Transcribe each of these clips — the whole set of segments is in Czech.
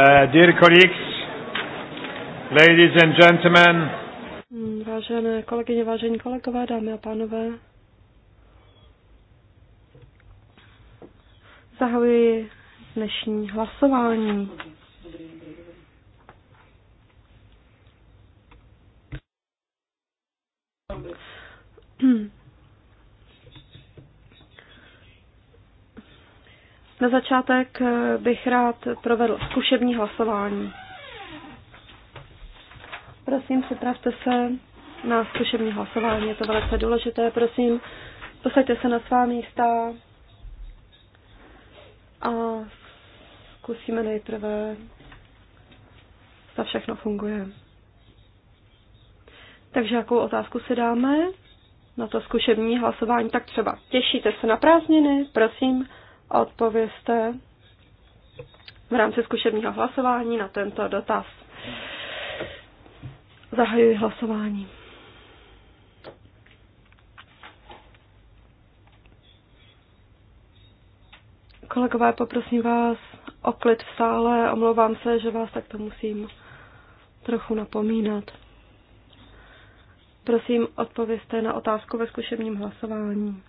Eh, dear colleagues, ladies and gentlemen. Hmm, vážené kolegyně, vážení kolegové, dámy a pánové. Zahajuji dnešní hlasování. Hmm. Na začátek eh, bych rád provedl zkušební hlasování. Prosím, připravte se na zkušební hlasování, je to velice důležité. Prosím, posaďte se na svá místa a zkusíme nejprve, zda všechno funguje. Takže jakou otázku si dáme na to zkušební hlasování? Tak třeba těšíte se na prázdniny? Prosím, a v rámci zkušebního hlasování na tento dotaz. Zahajuji hlasování. Kolegové, poprosím vás o klid v sále. Omlouvám se, že vás takto musím trochu napomínat. Prosím, odpověste na otázku ve zkušebním hlasování.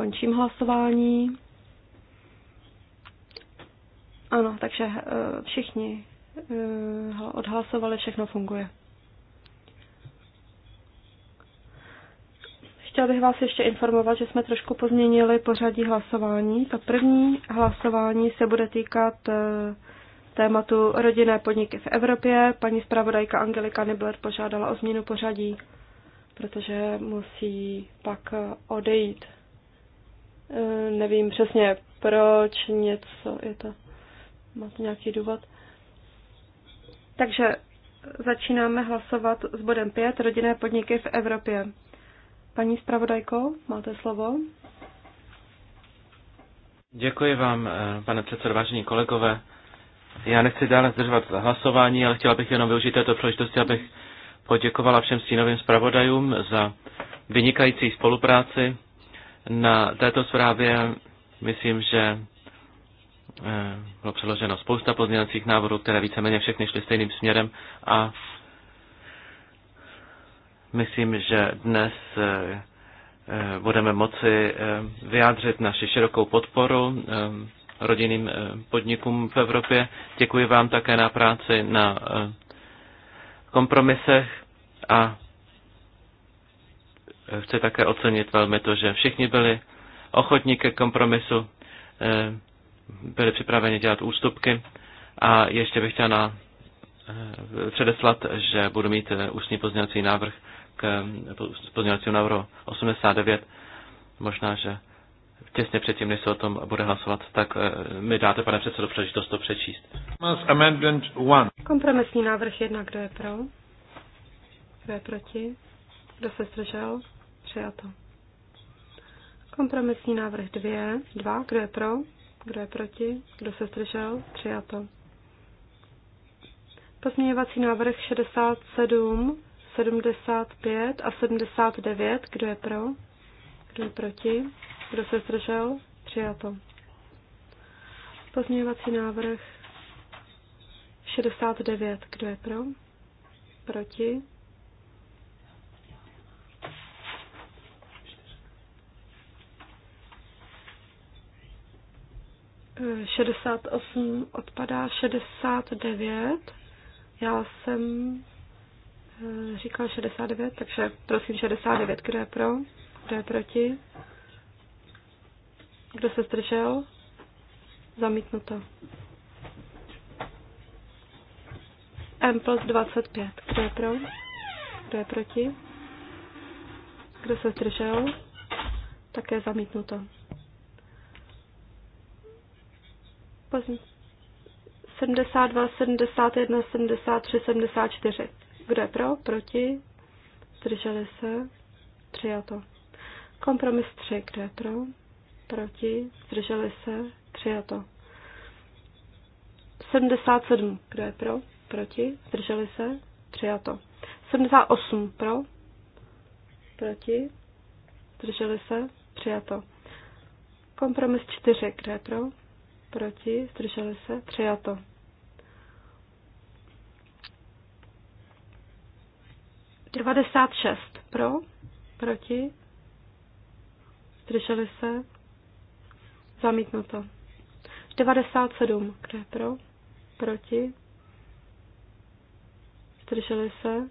Končím hlasování. Ano, takže eh, všichni eh, odhlasovali, všechno funguje. Chtěla bych vás ještě informovat, že jsme trošku pozměnili pořadí hlasování. To první hlasování se bude týkat eh, tématu rodinné podniky v Evropě. Paní zpravodajka Angelika Nibler požádala o změnu pořadí, protože musí pak odejít. Eh, nevím přesně proč, něco je to, má to nějaký důvod. Takže začínáme hlasovat s bodem 5, rodinné podniky v Evropě. Paní zpravodajko, máte slovo. Děkuji vám, eh, pane předsedo, vážení kolegové. Já nechci dále zdržovat hlasování, ale chtěla bych jenom využít této příležitosti, abych poděkovala všem stínovým zpravodajům za vynikající spolupráci na této zprávě. Myslím, že eh, bylo předloženo spousta pozměňovacích návrhů, které víceméně všechny šly stejným směrem a myslím, že dnes eh, eh, budeme moci vyjádřit naši širokou podporu rodinným podnikům v Evropě. Děkuji vám také na práci na kompromisech a chci také ocenit velmi to, že všichni byli ochotní ke kompromisu, eh, byli připraveni dělat ústupky a ještě bych chtěla na, eh, předeslat, že budu mít eh, ústní pozměňovací návrh k pozměňovacímu návrhu 89. Možná, že těsně předtím, než se o tom bude hlasovat, tak mi dáte, pane předsedo, příležitost to přečíst. Kompromisní návrh jedna, kdo je pro? Kdo je proti? Kdo se zdržel? Přijato. Kompromisní návrh 2. 2. Kdo je pro? Kdo je proti? Kdo se zdržel? Přijato. Pozměňovací návrh 67, 75 a 79. Kdo je pro? Kdo je proti? Kdo se zdržel? Přijato. Pozměňovací návrh 69. Kdo je pro? Proti? 68 odpadá 69. Já jsem eh, říkal 69, takže prosím 69, kdo je pro, kdo je proti, kdo se zdržel, zamítnuto. M plus 25, kdo je pro, kdo je proti, kdo se zdržel, také zamítnuto. 72, 71, 73, 74. Kdo je pro? Proti? Zdrželi se? Přijato. Kompromis 3. Kdo je pro? Proti? Zdrželi se? Přijato. 77. Kdo je pro? Proti? Zdrželi se? Přijato. 78. Pro? Proti? Zdrželi se? Přijato. Kompromis 4. Kdo je pro? proti, zdrželi se, přijato. Devadesát šest pro, proti, zdrželi se, zamítnuto. sedm. kde je pro, proti, zdrželi se,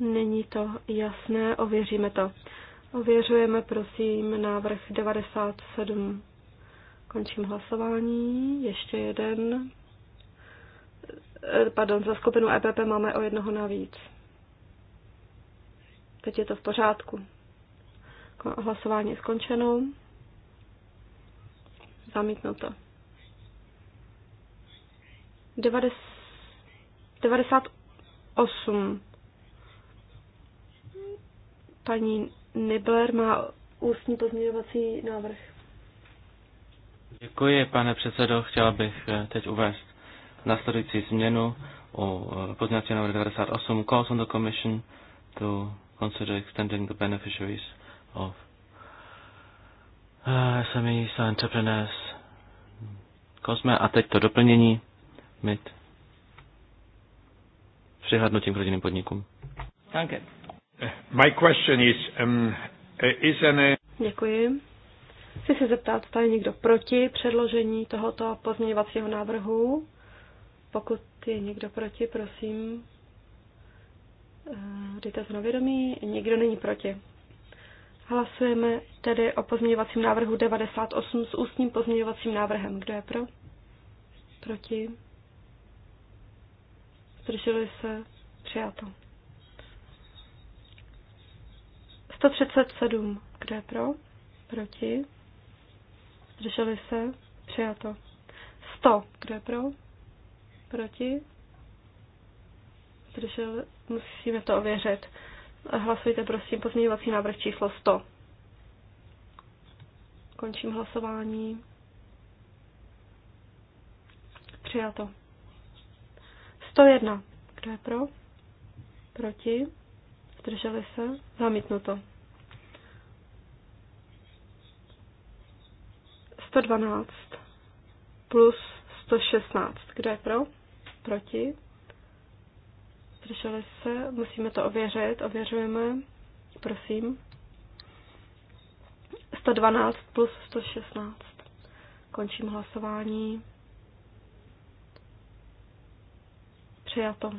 není to jasné, ověříme to. Ověřujeme prosím návrh 97. Končím hlasování. Ještě jeden. Eh, pardon, za skupinu EPP máme o jednoho navíc. Teď je to v pořádku. Hlasování je skončeno. Zamítnuto. 98. Paní Nibler má ústní pozměňovací návrh. Děkuji, pane předsedo. chtěl bych eh, teď uvést následující změnu o eh, pozměnací návrh 98 calls on the Commission to consider extending the beneficiaries of SMEs eh, and e, entrepreneurs kosme a teď to doplnění MIT přihlednutím k rodinným podnikům. Danke. My question is, um, is an, Děkuji. Chci se zeptat, zda někdo proti předložení tohoto pozměňovacího návrhu. Pokud je někdo proti, prosím, eh, dejte to na vědomí. Nikdo není proti. Hlasujeme tedy o pozměňovacím návrhu 98 s ústním pozměňovacím návrhem. Kdo je pro? Proti? Zdrželi se? Přijato. 137. Kdo je pro? Proti? Zdrželi se? Přijato. 100. Kdo je pro? Proti? Zdrželi? Musíme to ověřit. Hlasujte prosím pozměňovací návrh číslo 100. Končím hlasování. Přijato. 101. Kdo je pro? Proti? Zdrželi se? Zamítnuto. 112 plus 116. Kdo je pro? Proti? Zdrželi se? Musíme to ověřit. Ověřujeme. Prosím. 112 plus 116. Končím hlasování. Přijato.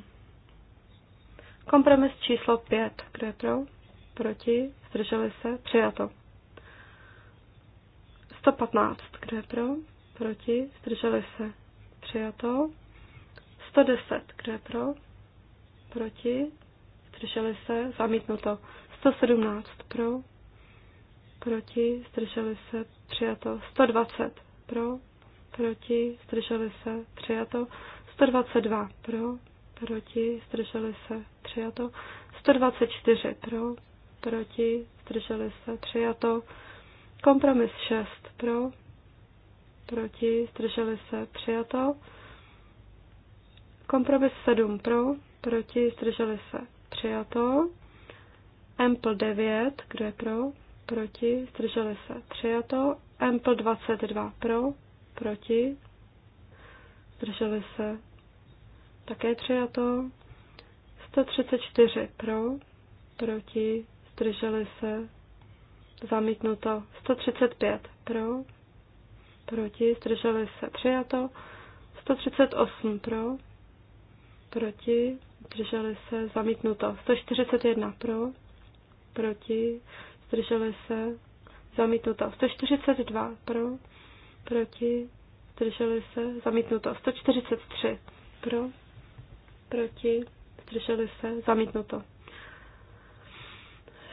Kompromis číslo 5. Kdo je pro? Proti? Zdrželi se? Přijato. 115. Kdo je pro? Proti? Zdrželi se? Přijato. 110. Kdo je pro? Proti? Zdrželi se? Zamítnuto. 117. Pro? Proti? Zdrželi se? Přijato. 120. Pro? Proti? Zdrželi se? Přijato. 122. Pro? Proti? Zdrželi se? Přijato. 124. Pro? Proti? Zdrželi se? Přijato. Kompromis 6 pro, proti, zdrželi se, přijato. Kompromis 7 pro, proti, zdrželi se, přijato. Ample 9, kdo je pro, proti, zdrželi se, přijato. Ample 22 pro, proti, zdrželi se, také přijato. 134 pro, proti, zdrželi se, zamítnuto 135 pro, proti, zdrželi se přijato 138 pro, proti, zdrželi se zamítnuto 141 pro, proti, zdrželi se zamítnuto 142 pro, proti, zdrželi se zamítnuto 143 pro, proti, zdrželi se zamítnuto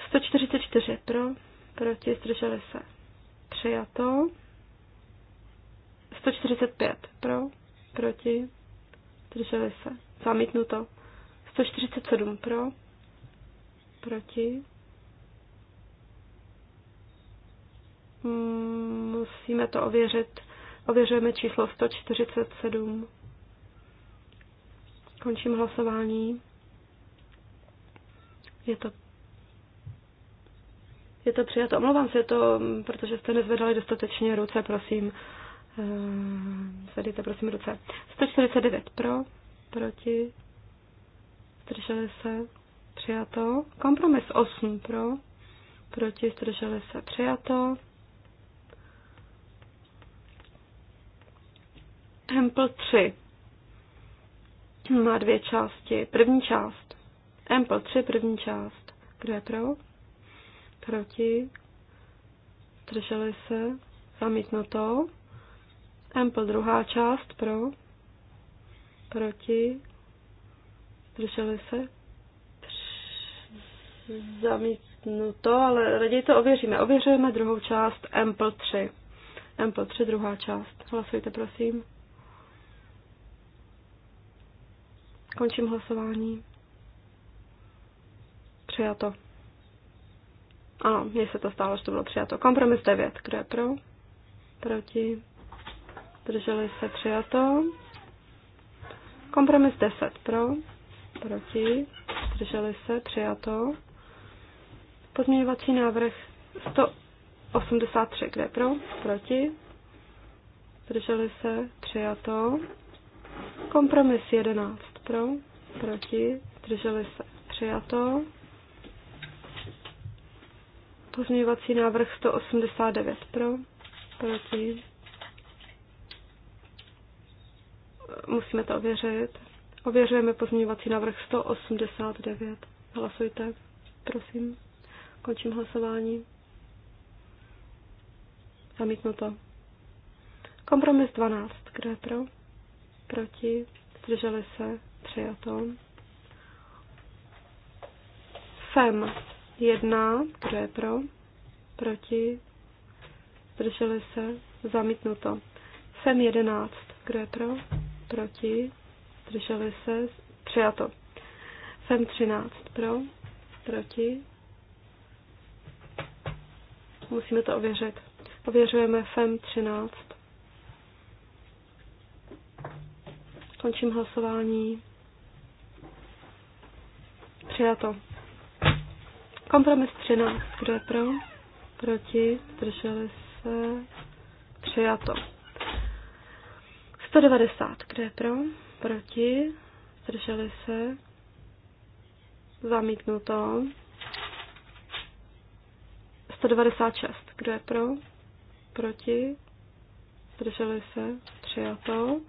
144 pro, proti, zdrželi se. Přijato. 145 pro, proti, zdrželi se. Zamítnuto. 147 pro, proti. Mm, musíme to ověřit. Ověřujeme číslo 147. Končím hlasování. Je to je to přijato. Omlouvám se, to, mm, protože jste nezvedali dostatečně ruce, prosím. Eh, zvedejte, prosím, ruce. 149 pro, proti, zdrželi se, přijato. Kompromis 8 pro, proti, zdrželi se, přijato. Hempel 3 má dvě části. První část. Hempel 3, první část. Kdo je pro? proti, drželi se, zamítnuto. Ample druhá část pro, proti, drželi se, zamítnuto, ale raději to ověříme. Ověřujeme druhou část Ample 3. Ample 3, druhá část. Hlasujte, prosím. Končím hlasování. Přijato. Ano, mně se to stalo, že to bylo přijato. Kompromis 9. Kdo je pro? Proti? Drželi se přijato. Kompromis 10. Pro? Proti? Drželi se přijato. Pozměňovací návrh 183. je pro? Proti? Drželi se přijato. Kompromis 11. Pro? Proti? Drželi se přijato. Pozměňovací návrh 189 pro, proti. Musíme to ověřit. Ověřujeme pozměňovací návrh 189. Hlasujte, prosím. Končím hlasování. Zamítnuto. Kompromis 12. Kdo je pro? Proti? Zdrželi se? Přijato. FEM jedna kdo je pro, proti, zdrželi se, zamítnuto. Sem jedenáct, kdo je pro, proti, zdrželi se, přijato. Sem třináct pro, proti, musíme to ověřit. Ověřujeme FEM 13. Končím hlasování. Přijato. Kompromis 13. Kdo je pro? Proti? Zdrželi se? Přijato. 190. Kdo je pro? Proti? Zdrželi se? Zamítnuto. 196. Kdo je pro? Proti? Zdrželi se? Přijato.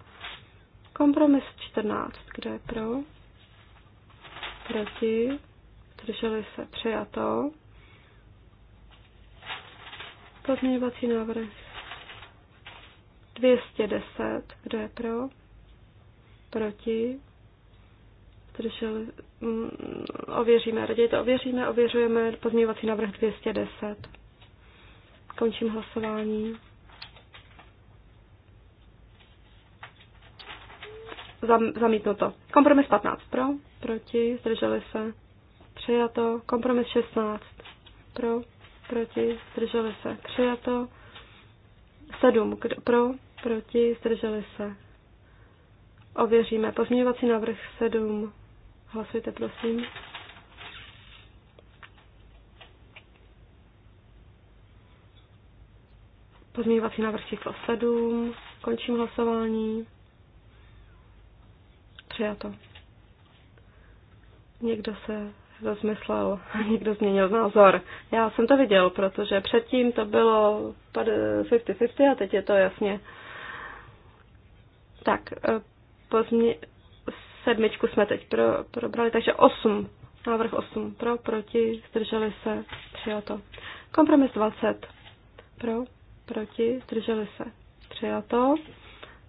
Kompromis 14. Kdo je pro? Proti? zdrželi se přijato. Pozměňovací návrh 210, kdo je pro, proti, zdrželi, mm, ověříme, raději to ověříme, ověřujeme pozměňovací návrh 210. Končím hlasování. Zam, zamítnuto. Kompromis 15 pro, proti, zdrželi se, přijato. Kompromis 16 pro, proti, zdrželi se, přijato. 7 kdo, pro, proti, zdrželi se. Ověříme. Pozměňovací návrh 7. Hlasujte, prosím. Pozměňovací návrh číslo 7. Končím hlasování. Přijato. Někdo se rozmyslel, někdo změnil názor. Já jsem to viděl, protože předtím to bylo 50-50 a teď je to jasně. Tak, e, pozmě, sedmičku jsme teď pro, probrali, takže 8, návrh 8 pro, proti, zdrželi se, přijato. Kompromis 20 pro, proti, zdrželi se, přijato.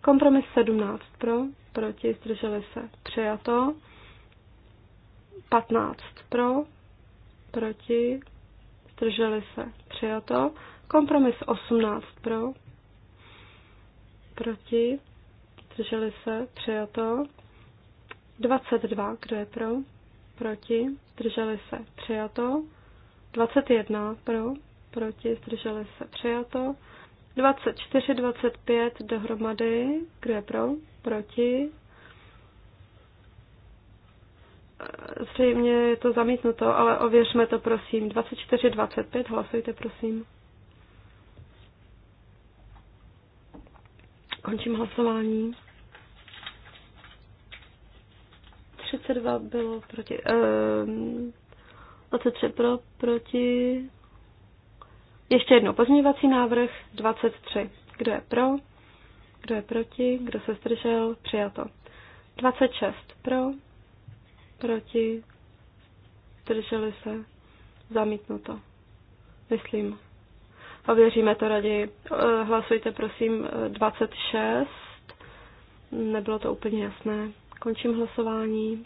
Kompromis 17 pro, proti, zdrželi se, přijato. 15 pro, proti, zdrželi se, přijato. Kompromis 18 pro, proti, zdrželi se, přijato. 22, kdo je pro, proti, zdrželi se, přijato. 21 pro, proti, zdrželi se, přijato. 24, 25 dohromady, kdo je pro, proti, zřejmě je to zamítnuto, ale ověřme to prosím. 24-25, hlasujte prosím. Končím hlasování. 32 bylo proti, Ehm, 23 pro, proti. Ještě jednou pozměňovací návrh 23. Kdo je pro? Kdo je proti? Kdo se zdržel? Přijato. 26 pro, proti, drželi se, zamítnuto. Myslím. A věříme to raději. Eh, hlasujte prosím 26. Eh, Nebylo to úplně jasné. Končím hlasování.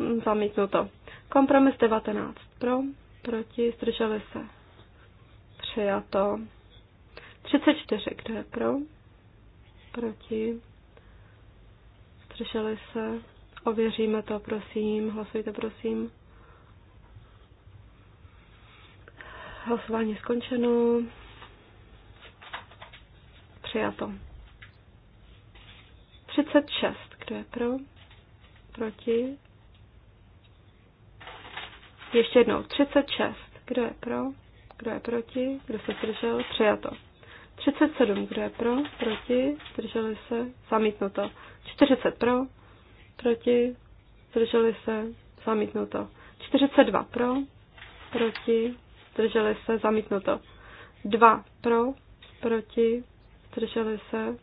Mm, zamítnuto. Kompromis 19. Pro, proti, zdrželi se. Přijato. 34. Kdo je pro? Proti zdrželi se, ověříme to, prosím, hlasujte, prosím. Hlasování skončeno. Přijato. 36. Kdo je pro? Proti? Ještě jednou. 36. Kdo je pro? Kdo je proti? Kdo se zdržel? Přijato. 37. Kdo je pro? Proti? Zdrželi se? Zamítnuto. 40 pro, proti, zdrželi se, zamítnuto. 42 pro, proti, zdrželi se, zamítnuto. 2 pro, proti, zdrželi se,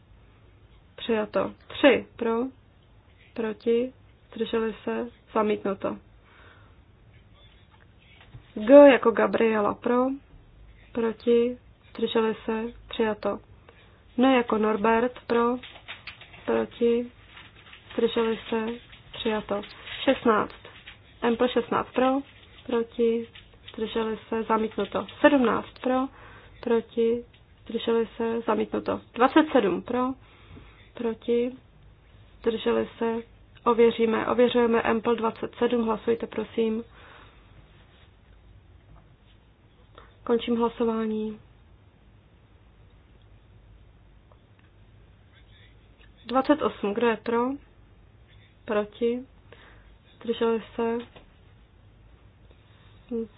přijato. 3 pro, proti, zdrželi se, zamítnuto. G jako Gabriela pro, proti, zdrželi se, přijato. N jako Norbert pro, proti, zdrželi se, přijato. 16. Empl 16 pro, proti, zdrželi se, zamítnuto. 17 pro, proti, zdrželi se, zamítnuto. 27 pro, proti, zdrželi se, ověříme, ověřujeme Empl 27, hlasujte prosím. Končím hlasování. 28. Kdo je pro? Proti? Zdrželi se?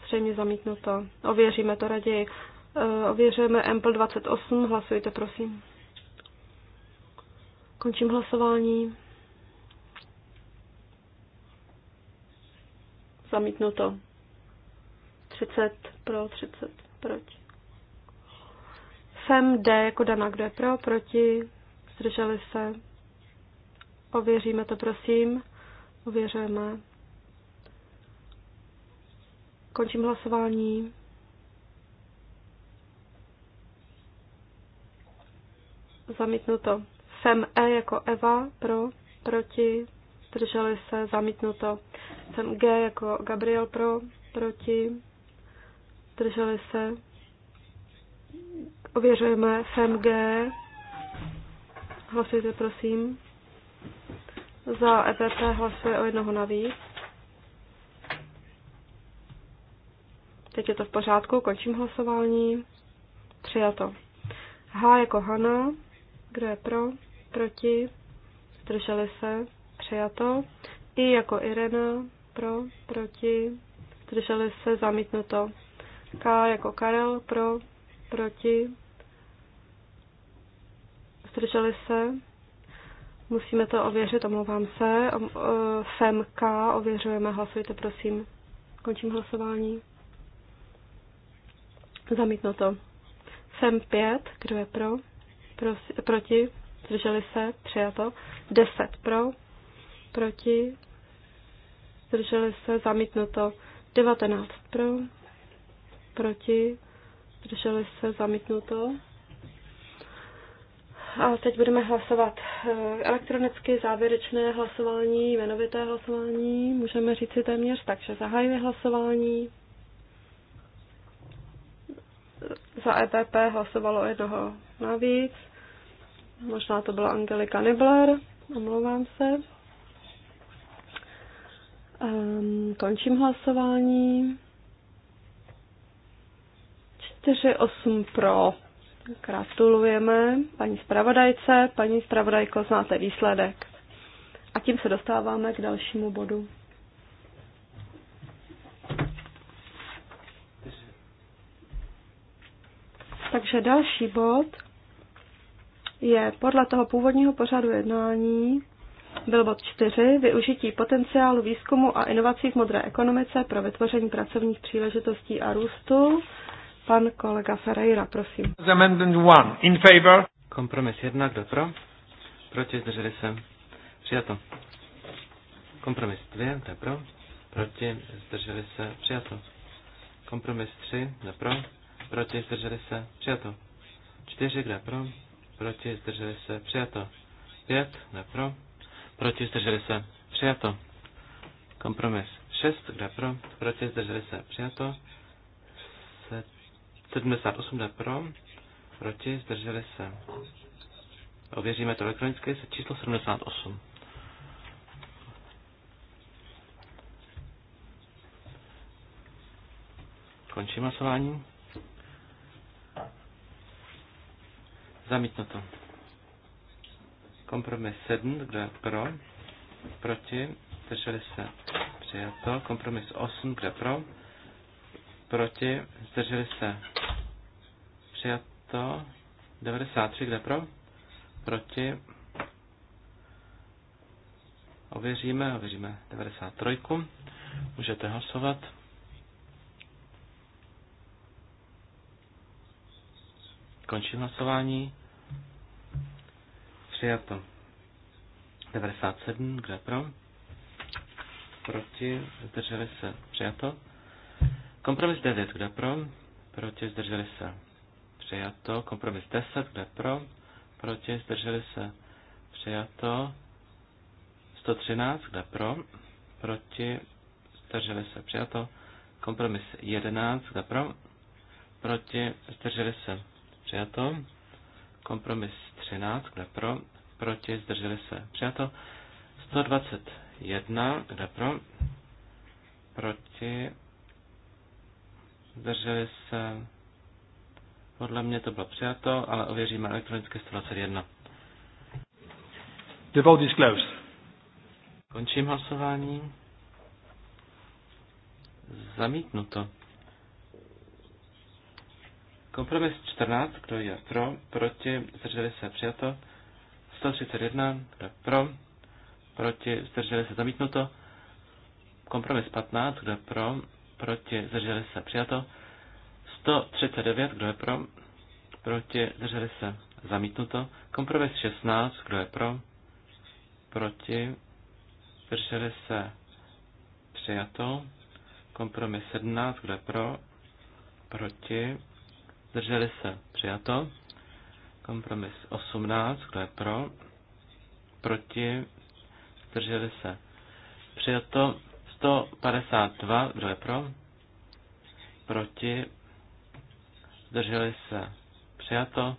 Zřejmě zamítnuto. Ověříme to raději. Ověříme Ample 28. Hlasujte, prosím. Končím hlasování. Zamítnuto. 30 pro, 30 proti. Sem D jako Dana, kdo je pro, proti, zdrželi se. Ověříme to, prosím. Ověřujeme. Končím hlasování. Zamítnuto. Jsem E jako Eva, pro, proti, zdrželi se, zamítnuto. Jsem G jako Gabriel, pro, proti, zdrželi se. Ověřujeme G. Hlasujte, prosím. Za EPP hlasuje o jednoho navíc. Teď je to v pořádku, končím hlasování. Přijato. H jako Hana. Kdo je pro? Proti? Zdrželi se? Přijato. I jako Irena. Pro? Proti? Zdrželi se? Zamítnuto. K jako Karel. Pro? Proti? zdrželi se. Musíme to ověřit, omlouvám se. Eh, FMK ověřujeme, hlasujte prosím. Končím hlasování. Zamítno to. FEM 5, kdo je pro? Prosi, proti? Zdrželi se? Přijato. 10 pro? Proti? Zdrželi se? Zamítno to. 19 pro? Proti? Zdrželi se? Zamítnuto. A teď budeme hlasovat eh, elektronicky závěrečné hlasování, jmenovité hlasování, můžeme říci téměř, že zahajuje hlasování. Za EPP hlasovalo jednoho navíc. Možná to byla Angelika Nibler, omlouvám se. Um, končím hlasování. 4-8 pro. Gratulujeme paní zpravodajce. Paní zpravodajko, znáte výsledek. A tím se dostáváme k dalšímu bodu. Takže další bod je podle toho původního pořadu jednání byl bod 4. Využití potenciálu výzkumu a inovací v modré ekonomice pro vytvoření pracovních příležitostí a růstu. Pan kolega Ferreira, prosím. Amendment 1. In favor. Kompromis jedna, Kdo pro? Proti zdrželi se. Přijato. Kompromis dvě, Kdo pro? Proti zdrželi se. Přijato. Kompromis tři, Kdo pro? Proti zdrželi se. Přijato. Čtyři, Kdo pro? Proti zdrželi se. Přijato. Pět, Kdo pro? Proti zdrželi se. Přijato. Kompromis 6. Kdo pro? Proti zdrželi se. Přijato. 78 jde pro, proti, zdrželi se. Ověříme to elektronicky, se číslo 78. Končím hlasování. to. Kompromis 7, kdo je pro, proti, zdrželi se. Přijato. Kompromis 8, kdo je pro, proti, zdrželi se Přijato. 93, kde pro? Proti. Ověříme, ověříme 93. Můžete hlasovat. Končím hlasování. Přijato. 97, kde pro? Proti, zdrželi se. Přijato. Kompromis 9, kde pro? Proti, zdrželi se přijato. Kompromis 10, kde pro, proti, zdrželi se, přijato. 113, kde pro, proti, zdrželi se, přijato. Kompromis 11, kde pro, proti, zdrželi se, přijato. Kompromis 13, kde pro, proti, zdrželi se, přijato. 121, kde pro, proti, zdrželi se, podle mě to bylo přijato, ale ověříme elektronické 121. The vote is closed. Končím hlasování. Zamítnuto. Kompromis 14, kdo je pro, proti, zdrželi se přijato. 131, kdo je pro, proti, zdrželi se zamítnuto. Kompromis 15, kdo je pro, proti, zdrželi se přijato. 139, kdo je pro? Proti, drželi se, zamítnuto. Kompromis 16, kdo je pro? Proti, drželi se, přijato. Kompromis 17, kdo je pro? Proti, drželi se, přijato. Kompromis 18, kdo je pro? Proti, zdrželi se. Přijato 152, kdo je pro? Proti, zdrželi se přijato.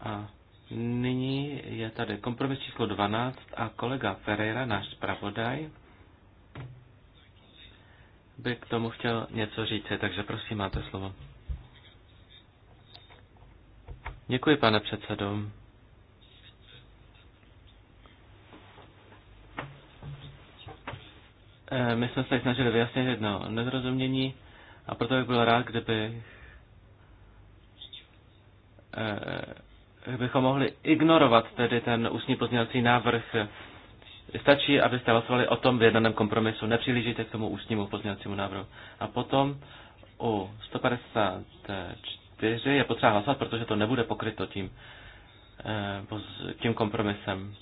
A nyní je tady kompromis číslo 12 a kolega Ferreira, náš zpravodaj, by k tomu chtěl něco říct, takže prosím, máte slovo. Děkuji, pane předsedo. Eh, my jsme se snažili vyjasnit jedno nezrozumění. A proto bych byl rád, kdyby eh, eh, bychom mohli ignorovat tedy ten ústní pozměňovací návrh. Stačí, abyste hlasovali o tom v kompromisu. Nepřihlížíte k tomu ústnímu pozměňovacímu návrhu. A potom u 154 je potřeba hlasovat, protože to nebude pokryto tím, eh, tím kompromisem.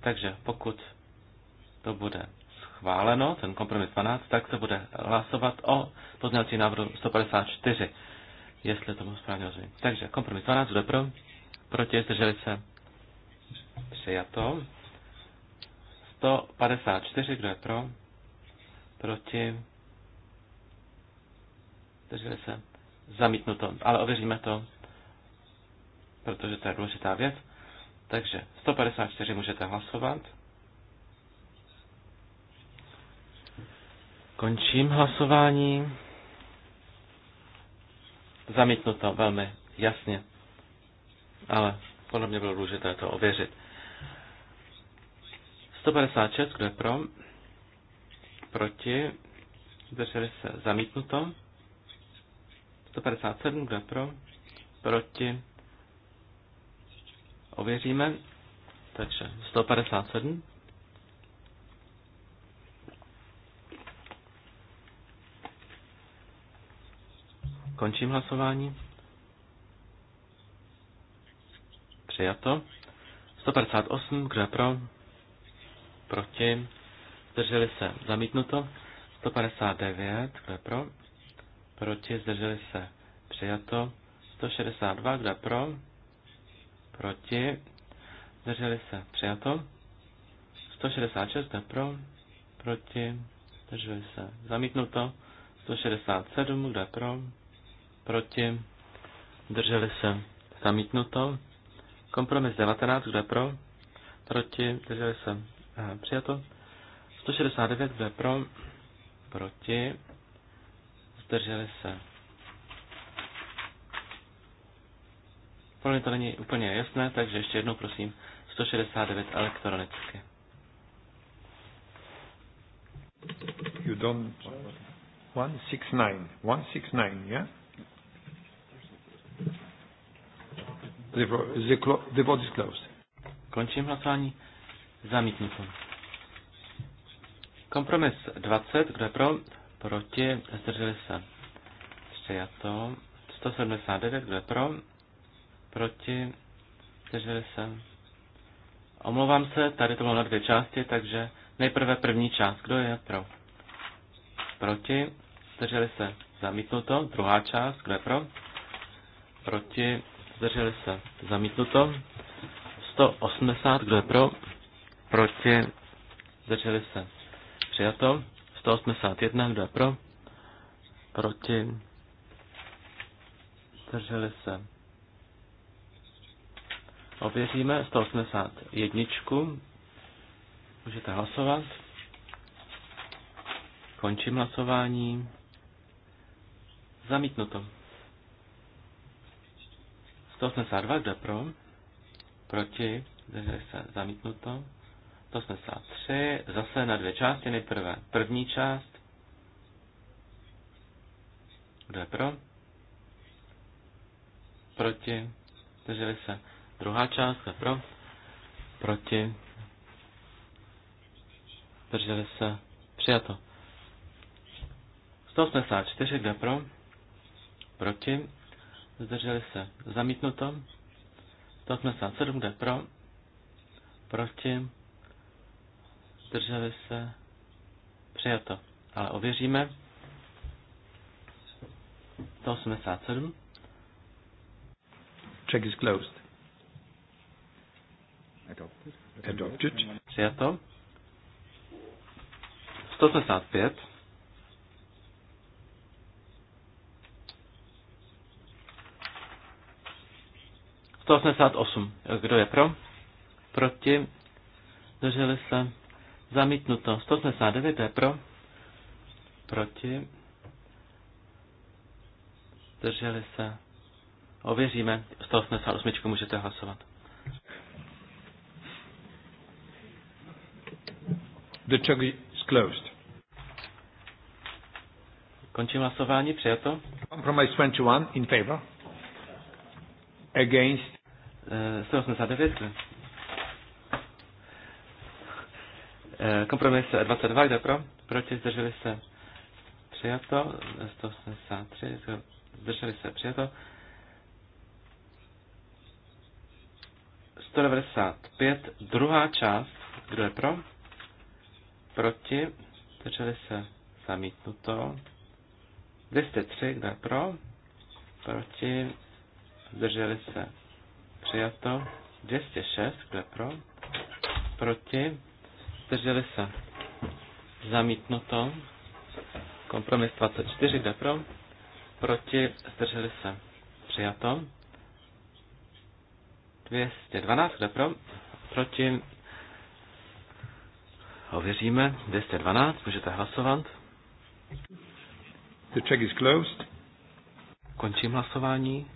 Takže pokud to bude schváleno, ten kompromis 12, tak se bude hlasovat o pozměňovací návrhu 154, jestli tomu správně rozumím. Takže kompromis 12 je pro, proti, zdrželi se, přijato. 154, kdo je pro, proti, zdrželi se, zamítnuto, ale ověříme to, protože to je důležitá věc. Takže 154 můžete hlasovat. Končím hlasování. Zamítnuto velmi jasně. Ale podle mě bylo důležité to ověřit. 156, kdo je pro? Proti? Zdrželi se zamítnuto. 157, kdo je pro? Proti? Ověříme. Takže 157. Končím hlasování. Přijato. 158, kdo je pro? Proti. Zdrželi se. Zamítnuto. 159, kdo je pro? Proti. Zdrželi se. Přijato. 162, kdo je pro? Proti. Zdrželi se. Přijato. 166, kdo je pro? Proti. Zdrželi se. Zamítnuto. 167, kdo je pro? proti, drželi se, zamítnuto. Kompromis 19, kdo je pro, proti, drželi se, eh, přijato. 169, kdo je pro, proti, zdrželi se. Eh, pro mě to není úplně jasné, takže ještě jednou prosím 169 elektronicky. You don't... 169, 169, yeah? The, vote is closed. Končím hlasování. Zamítnuto. Kompromis 20. Kdo je pro? Proti. Zdrželi se. Přijato. 179. Kdo je pro? Proti. Zdrželi se. Omlouvám se, tady to bylo na dvě části, takže nejprve první část. Kdo je pro? Proti. Zdrželi se. Zamítnuto. Druhá část. Kdo je pro? Proti zdrželi se, zamítnuto. 180, kdo je pro, proti, zdrželi se, přijato. 181, kdo je pro, proti, zdrželi se. Ověříme 181. Můžete hlasovat. Končím hlasování. Zamítnuto. 182, kdo pro? Proti, zdrželi se, zamítnuto. 183, zase na dvě části, nejprve první část. Kdo je pro? Proti, zdrželi se. Druhá část, kdo je pro? Proti, zdrželi se. Přijato. 184, kdo pro? Proti, zdrželi se zamítnuto, 187 jde pro, proti, zdrželi se přijato, ale ověříme, 187. Check is closed. Adopted. Adopted. Přijato. 185 188. Kdo je pro? Proti? Drželi se? Zamítnuto. 189. Kdo je pro? Proti? Drželi se? Ověříme. 188. Můžete hlasovat. The check is closed. Končím hlasování, přijato. Compromise 21 in favor. Against. 189. Eh, kompromis 22, kde pro? Proti, zdrželi se přijato. 183, zdrželi se přijato. 195, druhá část, kdo je pro? Proti, zdrželi se zamítnuto. 203, kdo je pro? Proti, zdrželi se Přijato. 206, kdo pro? Proti. Zdrželi se. Zamítnuto. Kompromis 24, kdo pro? Proti. Zdrželi se. Přijato. 212, kdo pro? Proti. Ověříme. 212, můžete hlasovat. The check is closed. Končím hlasování.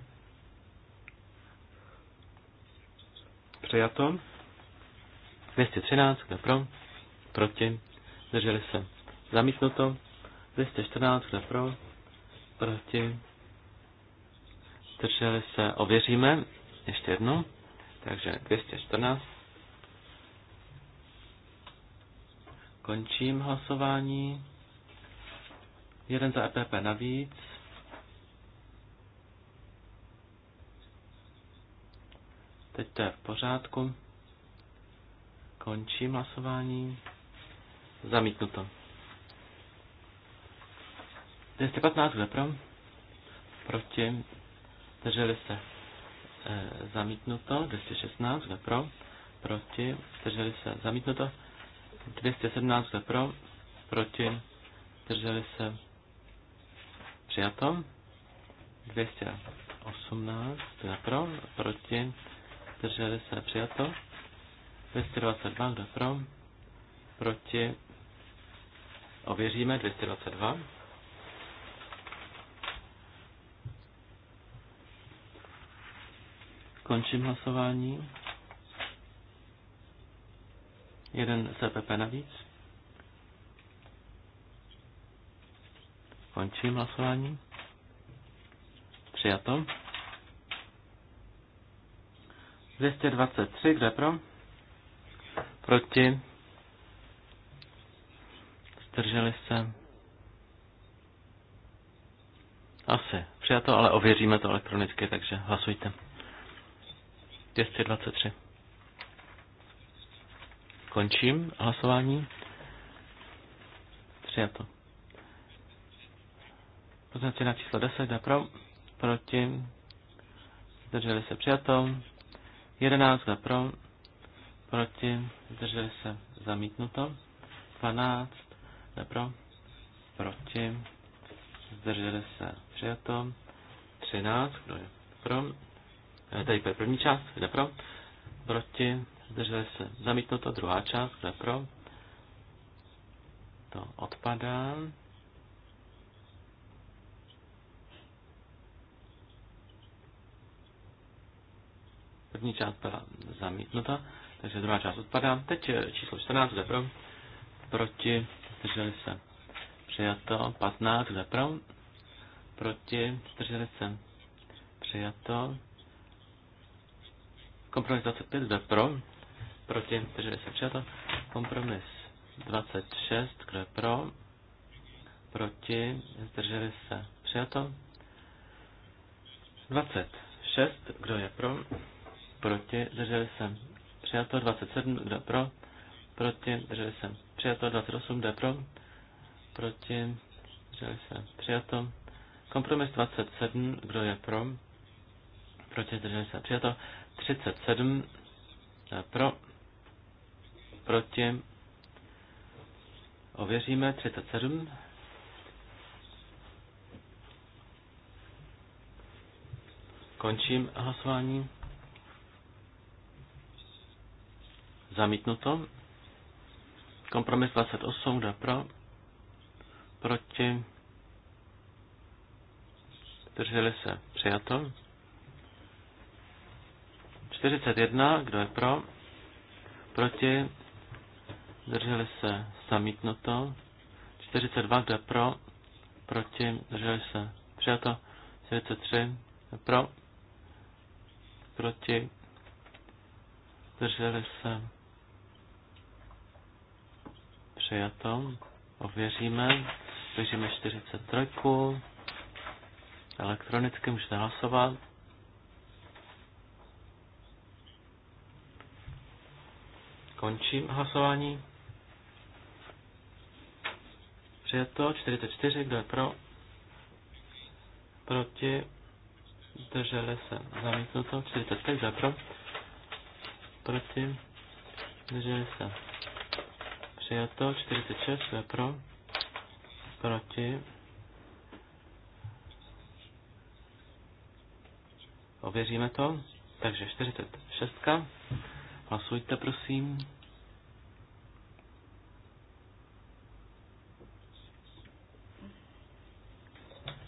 Přijato. 213, kdo pro? Proti. Drželi se. Zamítnuto. 214, kdo pro? Proti. Drželi se. Ověříme. Ještě jedno. Takže 214. Končím hlasování. Jeden za EPP navíc. Teď to je v pořádku. Končím hlasování. Zamítnuto. 215 kde pro? Proti. Drželi se. E, zamítnuto. 216 kde pro? Proti. Drželi se. Zamítnuto. 217 kde pro? Proti. Drželi se. Přijato. 218 kde pro? Proti zdrželi se přijato. 222, kdo pro, proti, ověříme 222. Končím hlasování. Jeden CPP e navíc. Končím hlasování. Přijato. 223, kde pro? Proti. Zdrželi se. Asi. Přijato, ale ověříme to elektronicky, takže hlasujte. 223. Končím hlasování. Přijato. Poznací na číslo 10, kde pro? Proti. Zdrželi se přijato za pro, proti, zdrželi se, zamítnuto. Dvanáct, pro, proti, zdrželi se, přijato. Třináct, kdo je pro, eh, tady je první část, je pro, proti, zdrželi se, zamítnuto. Druhá část, je pro, to odpadá. První část byla zamítnuta, takže druhá část odpadá. Teď eh, číslo 14, kde pro, proti, zdrželi se. Přijato 15, kde pro, proti, zdrželi se. Přijato. Kompromis 25, kde pro, proti, zdrželi se. Přijato. Kompromis 26, kde pro, proti, zdrželi se. Přijato. 26, kdo je pro? proti, drželi se přijato, 27, kdo pro, proti, drželi se přijato, 28, kdo pro, proti, drželi se přijato, kompromis 27, kdo je pro, proti, drželi se přijato, 37, kdo pro, proti, ověříme, 37, Končím hlasování. Zamítnuto. Kompromis 28, kdo pro? Proti? Drželi se. Přijato. 41, kdo je pro? Proti? Drželi se. Zamítnuto. 42, kdo je pro? Proti? Drželi se. Přijato. 43, pro? Proti? Drželi se Přijato. Ověříme. Ověříme 43. Elektronicky můžete hlasovat. Končím hlasování. Přijato 44, kdo je pro? Proti? Drželi se. Zamítnuto 45, kdo je pro? Proti? Drželi se přijato, 46, je pro, proti, ověříme to, takže 46, hlasujte prosím.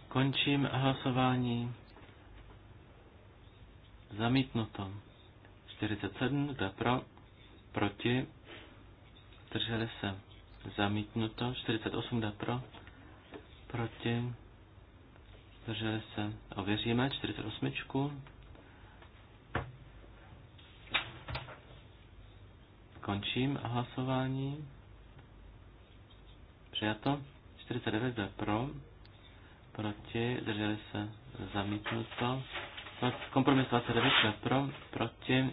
Končím hlasování. Zamítnuto. 47, kdo pro, proti, zdrželi se zamítnuto, 48 dá pro, proti, zdrželi se, ověříme, 48. Končím hlasování. Přijato. 49 jde pro, proti, zdrželi se, zamítnuto. Kompromis 29 jde pro, proti,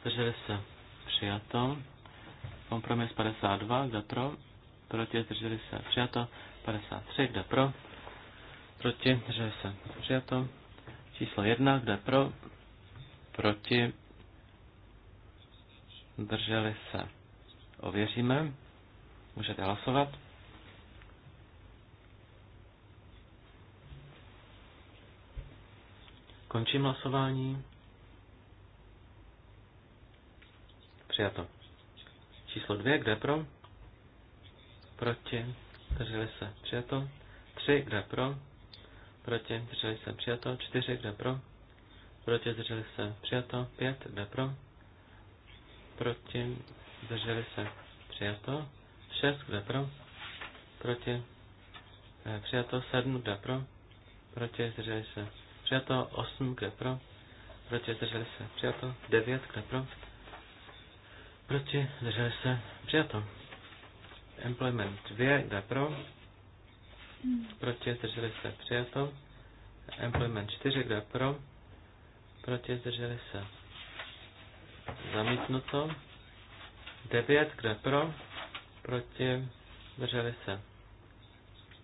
zdrželi se, přijato. Kompromis 52, kdo pro? Proti, zdrželi se, přijato. 53, kdo pro? Proti, zdrželi se, přijato. Číslo 1, kdo pro? Proti, zdrželi se. Ověříme. Můžete hlasovat. Končím hlasování. Přijato číslo dvě, kde pro? Proti, drželi se, přijato. Tři, kde pro? Proti, drželi se, přijato. Čtyři, kde pro? Proti, drželi se, přijato. Pět, kde pro? Proti, drželi se, přijato. Šest, kde pro? Proti, eh, přijato. Sedm, kde pro? Proti, drželi se, přijato. Osm, kde pro? Proti, drželi se, přijato. Devět, kde pro? Proti? drželi se? Přijato. Employment 2, jde pro? Proti? drželi se? Přijato. Employment 4, jde pro? Proti? drželi se? Zamítnuto. 9, jde pro? Proti? drželi se?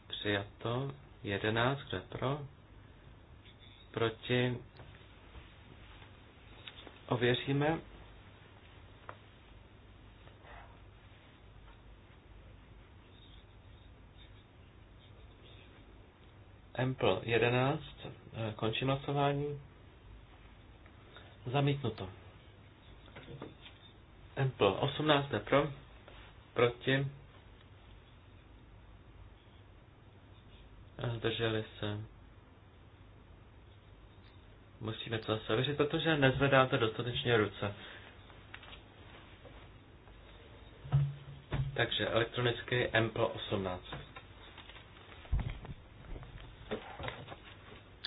Přijato. 11, jde pro? Proti? Ověříme. Ample 11, eh, končím hlasování. Zamítnuto. Ample 18 pro, proti. Eh, zdrželi se. Musíme to zase vyřešit, protože nezvedáte dostatečně ruce. Takže elektronicky Ample 18.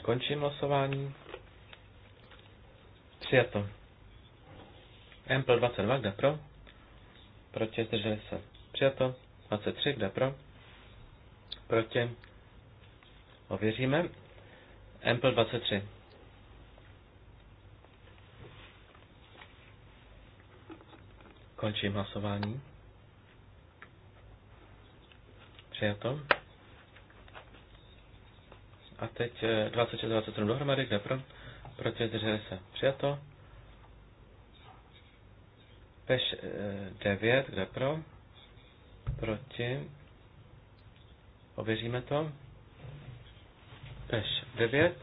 Končím hlasování. Přijato. Ample 22, kde pro? Proti, zdrželi se. Přijato. 23, kde pro? Proti. Ověříme. Ample 23. Končím hlasování. Přijato. A teď 26 eh, 27 dohromady, kde pro? Proti zdrželi se. Přijato. Peš 9, eh, kde pro? Proti. Ověříme to. Peš 9.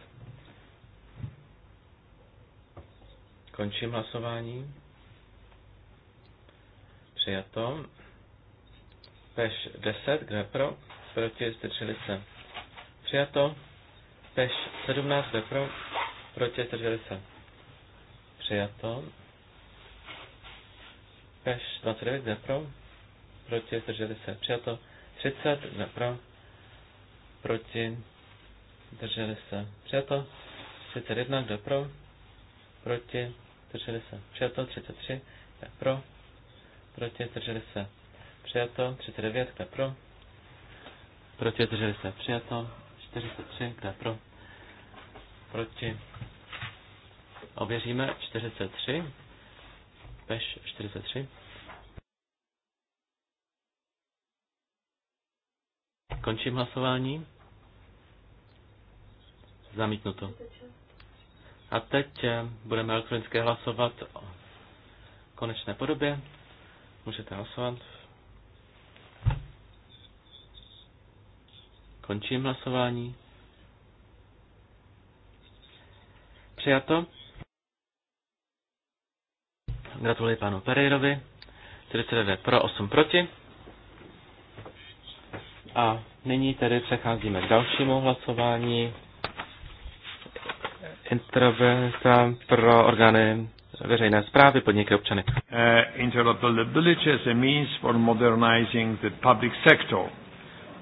Končím hlasování. Přijato. Peš 10, kde pro? Proti zdrželi se. Přijato. Peš 17 jde pro, proti zdrželi se. Přijato. Peš 29 jde pro, proti zdrželi se. Přijato. 30 jde pro, proti drželi se. Přijato. 31 jde pro, proti drželi se. Přijato. 33 jde pro, proti drželi se. Přijato. 39 jde pro, proti drželi se. Přijato. 43, kde pro? Proti. Ověříme 43. Peš 43. Končím hlasování. Zamítnuto. A teď eh, budeme elektronicky hlasovat o konečné podobě. Můžete hlasovat. Končím hlasování. Přijato. Gratuluji panu Pereirovi. 49 pro, 8 proti. A nyní tedy přecházíme k dalšímu hlasování. Interventa pro orgány veřejné zprávy, podniky občany. Uh, interoperability as a means for modernizing the public sector.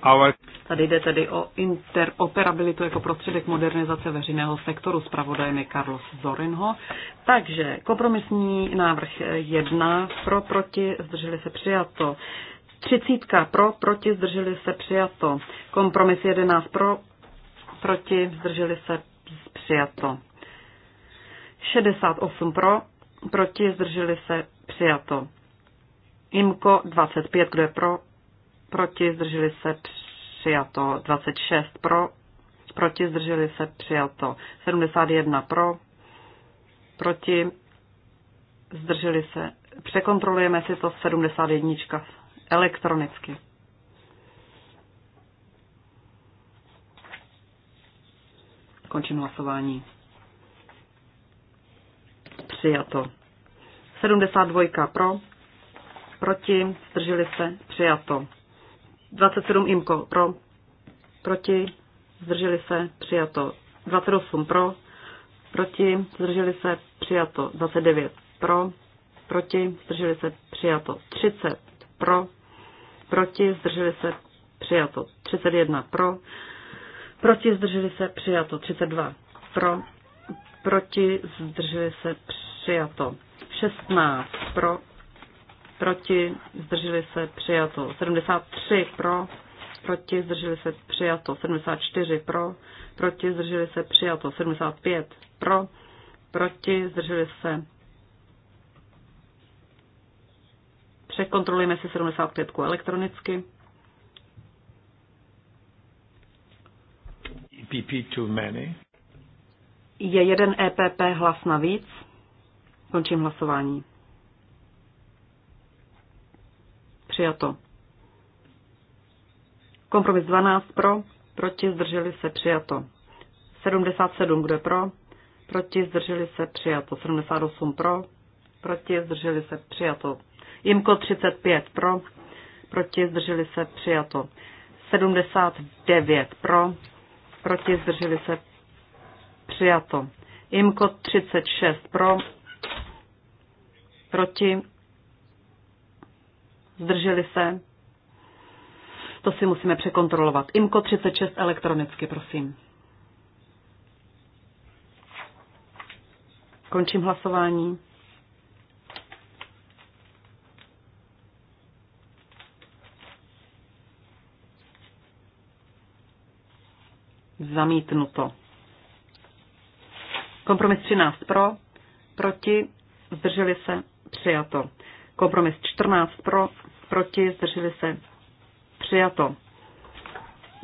Our... Tady jde tedy o interoperabilitu jako prostředek modernizace veřejného sektoru. s Carlos Zorinho. Takže kompromisní návrh jedna pro, proti, zdrželi se přijato. Třicítka pro, proti, zdrželi se přijato. Kompromis jedenáct pro, proti, zdrželi se přijato. 68 pro, proti, zdrželi se přijato. IMKO 25, kdo je pro, proti, zdrželi se přijato přijato. 26 pro, proti, zdrželi se, přijato. 71 pro, proti, zdrželi se. Překontrolujeme si to 71 elektronicky. Končím hlasování. Přijato. 72 pro, proti, zdrželi se, přijato. 27 imko pro, proti, zdrželi se, přijato 28 pro, proti, zdrželi se, přijato 29 pro, proti, zdrželi se, přijato 30 pro, proti, zdrželi se, přijato 31 pro, proti, zdrželi se, přijato 32 pro, proti, zdrželi se, přijato 16 pro, proti, zdrželi se přijato 73 pro, proti, zdrželi se přijato 74 pro, proti, zdrželi se přijato 75 pro, proti, zdrželi se. Překontrolujeme si 75 elektronicky. EPP too many. Je jeden EPP hlas navíc. Končím hlasování. přijato. Kompromis 12 pro, proti zdrželi se přijato. 77 kdo je pro, proti zdrželi se přijato. 78 pro, proti zdrželi se přijato. Jimko 35 pro, proti zdrželi se přijato. 79 pro, proti zdrželi se přijato. Imko 36 pro, proti zdrželi se. To si musíme překontrolovat. IMKO 36 elektronicky, prosím. Končím hlasování. Zamítnuto. Kompromis 13 pro, proti, zdrželi se, přijato. Kompromis 14 pro, proti, zdrželi se přijato.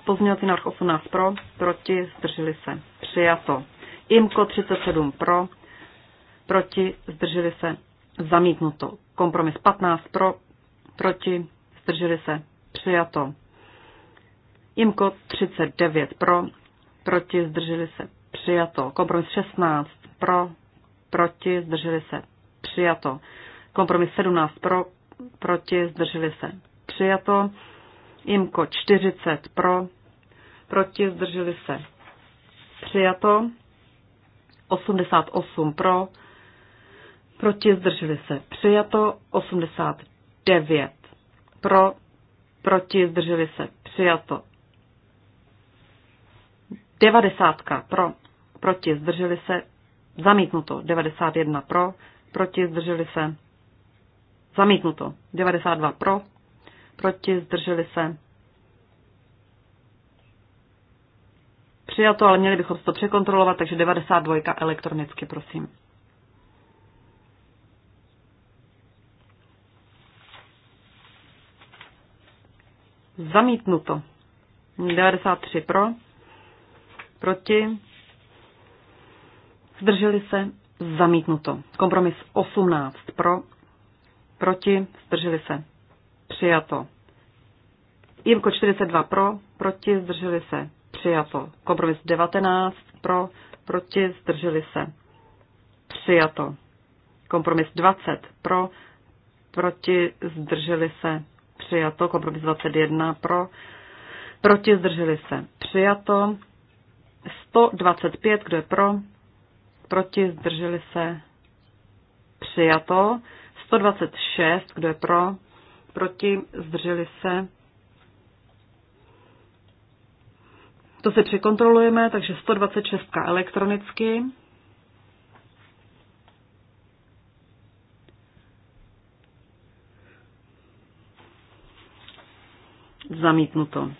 Pozměňovací návrh 18 pro, proti, zdrželi se přijato. IMKO 37 pro, proti, zdrželi se zamítnuto. Kompromis 15 pro, proti, zdrželi se přijato. IMKO 39 pro, proti, zdrželi se přijato. Kompromis 16 pro, proti, zdrželi se přijato. Kompromis 17 pro, proti, zdrželi se. Přijato. Imko 40 pro, proti, zdrželi se. Přijato. 88 pro, proti, zdrželi se. Přijato. 89 pro, proti, zdrželi se. Přijato. 90 pro, proti, zdrželi se. Zamítnuto. 91 pro, proti, zdrželi se. Zamítnuto. 92 pro, proti, zdrželi se. Přijato, ale měli bychom to překontrolovat, takže 92 elektronicky, prosím. Zamítnuto. 93 pro, proti, zdrželi se, zamítnuto. Kompromis 18 pro, proti, zdrželi se. Přijato. Imko 42 pro, proti, zdrželi se. Přijato. Kompromis 19 pro, proti, zdrželi se. Přijato. Kompromis 20 pro, proti, zdrželi se. Přijato. Kompromis 21 pro, proti, zdrželi se. Přijato. 125, kdo je pro, proti, zdrželi se. Přijato. 126, kdo je pro, proti, zdrželi se. To se překontrolujeme, takže 126 elektronicky. Zamítnuto.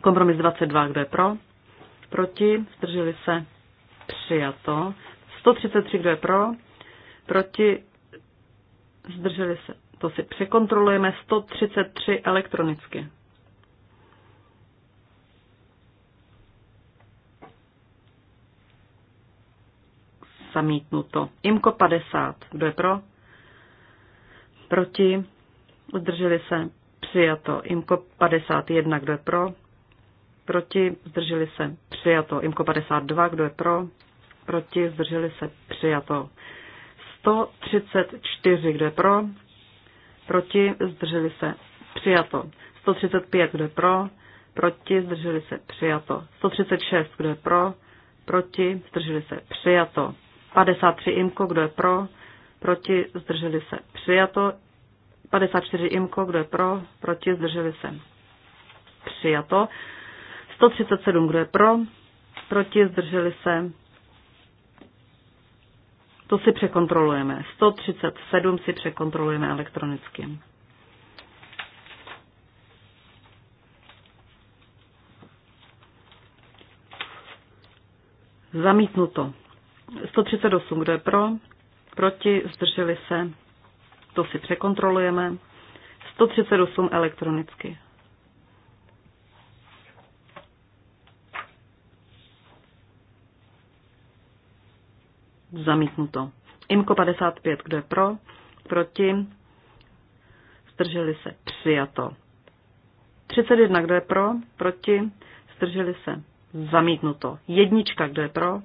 Kompromis 22, kdo je pro? Proti, zdrželi se. Přijato. 133, kdo je pro? Proti, zdrželi se. To si překontrolujeme 133 elektronicky. Zamítnuto. Imko 50. Kdo je pro? Proti? Zdrželi se. Přijato. Imko 51. Kdo je pro? Proti? Zdrželi se. Přijato. Imko 52. Kdo je pro? Proti? Zdrželi se. Přijato. 134, kdo je pro, proti, zdrželi se, přijato. 135, kdo je pro, proti, zdrželi se, přijato. 136, kdo je pro, proti, zdrželi se, přijato. 53 imko, kdo je pro, proti, zdrželi se, přijato. 54 imko, kdo je pro, proti, zdrželi se, přijato. 137, kdo je pro, proti, zdrželi se, to si překontrolujeme. 137 si překontrolujeme elektronicky. Zamítnuto. 138, kdo je pro? Proti, zdrželi se. To si překontrolujeme. 138 elektronicky. Zamítnuto. Imko 55, kdo je pro? Proti? Zdrželi se. Přijato. 31, kdo je pro? Proti? Zdrželi se. Zamítnuto. Jednička, kdo je pro?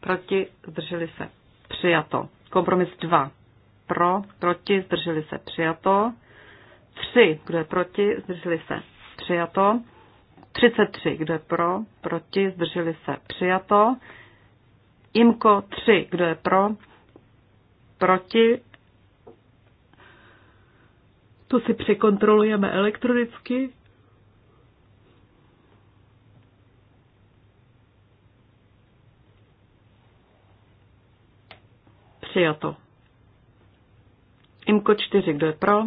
Proti? Zdrželi se. Přijato. Kompromis 2. Pro? Proti? Zdrželi se. Přijato. 3, kdo je proti? Zdrželi se. Přijato. 33, kdo je pro? Proti? Zdrželi se. Přijato. IMKO 3, kdo je pro, proti, to si překontrolujeme elektronicky. Přijato. IMKO 4, kdo je pro?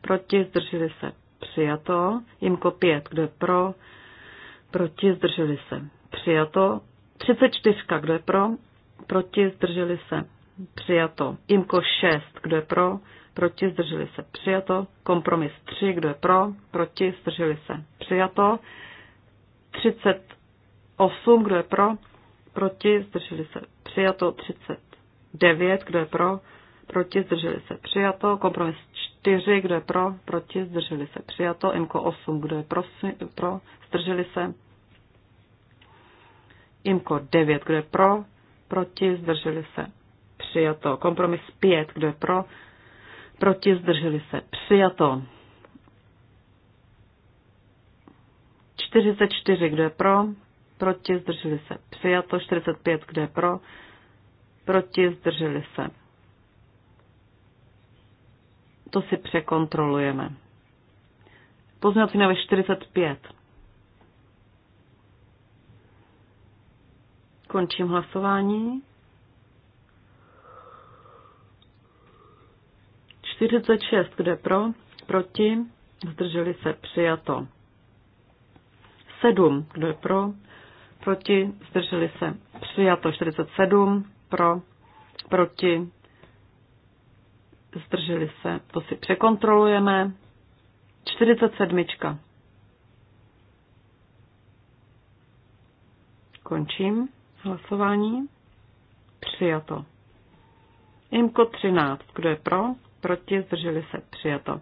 Proti, zdrželi se. Přijato. IMKO 5, kdo je pro? Proti, zdrželi se. Přijato. 34. Kdo je pro? Proti? Zdrželi se? Přijato. Imko 6. Kdo je pro? Proti? Zdrželi se? Přijato. Kompromis 3. Kdo je pro? Proti? Zdrželi se? Přijato. 38. Kdo je pro? Proti? Zdrželi se? Přijato. 39. Kdo je pro? Proti? Zdrželi se? Přijato. Kompromis 4. Kdo je pro? Proti? Zdrželi se? Přijato. Imko 8. Kdo je pro? pro zdrželi se? Imko 9, kdo je pro, proti, zdrželi se, přijato. Kompromis 5, kdo je pro, proti, zdrželi se, přijato. 44, kdo je pro, proti, zdrželi se, přijato. 45, kdo je pro, proti, zdrželi se. To si překontrolujeme. Pozměňovací návrh 45. Končím hlasování. 46, kde pro, proti, zdrželi se, přijato. 7, kdo je pro, proti, zdrželi se, přijato. 47, pro, proti, zdrželi se, to si překontrolujeme. 47. Končím. Hlasování. Přijato. Imko 13. Kdo je pro? Proti zdrželi se. Přijato.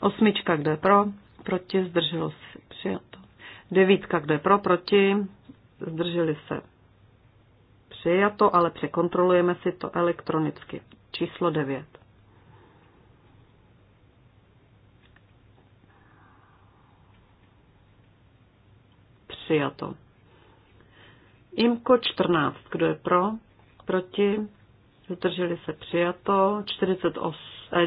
Osmička, kdo je pro? Proti zdrželo se. Přijato. Devítka, kdo je pro? Proti zdrželi se. Přijato, ale překontrolujeme si to elektronicky. Číslo 9. Přijato. IMKO 14, kdo je pro, proti, zdrželi se přijato, 48,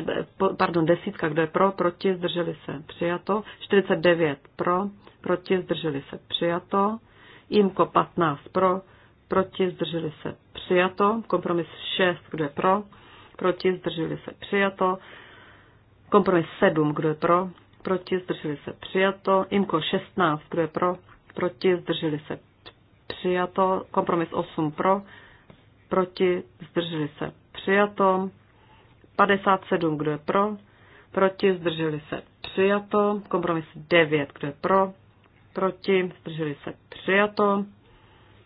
eh, pardon, desítka, kdo je pro, proti, zdrželi se přijato, 49 pro, proti, zdrželi se přijato, IMKO 15 pro, proti, zdrželi se přijato, kompromis 6, kdo je pro, proti, zdrželi se přijato, kompromis 7, kdo je pro, proti, zdrželi se přijato, IMKO 16, kdo je pro, proti, zdrželi se přijato. Kompromis 8 pro, proti, zdrželi se, přijato. 57, kdo je pro, proti, zdrželi se, přijato. Kompromis 9, kdo je pro, proti, zdrželi se, přijato.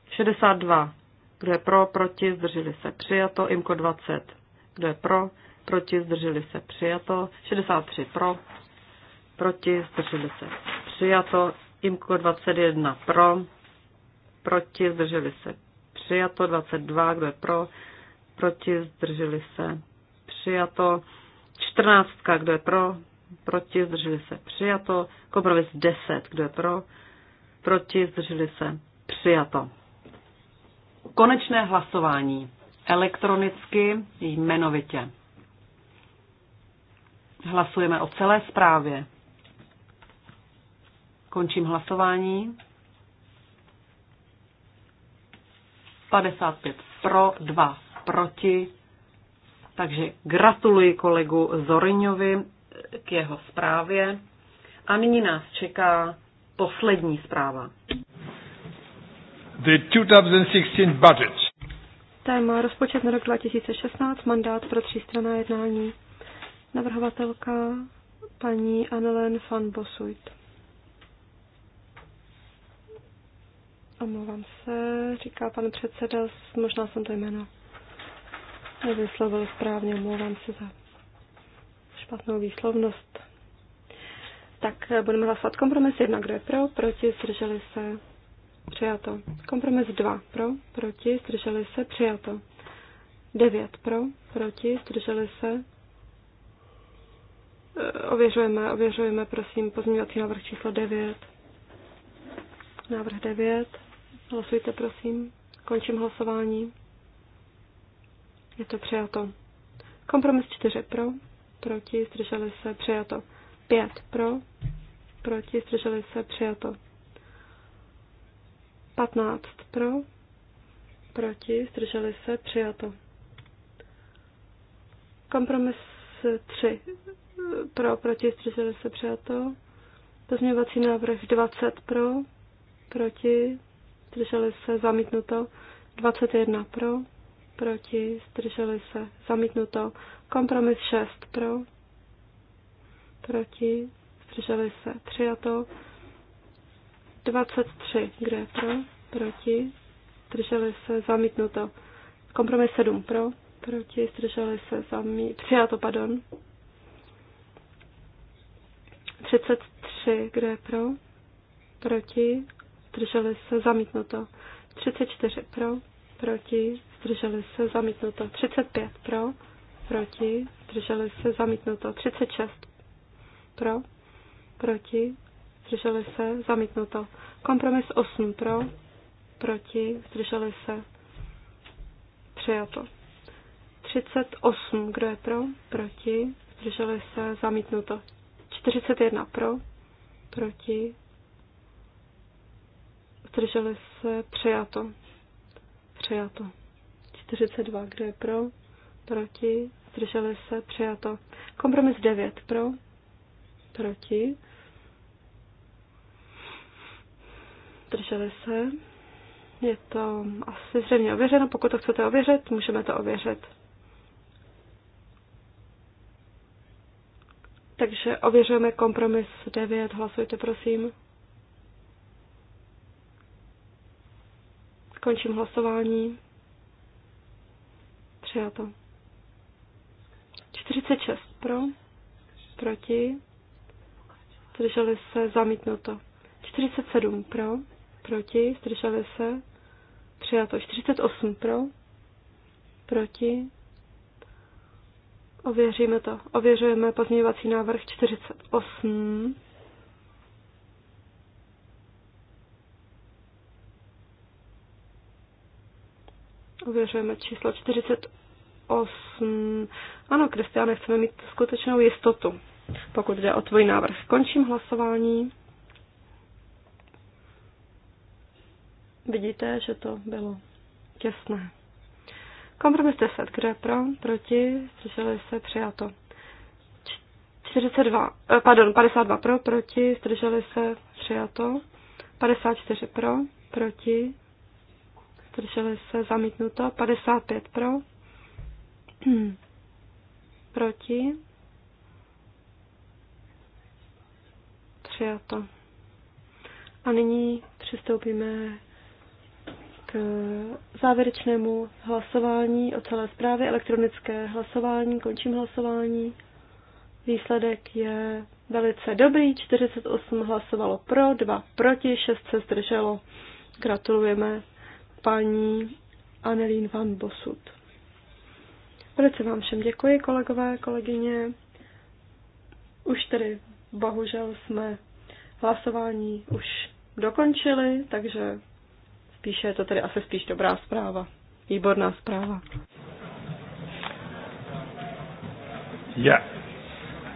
62, kdo je pro, proti, zdrželi se, přijato. Imko 20, kdo je pro, proti, zdrželi se, přijato. 63 pro, proti, zdrželi se, přijato. Imko 21 pro, proti, zdrželi se přijato, 22, kdo je pro, proti, zdrželi se přijato, 14, kdo je pro, proti, zdrželi se přijato, kompromis 10, kdo je pro, proti, zdrželi se přijato. Konečné hlasování elektronicky jmenovitě. Hlasujeme o celé zprávě. Končím hlasování. 55 pro, 2 proti. Takže gratuluji kolegu Zoriňovi k jeho zprávě. A nyní nás čeká poslední zpráva. The 2016 budget. Téma rozpočet na rok 2016, mandát pro třístranné jednání. Navrhovatelka paní Annelen van Bosuit. Omlouvám se, říká pan předseda, možná jsem to jméno nevyslovil správně, omlouvám se za špatnou výslovnost. Tak budeme hlasovat kompromis 1, kdo je pro, proti, zdrželi se, přijato. Kompromis 2, pro, proti, zdrželi se, přijato. 9 pro, proti, zdrželi se. E, ověřujeme, ověřujeme, prosím, pozměňovací návrh číslo 9. Návrh 9. Hlasujte, prosím. Končím hlasování. Je to přijato. Kompromis 4 pro, proti, zdrželi se, přijato. 5 pro, proti, zdrželi se, přijato. 15 pro, proti, zdrželi se, přijato. Kompromis 3 pro, proti, zdrželi se, přijato. Pozměňovací návrh 20 pro, proti, zdrželi se, zamítnuto. 21 pro, proti, zdrželi se, zamítnuto. Kompromis 6 pro, proti, zdrželi se, přijato. 23, kde je pro, proti, zdrželi se, zamítnuto. Kompromis 7 pro, proti, zdrželi se, zamí, přijato, pardon. 33, kde je pro, proti, zdrželi se, zamítnuto. 34 pro, proti, zdrželi se, zamítnuto. 35 pro, proti, zdrželi se, zamítnuto. 36 pro, proti, zdrželi se, zamítnuto. Kompromis 8 pro, proti, zdrželi se, přijato. 38, kdo je pro, proti, zdrželi se, zamítnuto. 41 pro, proti, Zdrželi se přijato. Přijato. 42, kdo je pro? Proti. Zdrželi se přijato. Kompromis 9 pro? Proti. Zdrželi se. Je to asi zřejmě ověřeno. Pokud to chcete ověřit, můžeme to ověřit. Takže ověřujeme kompromis 9. Hlasujte, prosím. Končím hlasování. Přijato. 46 pro, proti, zdrželi se, zamítnuto. 47 pro, proti, zdrželi se, přijato. 48 pro, proti, ověříme to. Ověřujeme pozměňovací návrh 48. ověřujeme číslo 48. Ano, Kristiáne, chceme mít skutečnou jistotu, pokud jde o tvůj návrh. Končím hlasování. Vidíte, že to bylo těsné. Kompromis 10. Kdo je pro? Proti? Slyšeli se? Přijato. 42, pardon, 52 pro, proti, zdrželi se, přijato. 54 eh, pro, proti, zdrželi se, zamítnuto. 55 pro, proti, přijato. A nyní přistoupíme k závěrečnému hlasování o celé zprávě. Elektronické hlasování, končím hlasování. Výsledek je velice dobrý. 48 hlasovalo pro, 2 proti, 6 se zdrželo. Gratulujeme paní Anelín van Bosut. Velice vám všem děkuji, kolegové, kolegyně. Už tedy bohužel jsme hlasování už dokončili, takže spíše je to tedy asi spíš dobrá zpráva. Výborná zpráva. Yeah.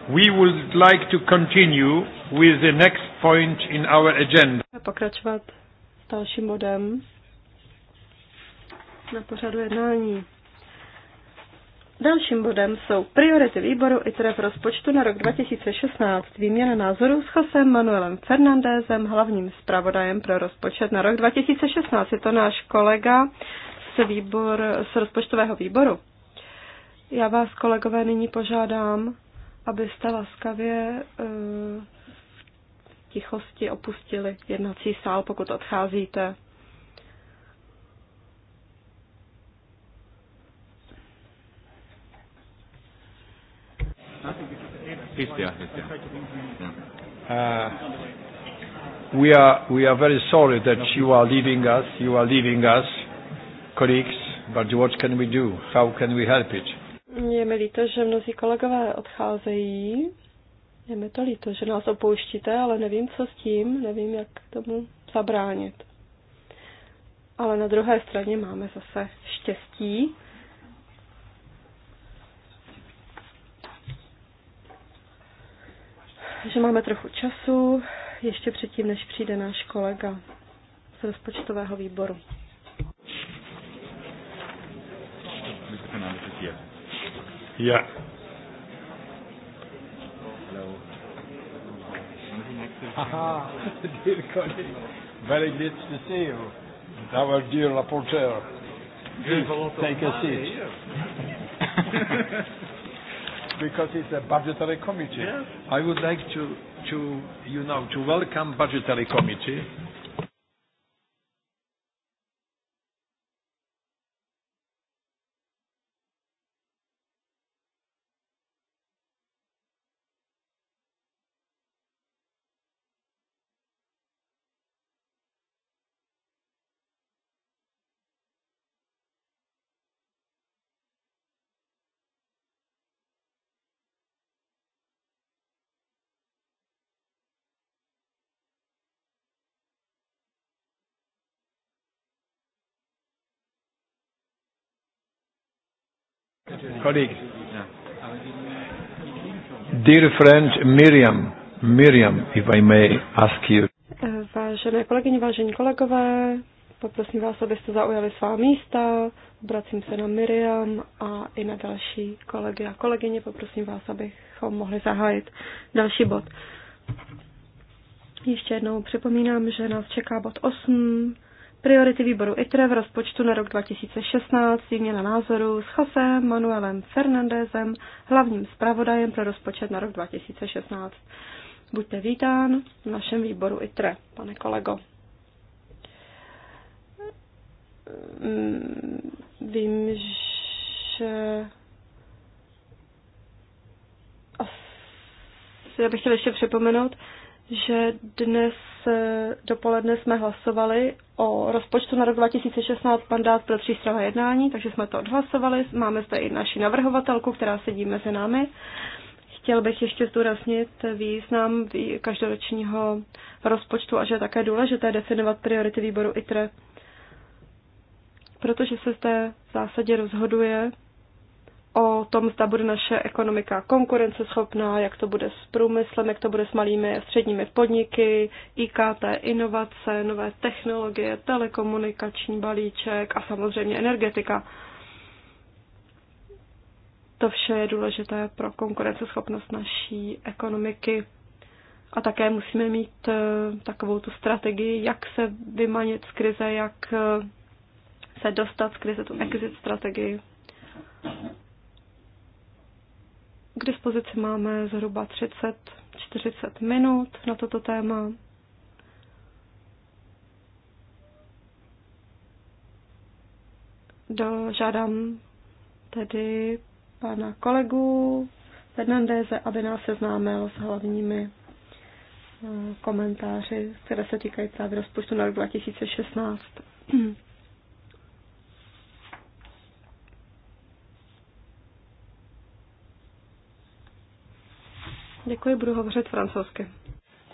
We would like to continue with the next point in our agenda. Pokračovat s dalším bodem na pořadu jednání. Dalším bodem jsou priority výboru i v rozpočtu na rok 2016, výměna názorů s Josem Manuelem Fernandézem, hlavním zpravodajem pro rozpočet na rok 2016. Je to náš kolega z, výbor, z rozpočtového výboru. Já vás, kolegové, nyní požádám, abyste laskavě eh, v tichosti opustili jednací sál, pokud odcházíte. He's there. Uh, we are we are very sorry that you are leaving us. You are leaving us, colleagues. But what can we do? How can we help it? Je mi líto, že mnozí kolegové odcházejí. Je mi to líto, že nás opouštíte, ale nevím, co s tím, nevím, jak tomu zabránit. Ale na druhé straně máme zase štěstí, že máme trochu času, ještě předtím, než přijde náš kolega z rozpočtového výboru. Ja. very good to see you. Our dear rapporteur, take a seat. because it's a budgetary committee. Yes. I would like to, to you know, to welcome budgetary committee colleague. Dear friend Miriam, Miriam, if I may ask you. Vážené kolegyně, vážení kolegové, poprosím vás, abyste zaujali svá místa. Obracím se na Miriam a i na další kolegy a kolegyně. Poprosím vás, abychom mohli zahájit další bod. Ještě jednou připomínám, že nás čeká bod 8, Priority výboru ITRE v rozpočtu na rok 2016 měna názoru s Jose Manuelem Fernandezem, hlavním zpravodajem pro rozpočet na rok 2016. Buďte vítán v našem výboru ITRE, pane kolego. Mm, vím, že já bych chtěla ještě připomenout, že dnes eh, dopoledne jsme hlasovali o rozpočtu na rok 2016 mandát pro třístranné jednání, takže jsme to odhlasovali. Máme zde i naši navrhovatelku, která sedí mezi námi. Chtěl bych ještě zdůraznit význam každoročního rozpočtu a že je také důležité definovat priority výboru ITRE, protože se zde v zásadě rozhoduje o tom, zda bude naše ekonomika konkurenceschopná, jak to bude s průmyslem, jak to bude s malými a středními podniky, IKT, inovace, nové technologie, telekomunikační balíček a samozřejmě energetika. To vše je důležité pro konkurenceschopnost naší ekonomiky. A také musíme mít eh, takovou tu strategii, jak se vymanit z krize, jak eh, se dostat z krize, tu exit strategii. K dispozici máme zhruba 30-40 minut na toto téma. Dožádám tedy pana kolegu Fernandéze, aby nás seznámil s hlavními eh, komentáři, které se týkají právě rozpočtu na rok 2016. Děkuji, budu hovořit francouzsky.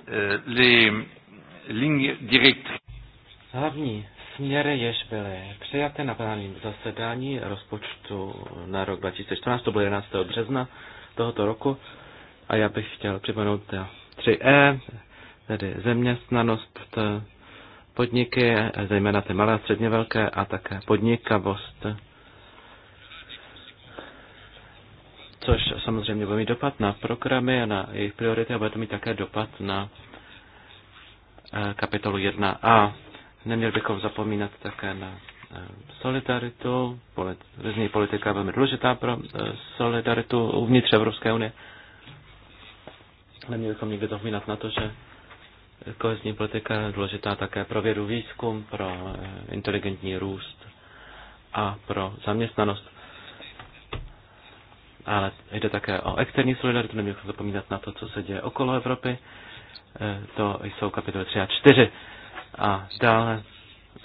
Eh, Hlavní směry, jež byly přijaté na plánovém zasedání rozpočtu na rok 2014, to bylo 11. března tohoto roku, a já bych chtěl připomenout 3E, tedy zeměstnanost eh, podniky, eh, zejména ty malé a středně velké, a také podnikavost což samozřejmě bude mít dopad na programy a na jejich priority a bude to mít také dopad na eh, kapitolu 1a. Neměli bychom zapomínat také na eh, solidaritu. Různý politika je velmi důležitá pro eh, solidaritu uvnitř Evropské unie. Neměli bychom nikdy zapomínat na to, že kohezní politika je důležitá také pro vědu výzkum, pro inteligentní růst a pro zaměstnanost ale jde také o externí solidaritu, neměl jsem zapomínat na to, co se děje okolo Evropy. E, to jsou kapitoly 3 a 4. A dále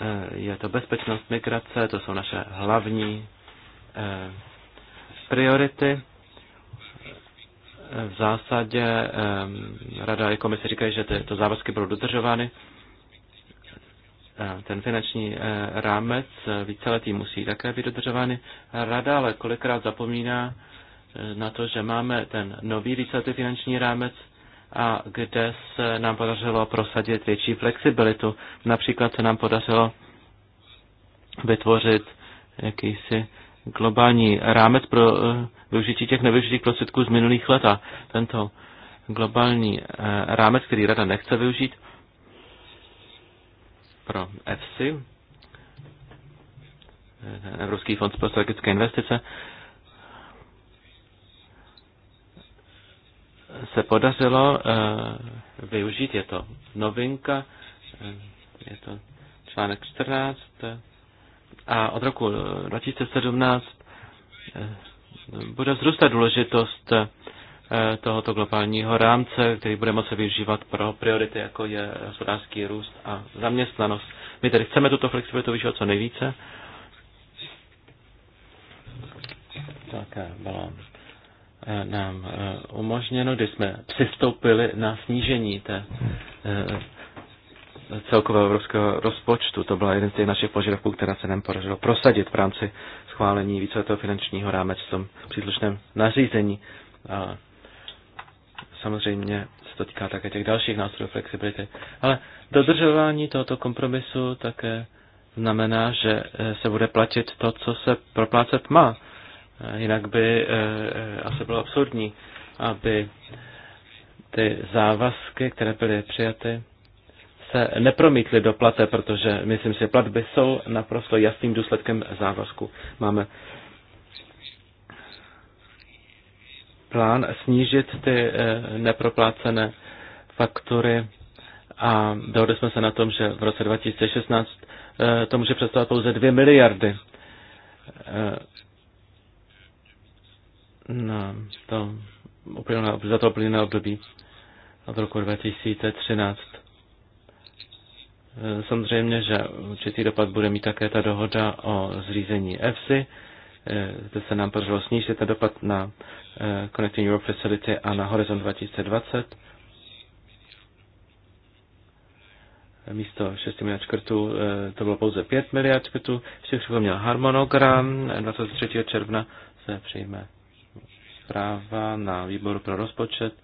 e, je to bezpečnost migrace, to jsou naše hlavní e, priority. V zásadě Rada i komise říkají, že tyto závazky budou dodržovány. Ten finanční rámec víceletý musí také být dodržovány. Rada ale kolikrát zapomíná na to, že máme ten nový výsledný finanční rámec a kde se nám podařilo prosadit větší flexibilitu. Například se nám podařilo vytvořit jakýsi globální rámec pro eh, využití těch nevyužitých prostředků z minulých let a tento globální eh, rámec, který rada nechce využít pro EFSI, eh, Evropský fond pro strategické investice, se podařilo eh, využít, je to novinka, eh, je to článek 14 eh, a od roku 2017 bude vzrůstat důležitost tohoto globálního rámce, který bude moci využívat pro priority, jako je hospodářský růst a zaměstnanost. My tedy chceme tuto flexibilitu využívat co nejvíce. Také byla Eh, nám eh, umožněno, když jsme přistoupili na snížení té eh, celkového evropského rozpočtu. To byla jeden z těch našich požadavků, která se nám podařilo prosadit v rámci schválení víceletého finančního rámec v tom příslušném nařízení. A samozřejmě se to týká také těch dalších nástrojů flexibility. Ale dodržování tohoto kompromisu také znamená, že se bude platit to, co se proplácet má. Eh, jinak by eh, eh, asi bylo absurdní, aby ty závazky, které byly přijaty, se nepromítly do plate, protože myslím si, že platby jsou naprosto jasným důsledkem závazku. Máme plán snížit ty neproplácené faktury a dohodli jsme se na tom, že v roce 2016 to může představovat pouze 2 miliardy na to uplynulé, za to uplynulé období od roku 2013. E, samozřejmě, že určitý dopad bude mít také ta dohoda o zřízení EFSI, kde e, se nám podařilo snížit ten dopad na e, Connecting Europe Facility a na Horizon 2020. místo 6 miliard škrtů to bylo pouze 5 miliard škrtů. Ještě připomněl harmonogram, 23. června se přijme zpráva na výboru pro rozpočet.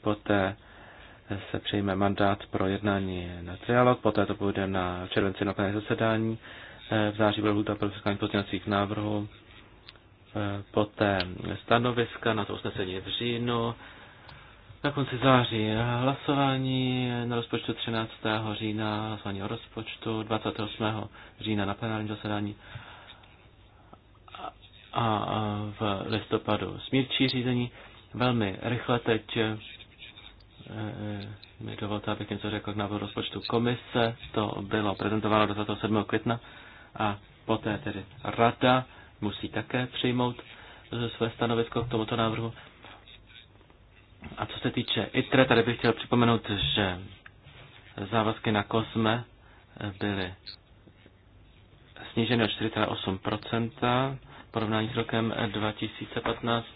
Poté se přijme mandát pro jednání na trialog, poté to půjde na červenci na plné zasedání, eh, v září bude lhůta pro fiskální pozměňovacích návrhů, eh, poté stanoviska na to usnesení v říjnu, na konci září hlasování na rozpočtu 13. října, hlasování o rozpočtu 28. října na plenárním zasedání a v listopadu smírčí řízení. Velmi rychle teď eh, eh, mi dovolte, abych něco řekl k návrhu rozpočtu komise. To bylo prezentováno 27. května a poté tedy rada musí také přijmout eh, své stanovisko k tomuto návrhu. A co se týče ITRE, tady bych chtěl připomenout, že závazky na kosme byly sníženy o 4,8% porovnání s rokem 2015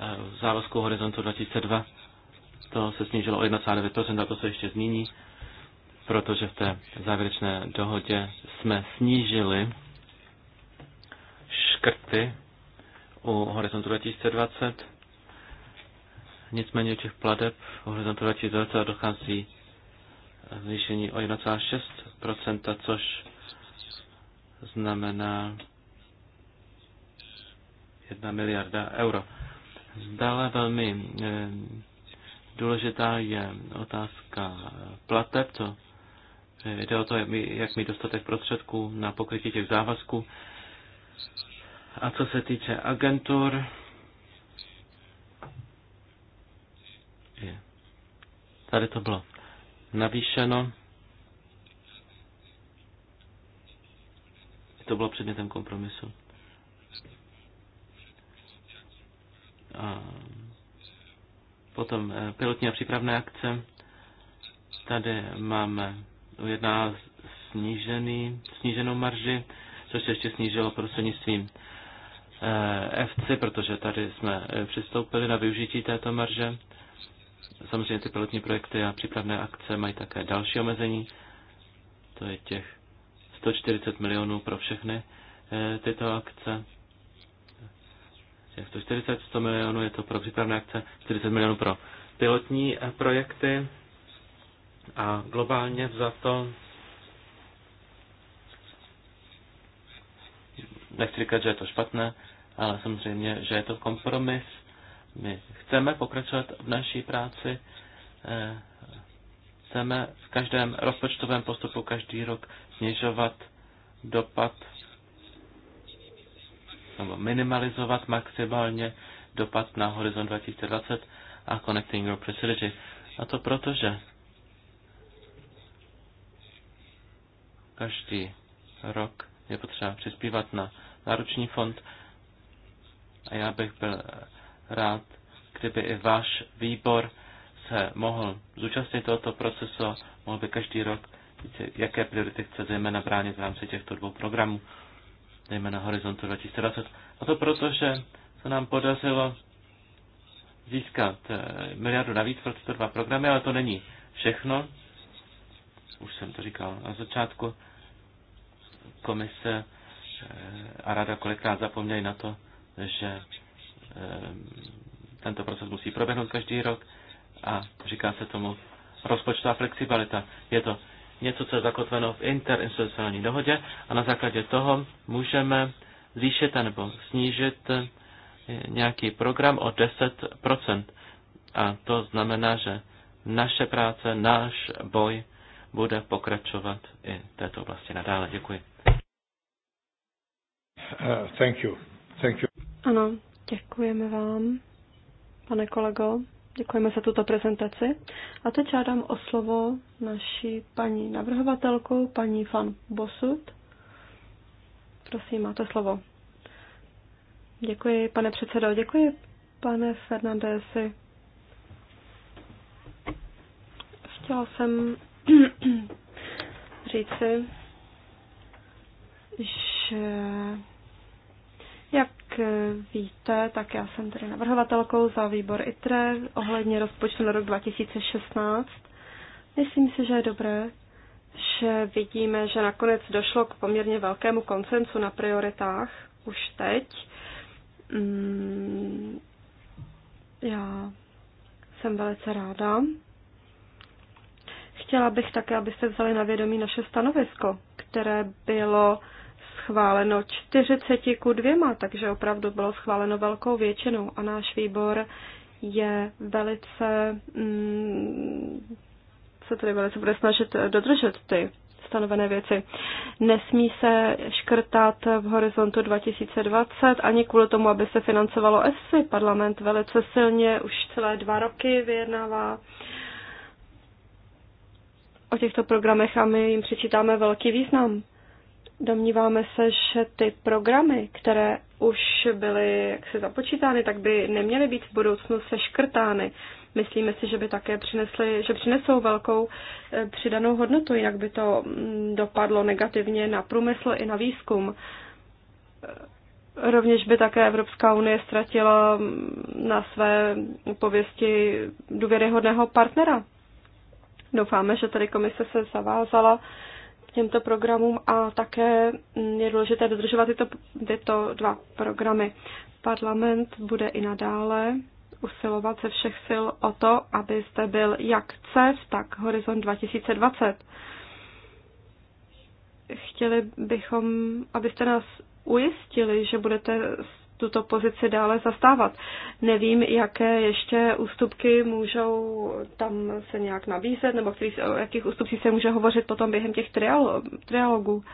eh, závazku horizontu 2002. To se snížilo o 1,9%, a to se ještě změní, protože v té závěrečné dohodě jsme snížili škrty u horizontu 2020. Nicméně u těch pladeb u horizontu 2020 dochází zvýšení o 1,6%, což znamená Jedna miliarda euro. Zdále velmi eh, důležitá je otázka plateb, co eh, jde o to, jak mít dostatek prostředků na pokrytí těch závazků. A co se týče agentur, tady to bylo navýšeno. To bylo předmětem kompromisu. A potom eh, pilotní a přípravné akce. Tady máme ujedná snížený, sníženou marži, což se ještě snížilo prostřednictvím eh, FC, protože tady jsme eh, přistoupili na využití této marže. Samozřejmě ty pilotní projekty a přípravné akce mají také další omezení. To je těch 140 milionů pro všechny tyto akce. 140, 100 milionů je to pro přípravné akce, 40 milionů pro pilotní eh, projekty a globálně to nechci říkat, že je to špatné, ale samozřejmě, že je to kompromis. My chceme pokračovat v naší práci, eh, chceme v každém rozpočtovém postupu každý rok snižovat dopad nebo minimalizovat maximálně dopad na Horizon 2020 a Connecting Europe Facility. A to proto, že každý rok je potřeba přispívat na náruční fond a já bych byl rád, kdyby i váš výbor se mohl zúčastnit tohoto procesu, mohl by každý rok, jaké priority chce zejména bránit v rámci těchto dvou programů na Horizontu 2020. A to proto, že se nám podařilo získat eh, miliardu navíc pro tyto dva programy, ale to není všechno. Už jsem to říkal na začátku. Komise eh, a rada kolikrát zapomněli na to, že eh, tento proces musí proběhnout každý rok a říká se tomu rozpočtová flexibilita. Je to něco, co je zakotveno v interinstitucionální dohodě a na základě toho můžeme zvýšit nebo snížit eh, nějaký program o 10%. A to znamená, že naše práce, náš boj bude pokračovat i v této oblasti nadále. Děkuji. Uh, thank you. Thank you. Ano, děkujeme vám, pane kolego. Děkujeme za tuto prezentaci. A teď žádám o slovo naší paní navrhovatelku, paní Fan Bosut. Prosím, máte slovo. Děkuji, pane předsedo. Děkuji, pane Fernandesi. Chtěla jsem říci, že jak víte, tak já jsem tedy navrhovatelkou za výbor ITRE ohledně rozpočtu na rok 2016. Myslím si, že je dobré, že vidíme, že nakonec došlo k poměrně velkému koncensu na prioritách už teď. Mm, já jsem velice ráda. Chtěla bych také, abyste vzali na vědomí naše stanovisko, které bylo schváleno 40 ku dvěma, takže opravdu bylo schváleno velkou většinou a náš výbor je velice, mm, se tedy velice bude snažit dodržet ty stanovené věci. Nesmí se škrtat v horizontu 2020 ani kvůli tomu, aby se financovalo ESI. Parlament velice silně už celé dva roky vyjednává o těchto programech a my jim přičítáme velký význam. Domníváme se, že ty programy, které už byly jaksi započítány, tak by neměly být v budoucnu seškrtány. Myslíme si, že by také přinesly, že přinesou velkou eh, přidanou hodnotu, jinak by to mm, dopadlo negativně na průmysl i na výzkum. Eh, rovněž by také Evropská unie ztratila mm, na své pověsti důvěryhodného partnera. Doufáme, že tady komise se zavázala těmto programům a také je důležité dodržovat tyto, tyto dva programy. Parlament bude i nadále usilovat ze všech sil o to, aby zde byl jak CEF, tak Horizont 2020. Chtěli bychom, abyste nás ujistili, že budete tuto pozici dále zastávat. Nevím, jaké ještě ústupky můžou tam se nějak nabízet, nebo který, o jakých ústupcích se může hovořit potom během těch trialogů.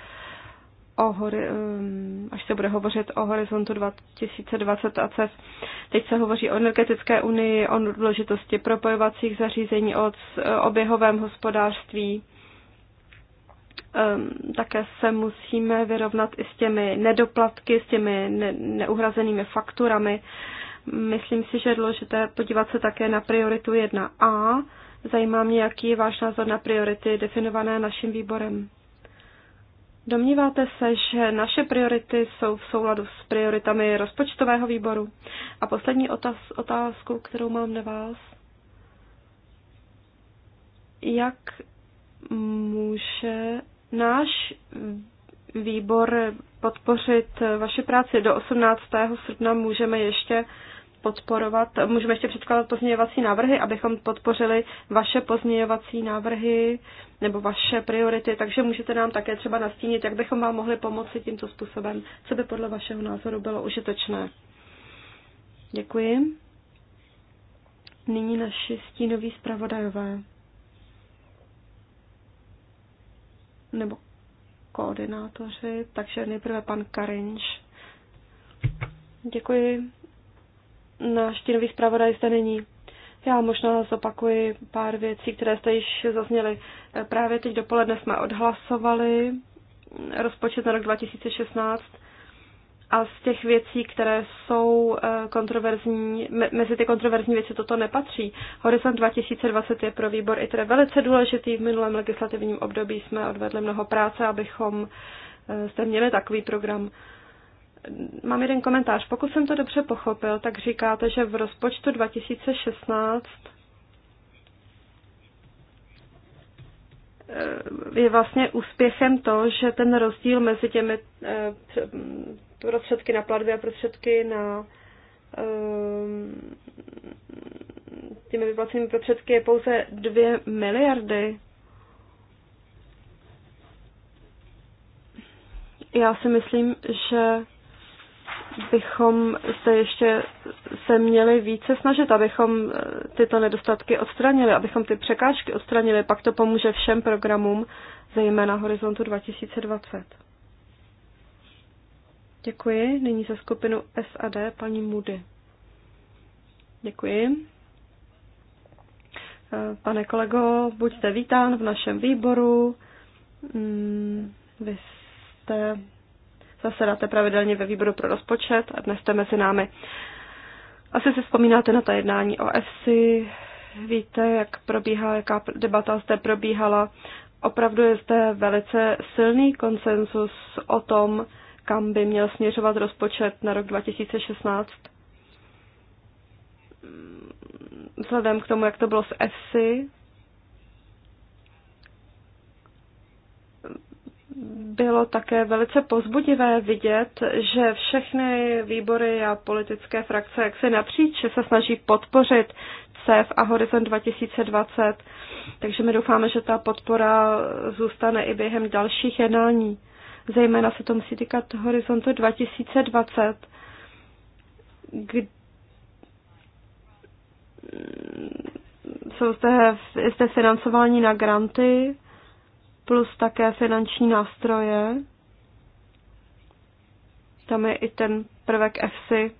O hori, um, až se bude hovořit o horizontu 2020 a CEF. Teď se hovoří o energetické unii, o důležitosti propojovacích zařízení, o oběhovém hospodářství Ehm, také se musíme vyrovnat i s těmi nedoplatky, s těmi ne- neuhrazenými fakturami. Myslím si, že je důležité podívat se také na prioritu 1a. Zajímá mě, jaký je váš názor na priority definované naším výborem. Domníváte se, že naše priority jsou v souladu s prioritami rozpočtového výboru? A poslední otaz, otázku, kterou mám na vás. Jak může náš výbor podpořit vaše práci. Do 18. srpna můžeme ještě podporovat, můžeme ještě předkládat pozměňovací návrhy, abychom podpořili vaše pozměňovací návrhy nebo vaše priority, takže můžete nám také třeba nastínit, jak bychom vám mohli pomoci tímto způsobem, co by podle vašeho názoru bylo užitečné. Děkuji. Nyní naši stínoví zpravodajové. nebo koordinátoři, takže nejprve pan Karinč. Děkuji. na štínových zpravodaj jste není. Já možná zopakuji pár věcí, které jste již zazněly. Právě teď dopoledne jsme odhlasovali rozpočet na rok 2016 a z těch věcí, které jsou eh, kontroverzní, mezi ty kontroverzní věci toto nepatří. Horizont 2020 je pro výbor ITRE velice důležitý. V minulém legislativním období jsme odvedli mnoho práce, abychom jste eh, měli takový program. Mám jeden komentář. Pokud jsem to dobře pochopil, tak říkáte, že v rozpočtu 2016 eh, je vlastně úspěchem to, že ten rozdíl mezi těmi prostředky na platby a prostředky na ehm, těmi vyplacenými prostředky je pouze 2 miliardy. Já si myslím, že bychom se ještě se měli více snažit, abychom eh, tyto nedostatky odstranili, abychom ty překážky odstranili, pak to pomůže všem programům, zejména Horizontu 2020. Děkuji. Nyní za skupinu SAD paní Mudy. Děkuji. Eh, pane kolego, buďte vítán v našem výboru. Mm, vy jste zasedáte pravidelně ve výboru pro rozpočet a dnes jste mezi námi. Asi si vzpomínáte na ta jednání o EFSI, víte, jak probíhá, jaká debata zde probíhala. Opravdu je zde velice silný konsenzus o tom, kam by měl směřovat rozpočet na rok 2016. Vzhledem k tomu, jak to bylo s EFSI, bylo také velice pozbudivé vidět, že všechny výbory a politické frakce, jak se napříč, se snaží podpořit CEF a Horizon 2020. Takže my doufáme, že ta podpora zůstane i během dalších jednání zejména se to musí týkat horizontu 2020, kdy jsou zde, zde financování na granty plus také finanční nástroje. Tam je i ten prvek EFSI.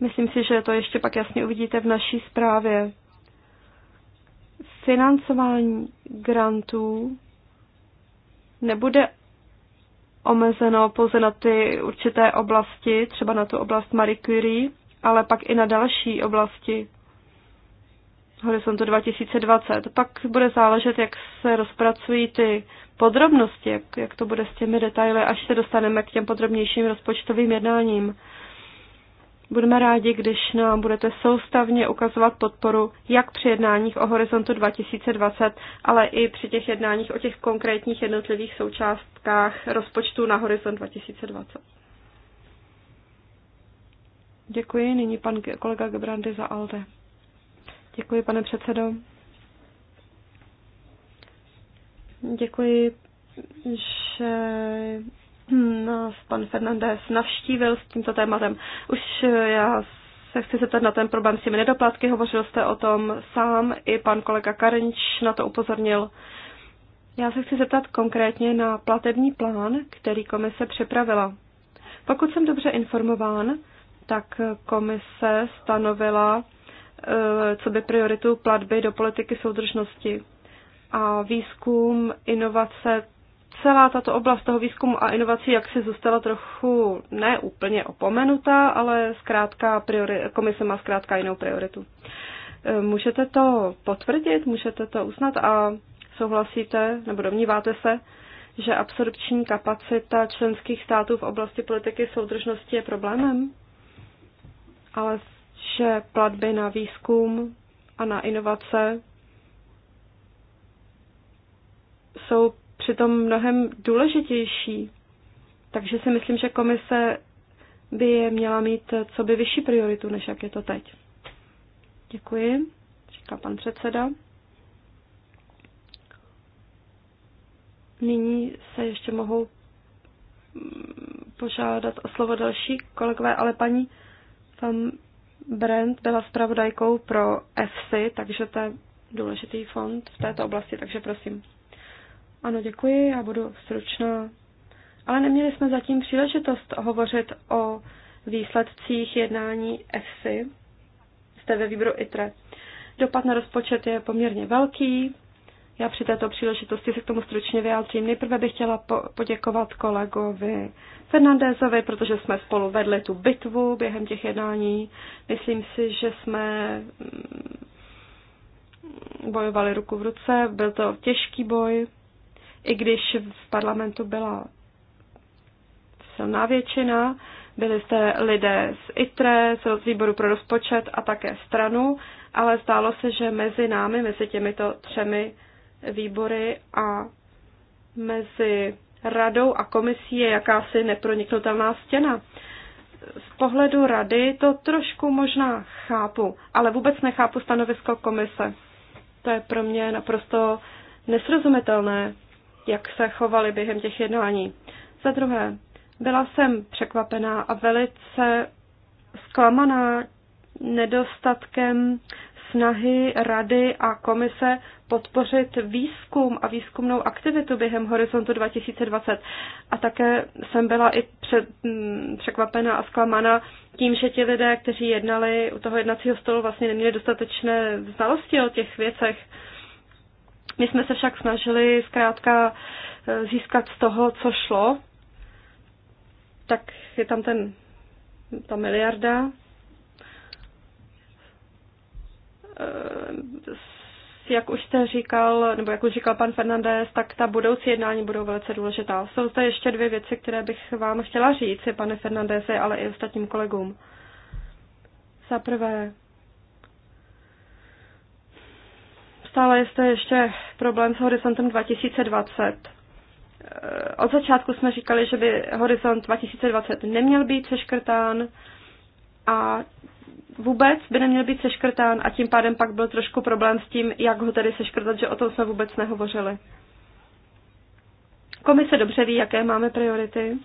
Myslím si, že to ještě pak jasně uvidíte v naší zprávě. Financování grantů nebude omezeno pouze na ty určité oblasti, třeba na tu oblast Marie Curie, ale pak i na další oblasti horizontu 2020. Pak bude záležet, jak se rozpracují ty podrobnosti, jak, jak to bude s těmi detaily, až se dostaneme k těm podrobnějším rozpočtovým jednáním. Budeme rádi, když nám budete soustavně ukazovat podporu jak při jednáních o horizontu 2020, ale i při těch jednáních o těch konkrétních jednotlivých součástkách rozpočtu na horizont 2020. Děkuji. Nyní pan kolega Gebrandy za ALDE. Děkuji, pane předsedo. Děkuji, že Hmm, nás no, pan Fernandez navštívil s tímto tématem. Už eh, já se chci zeptat na ten problém s těmi nedoplatky, hovořil jste o tom sám, i pan kolega Karenč na to upozornil. Já se chci zeptat konkrétně na platební plán, který komise připravila. Pokud jsem dobře informován, tak komise stanovila, eh, co by prioritu platby do politiky soudržnosti. A výzkum, inovace, celá tato oblast toho výzkumu a inovací jak zůstala trochu ne úplně opomenutá, ale zkrátka priori- komise má zkrátka jinou prioritu. E, můžete to potvrdit, můžete to uznat a souhlasíte nebo domníváte se, že absorpční kapacita členských států v oblasti politiky soudržnosti je problémem, ale že platby na výzkum a na inovace jsou přitom mnohem důležitější. Takže si myslím, že komise by je měla mít co by vyšší prioritu, než jak je to teď. Děkuji, říká pan předseda. Nyní se ještě mohou mm, požádat o slovo další kolegové, ale paní tam Brand byla zpravodajkou pro EFSI, takže to je důležitý fond v této oblasti, takže prosím. Ano, děkuji, já budu stručná. Ale neměli jsme zatím příležitost hovořit o výsledcích jednání EFSI. Jste ve výboru ITRE. Dopad na rozpočet je poměrně velký. Já při této příležitosti se k tomu stručně vyjádřím. Nejprve bych chtěla po- poděkovat kolegovi Fernandézovi, protože jsme spolu vedli tu bitvu během těch jednání. Myslím si, že jsme mm, bojovali ruku v ruce. Byl to těžký boj. I když v parlamentu byla silná většina, byli jste lidé z ITRE, z výboru pro rozpočet a také stranu, ale zdálo se, že mezi námi, mezi těmito třemi výbory a mezi radou a komisí je jakási neproniknutelná stěna. Z pohledu rady to trošku možná chápu, ale vůbec nechápu stanovisko komise. To je pro mě naprosto nesrozumitelné jak se chovali během těch jednání. Za druhé, byla jsem překvapená a velice zklamaná nedostatkem snahy Rady a Komise podpořit výzkum a výzkumnou aktivitu během horizontu 2020. A také jsem byla i před, m, překvapena a zklamaná tím, že ti lidé, kteří jednali u toho jednacího stolu, vlastně neměli dostatečné znalosti o těch věcech. My jsme se však snažili zkrátka eh, získat z toho, co šlo, tak je tam ten, ta miliarda. Eh, jak už jste říkal, nebo jak už říkal pan Fernandez, tak ta budoucí jednání budou velice důležitá. Jsou zde ještě dvě věci, které bych vám chtěla říct, pane Fernandeze, ale i ostatním kolegům. Za prvé, Stále je zde ještě problém s horizontem 2020. Eh, od začátku jsme říkali, že by horizont 2020 neměl být seškrtán a vůbec by neměl být seškrtán a tím pádem pak byl trošku problém s tím, jak ho tedy seškrtat, že o tom jsme vůbec nehovořili. Komise dobře ví, jaké máme priority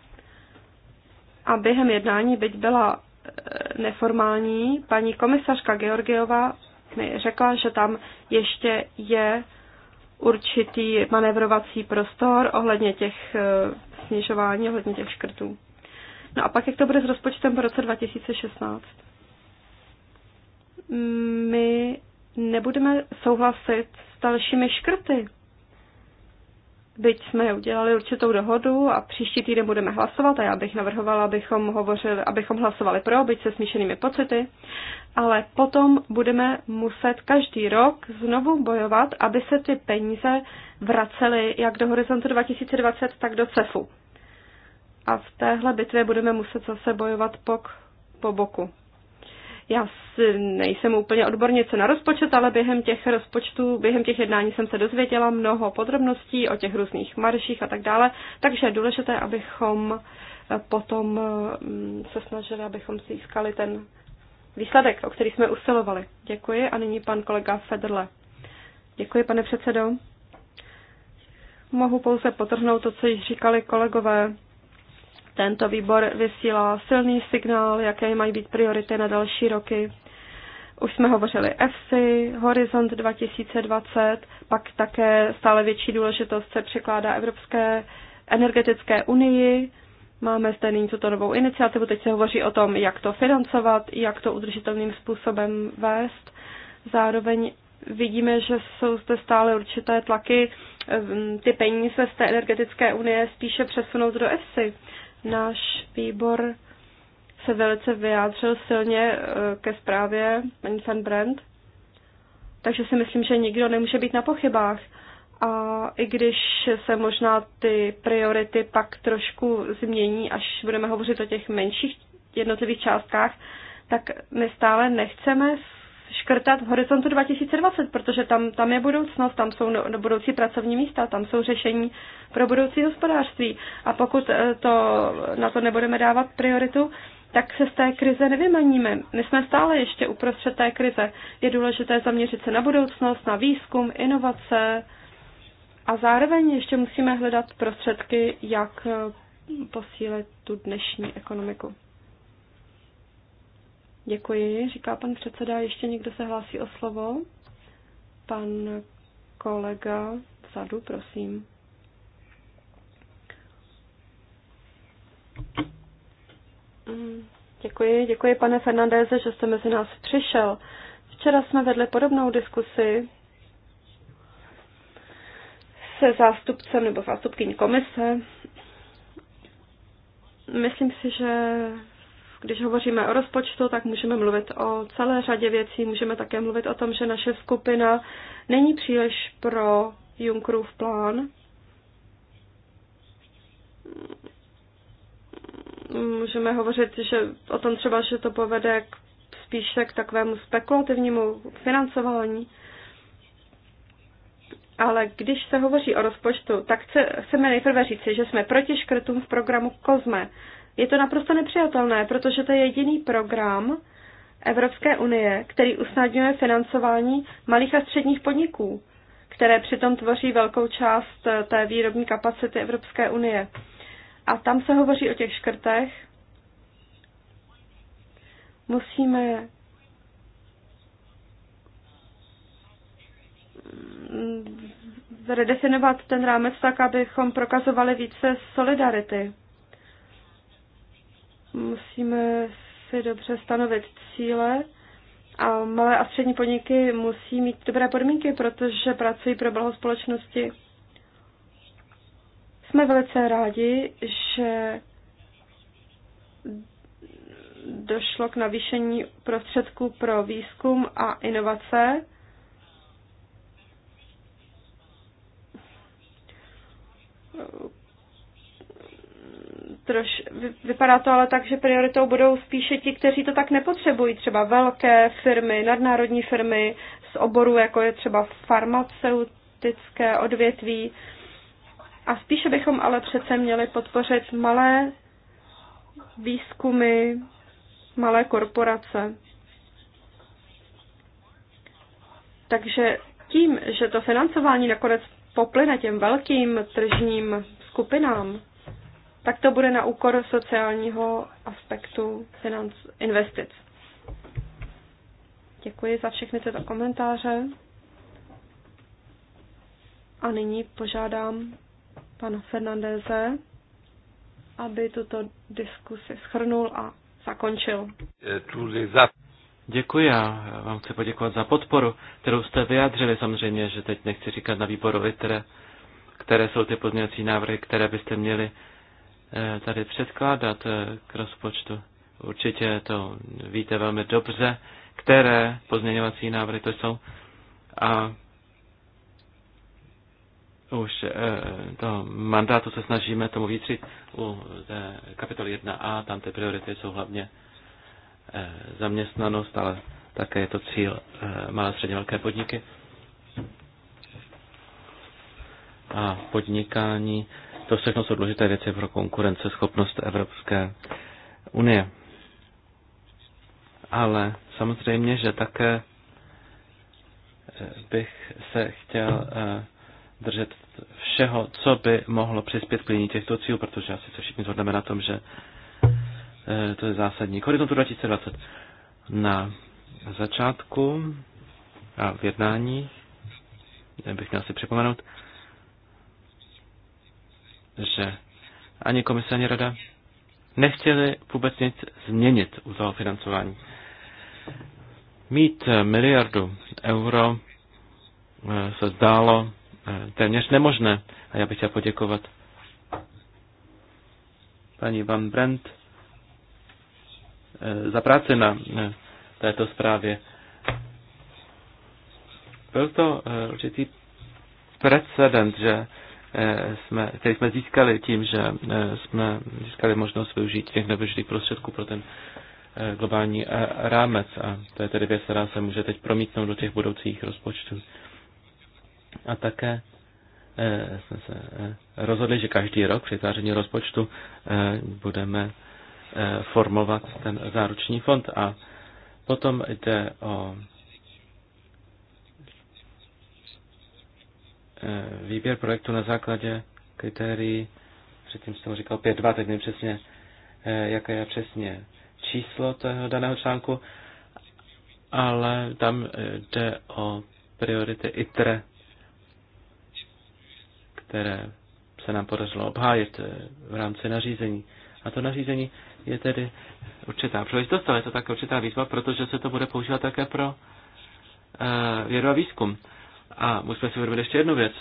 a během jednání, byť byla eh, neformální, paní komisařka Georgiová mi řekla, že tam ještě je určitý manevrovací prostor ohledně těch eh, snižování, ohledně těch škrtů. No a pak, jak to bude s rozpočtem po roce 2016? Mm, my nebudeme souhlasit s dalšími škrty byť jsme udělali určitou dohodu a příští týden budeme hlasovat a já bych navrhovala, abychom, hovořili, abychom hlasovali pro, byť se smíšenými pocity, ale potom budeme muset každý rok znovu bojovat, aby se ty peníze vracely jak do horizontu 2020, tak do CEFu. A v téhle bitvě budeme muset zase bojovat pok po boku. Já si nejsem úplně odbornice na rozpočet, ale během těch rozpočtů, během těch jednání jsem se dozvěděla mnoho podrobností o těch různých marších a tak dále, takže je důležité, abychom eh, potom mm, se snažili, abychom získali ten výsledek, o který jsme usilovali. Děkuji a nyní pan kolega Federle. Děkuji, pane předsedo. Mohu pouze potrhnout to, co již říkali kolegové. Tento výbor vysílá silný signál, jaké mají být priority na další roky. Už jsme hovořili EFSI, Horizont 2020, pak také stále větší důležitost se překládá Evropské energetické unii. Máme zde nyní tuto novou iniciativu, teď se hovoří o tom, jak to financovat, jak to udržitelným způsobem vést. Zároveň vidíme, že jsou zde stále určité tlaky mm, ty peníze z té energetické unie spíše přesunout do EFSI. Náš výbor se velice vyjádřil silně eh, ke zprávě paní van Brand, takže si myslím, že nikdo nemůže být na pochybách. A i když se možná ty priority pak trošku změní, až budeme hovořit o těch menších jednotlivých částkách, tak my stále nechceme škrtat v horizontu 2020, protože tam, tam je budoucnost, tam jsou no, budoucí pracovní místa, tam jsou řešení pro budoucí hospodářství. A pokud eh, to, na to nebudeme dávat prioritu, tak se z té krize nevymaníme. My jsme stále ještě uprostřed té krize. Je důležité zaměřit se na budoucnost, na výzkum, inovace a zároveň ještě musíme hledat prostředky, jak eh, posílit tu dnešní ekonomiku. Děkuji, říká pan předseda. Ještě někdo se hlásí o slovo? Pan kolega vzadu, prosím. Mm, děkuji, děkuji pane Fernandéze, že jste mezi nás přišel. Včera jsme vedli podobnou diskusi se zástupcem nebo zástupkyní komise. Myslím si, že když hovoříme o rozpočtu, tak můžeme mluvit o celé řadě věcí. Můžeme také mluvit o tom, že naše skupina není příliš pro Junckerův plán. Můžeme hovořit že o tom třeba, že to povede k spíše k takovému spekulativnímu financování. Ale když se hovoří o rozpočtu, tak chceme nejprve říci, že jsme proti škrtům v programu COSME. Je to naprosto nepřijatelné, protože to je jediný program Evropské unie, který usnadňuje financování malých a středních podniků, které přitom tvoří velkou část eh, té výrobní kapacity Evropské unie. A tam se hovoří o těch škrtech. Musíme redefinovat ten rámec tak, abychom prokazovali více solidarity musíme si dobře stanovit cíle a malé a střední podniky musí mít dobré podmínky, protože pracují pro blaho společnosti. Jsme velice rádi, že došlo k navýšení prostředků pro výzkum a inovace. Troš, vypadá to ale tak, že prioritou budou spíše ti, kteří to tak nepotřebují, třeba velké firmy, nadnárodní firmy z oboru, jako je třeba farmaceutické odvětví. A spíše bychom ale přece měli podpořit malé výzkumy, malé korporace. Takže tím, že to financování nakonec poplyne těm velkým tržním skupinám, tak to bude na úkor sociálního aspektu financ, investic. Děkuji za všechny tyto komentáře. A nyní požádám pana Fernandeze, aby tuto diskusi schrnul a zakončil. Děkuji, a vám chci poděkovat za podporu, kterou jste vyjádřili samozřejmě, že teď nechci říkat na výborovi, které, které jsou ty pozměňovací návrhy, které byste měli Eh, tady předkládat eh, k rozpočtu. Určitě to víte velmi dobře, které pozměňovací návrhy to jsou. A už eh, to mandátu se snažíme tomu výtřit u kapitoly 1a, tam ty priority jsou hlavně zaměstnanost, ale také je to cíl malé středně velké podniky a podnikání. To všechno jsou důležité věci pro konkurenceschopnost Evropské unie. Ale samozřejmě, že také eh, bych se chtěl eh, držet všeho, co by mohlo přispět k plnění těchto cílů, protože asi se všichni zhodneme na tom, že eh, to je zásadní. K horizontu 2020 na začátku a v jednání bych měl si připomenout, že ani komise, ani rada nechtěli vůbec nic změnit u toho financování. Mít miliardu euro eh, se zdálo eh, téměř nemožné a já bych chtěl poděkovat paní Van Brent eh, za práci na této zprávě. Byl to určitý precedent, že Eh, jsme, který jsme získali tím, že eh, jsme získali možnost využít těch nevyužitých prostředků pro ten eh, globální rámec. A to je tedy věc, která se může teď promítnout do těch budoucích rozpočtů. A také jsme se rozhodli, že každý rok při záření rozpočtu budeme formovat ten záruční fond a potom jde o Eh, výběr projektu na základě kritérií, předtím jsem říkal 5-2, teď nevím přesně, eh, jaké je přesně číslo toho daného článku, ale tam eh, jde o priority ITRE, které se nám podařilo obhájit v rámci nařízení. A to nařízení je tedy určitá příležitost, ale je to také určitá výzva, protože se to bude používat také pro vědu a výzkum. A musíme si uvědomit ještě jednu věc.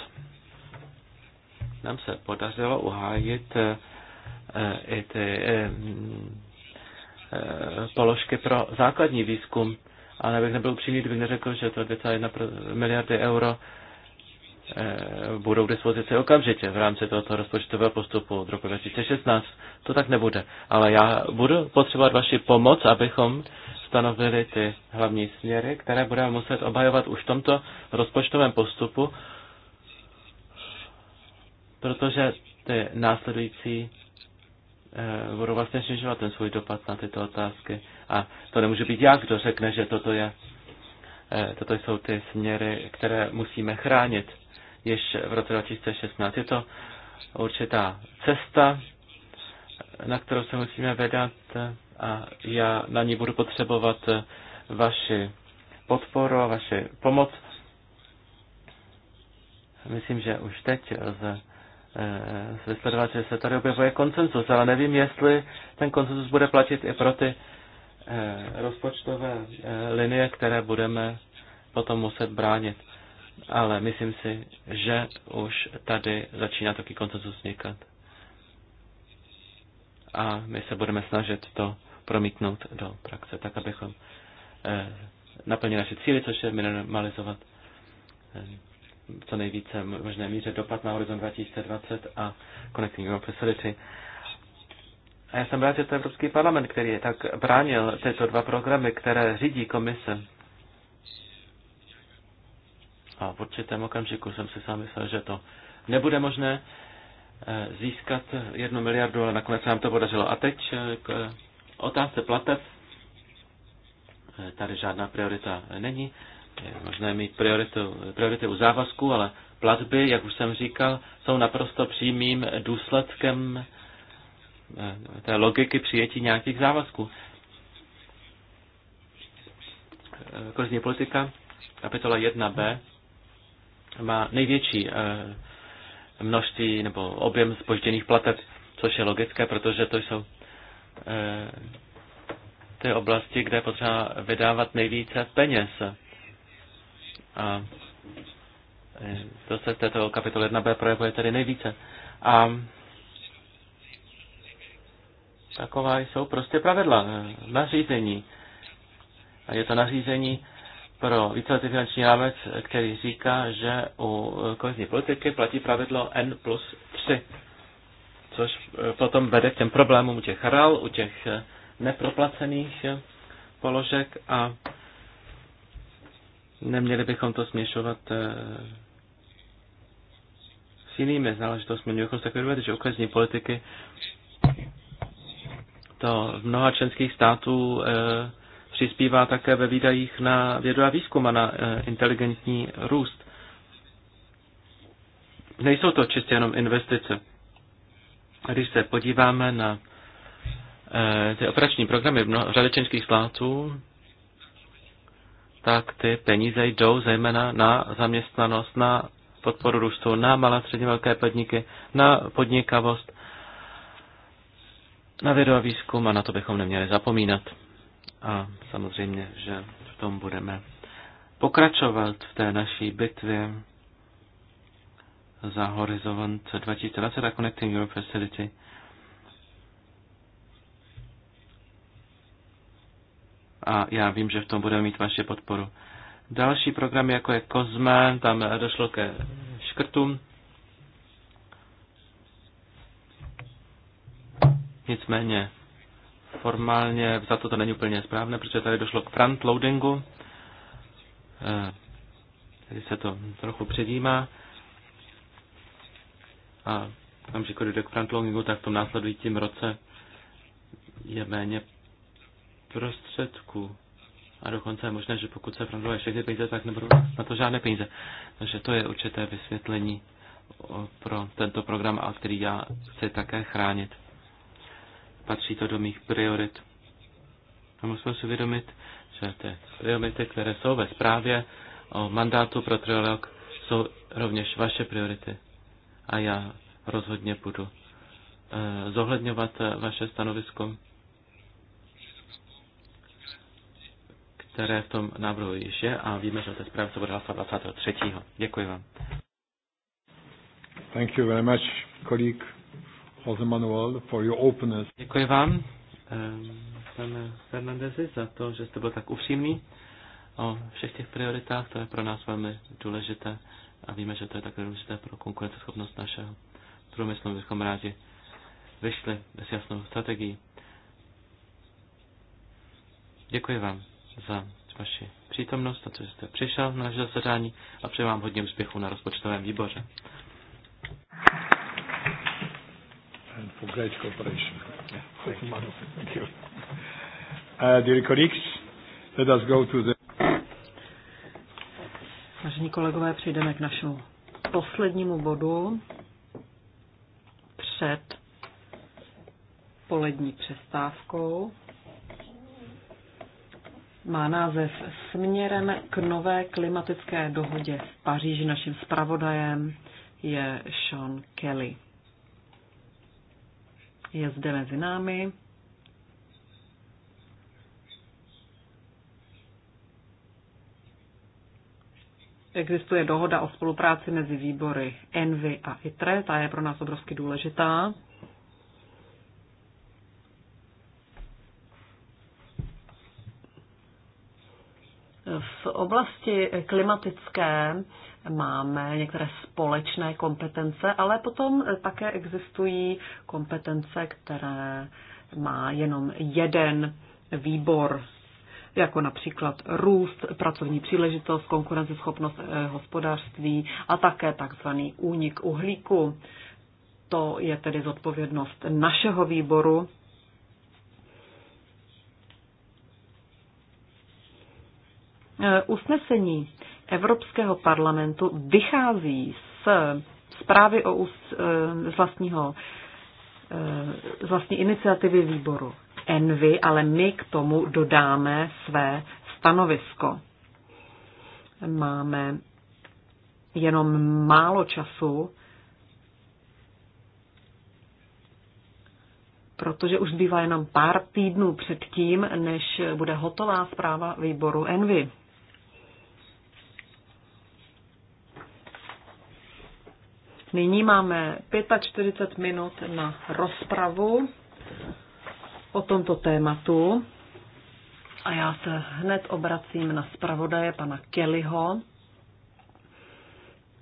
Nám se podařilo uhájit eh, eh, i ty eh, položky pro základní výzkum, ale nebych nebyl upřímný, kdybych neřekl, že to 2,1 miliardy euro budou k dispozici okamžitě v rámci tohoto rozpočtového postupu od roku 2016. To tak nebude. Ale já budu potřebovat vaši pomoc, abychom stanovili ty hlavní směry, které budeme muset obhajovat už v tomto rozpočtovém postupu, protože ty následující eh, budou vlastně snižovat ten svůj dopad na tyto otázky. A to nemůže být já, kdo řekne, že toto, je, eh, toto jsou ty směry, které musíme chránit již v roce 2016. Je to určitá cesta, na kterou se musíme Eh, a já na ní budu potřebovat eh, vaši podporu a vaši pomoc. Myslím, že už teď lze eh, vysledovat, že se tady objevuje koncensus, ale nevím, jestli ten koncensus bude platit i pro ty eh, rozpočtové linie, které budeme potom muset bránit. Ale myslím si, že už tady začíná taky koncensus vznikat. A my se budeme snažit to promítnout do praxe, tak abychom eh, naplnili naše cíly, což je minimalizovat eh, co nejvíce možné míře dopad na horizont 2020 a Connecting Europe Facility. A já jsem rád, že to Evropský parlament, který je tak bránil tyto dva programy, které řídí komise. A v určitém okamžiku jsem si sám myslel, že to nebude možné eh, získat jednu miliardu, ale nakonec nám to podařilo. A teď otázce plateb eh, tady žádná priorita není. Je možné mít prioritu, priority u závazku, ale platby, jak už jsem říkal, jsou naprosto přímým důsledkem eh, té logiky přijetí nějakých závazků. Eh, Kozní politika, kapitola 1b, má největší množství nebo objem spožděných plateb, což je logické, protože to jsou Eh, ty oblasti, kde je potřeba vydávat nejvíce peněz. A eh, to se v této kapitole 1b projevuje tedy nejvíce. A taková jsou prostě pravidla, eh, nařízení. A je to nařízení pro víceletý finanční rámec, který říká, že u kohezní politiky platí pravidlo N plus 3 což eh, potom vede k těm problémům u těch hral, u těch eh, neproplacených eh, položek a neměli bychom to směšovat s jinými záležitostmi. Měli bychom takové že ukazní politiky to v mnoha členských států přispívá také ve výdajích na vědu a výzkum a na inteligentní růst. Nejsou to čistě jenom investice když se podíváme na eh, ty operační programy v, řadě čínských států, tak ty peníze jdou zejména na zaměstnanost, na podporu růstu, na malé středně velké podniky, na podnikavost, na vědu a výzkum a na to bychom neměli zapomínat. A samozřejmě, že v tom budeme pokračovat v té naší bitvě za Horizont 2020 a Connecting Europe Facility. A já vím, že v tom budeme mít vaši podporu. Další programy, jako je COSME, tam došlo ke škrtům. Nicméně formálně za to to není úplně správné, protože tady došlo k loadingu, eh, tedy se to trochu předjímá a když dojde k frontloadingu, tak v tom následujícím roce je méně prostředků. A dokonce je možné, že pokud se frontloaduje všechny peníze, tak nebudou na to žádné peníze. Takže to je určité vysvětlení pro tento program, a který já chci také chránit. Patří to do mých priorit. A musíme si uvědomit, že ty priority, které jsou ve zprávě o mandátu pro trilog, jsou rovněž vaše priority a já rozhodně budu eh, zohledňovat eh, vaše stanovisko, které v tom návrhu již je a víme, že to je zprávě se bude hlasovat 23. Děkuji vám. Thank you very much, colleague Manuel, for your openness. Děkuji vám, ehm, pane Fernandezi, za to, že jste byl tak upřímný o všech těch prioritách. To je pro nás velmi důležité a víme, že to je také důležité pro konkurenceschopnost našeho průmyslu. Bychom rádi vyšli s jasnou strategií. Děkuji vám za vaši přítomnost a to, že jste přišel na naše zasedání a přeji vám hodně úspěchu na rozpočtovém výboře. for great cooperation. thank you. Uh, dear colleagues, let us go to the Vážení kolegové, přejdeme k našemu poslednímu bodu před polední přestávkou. Má název Směrem k nové klimatické dohodě v Paříži. Naším zpravodajem je Sean Kelly. Je zde mezi námi. existuje dohoda o spolupráci mezi výbory ENVY a ITRE, ta je pro nás obrovsky důležitá. V oblasti klimatické máme některé společné kompetence, ale potom také existují kompetence, které má jenom jeden výbor jako například růst, pracovní příležitost, konkurenceschopnost eh, hospodářství a také takzvaný únik uhlíku. To je tedy zodpovědnost našeho výboru. Eh, usnesení Evropského parlamentu vychází z zprávy o eh, z vlastního z vlastní iniciativy výboru Envy, ale my k tomu dodáme své stanovisko. Máme jenom málo času, protože už zbývá jenom pár týdnů před tím, než bude hotová zpráva výboru Envy. Nyní máme 45 minut na rozpravu o tomto tématu. A já se hned obracím na zpravodaje pana Kellyho,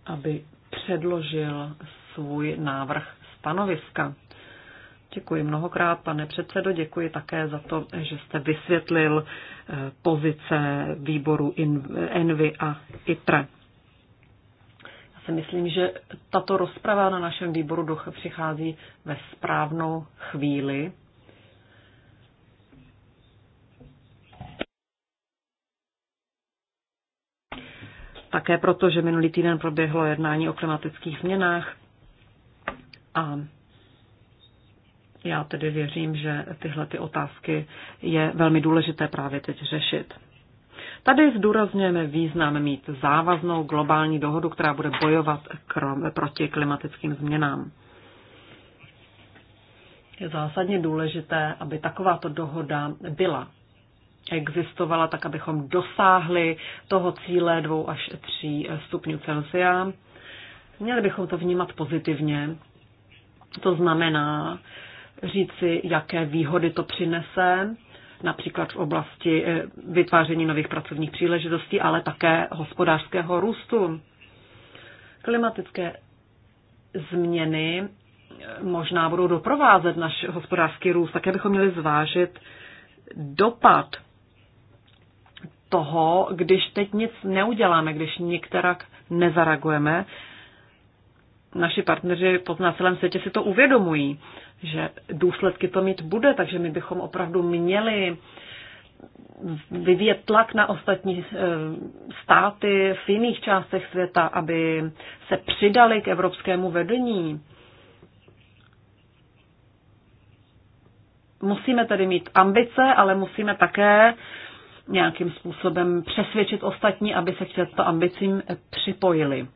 aby předložil svůj návrh stanoviska. Děkuji mnohokrát, pane předsedo, děkuji také za to, že jste vysvětlil eh, pozice výboru Envy a ITRE. Já si myslím, že tato rozprava na našem výboru přichází ve správnou chvíli, také proto, že minulý týden proběhlo jednání o klimatických změnách a já tedy věřím, že tyhle ty otázky je velmi důležité právě teď řešit. Tady zdůrazňujeme význam mít závaznou globální dohodu, která bude bojovat proti klimatickým změnám. Je zásadně důležité, aby takováto dohoda byla existovala, tak abychom dosáhli toho cíle 2 až 3 stupňů Celsia. Měli bychom to vnímat pozitivně. To znamená říci, jaké výhody to přinese, například v oblasti eh, vytváření nových pracovních příležitostí, ale také hospodářského růstu. Klimatické změny eh, možná budou doprovázet náš hospodářský růst, také bychom měli zvážit dopad toho, když teď nic neuděláme, když některak nezareagujeme. Naši partneři po na celém světě si to uvědomují, že důsledky to mít bude, takže my bychom opravdu měli vyvíjet tlak na ostatní eh, státy v jiných částech světa, aby se přidali k evropskému vedení. Musíme tedy mít ambice, ale musíme také nějakým způsobem přesvědčit ostatní, aby se k těmto ambicím připojili.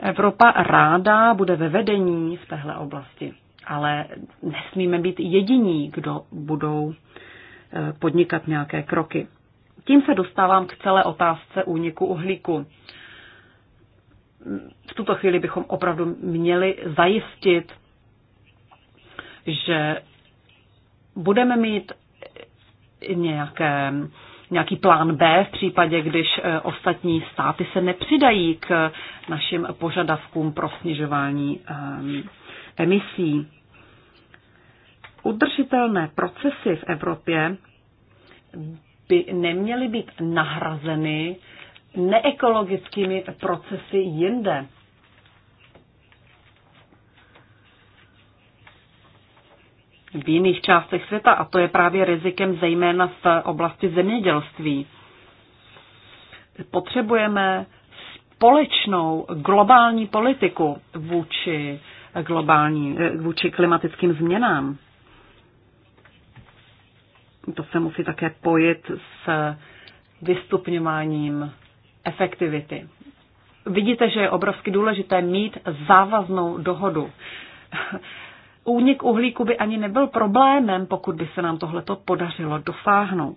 Evropa ráda bude ve vedení v téhle oblasti, ale nesmíme být jediní, kdo budou eh, podnikat nějaké kroky. Tím se dostávám k celé otázce úniku uhlíku. V tuto chvíli bychom opravdu měli zajistit, že budeme mít nějaké nějaký plán B v případě, když e, ostatní státy se nepřidají k našim požadavkům pro snižování ehm, emisí. Udržitelné procesy v Evropě by neměly být nahrazeny neekologickými procesy jinde. v jiných částech světa a to je právě rizikem zejména v oblasti zemědělství. Potřebujeme společnou globální politiku vůči, globální, vůči klimatickým změnám. To se musí také pojit s vystupňováním efektivity. Vidíte, že je obrovsky důležité mít závaznou dohodu únik uhlíku by ani nebyl problémem, pokud by se nám tohleto podařilo dosáhnout.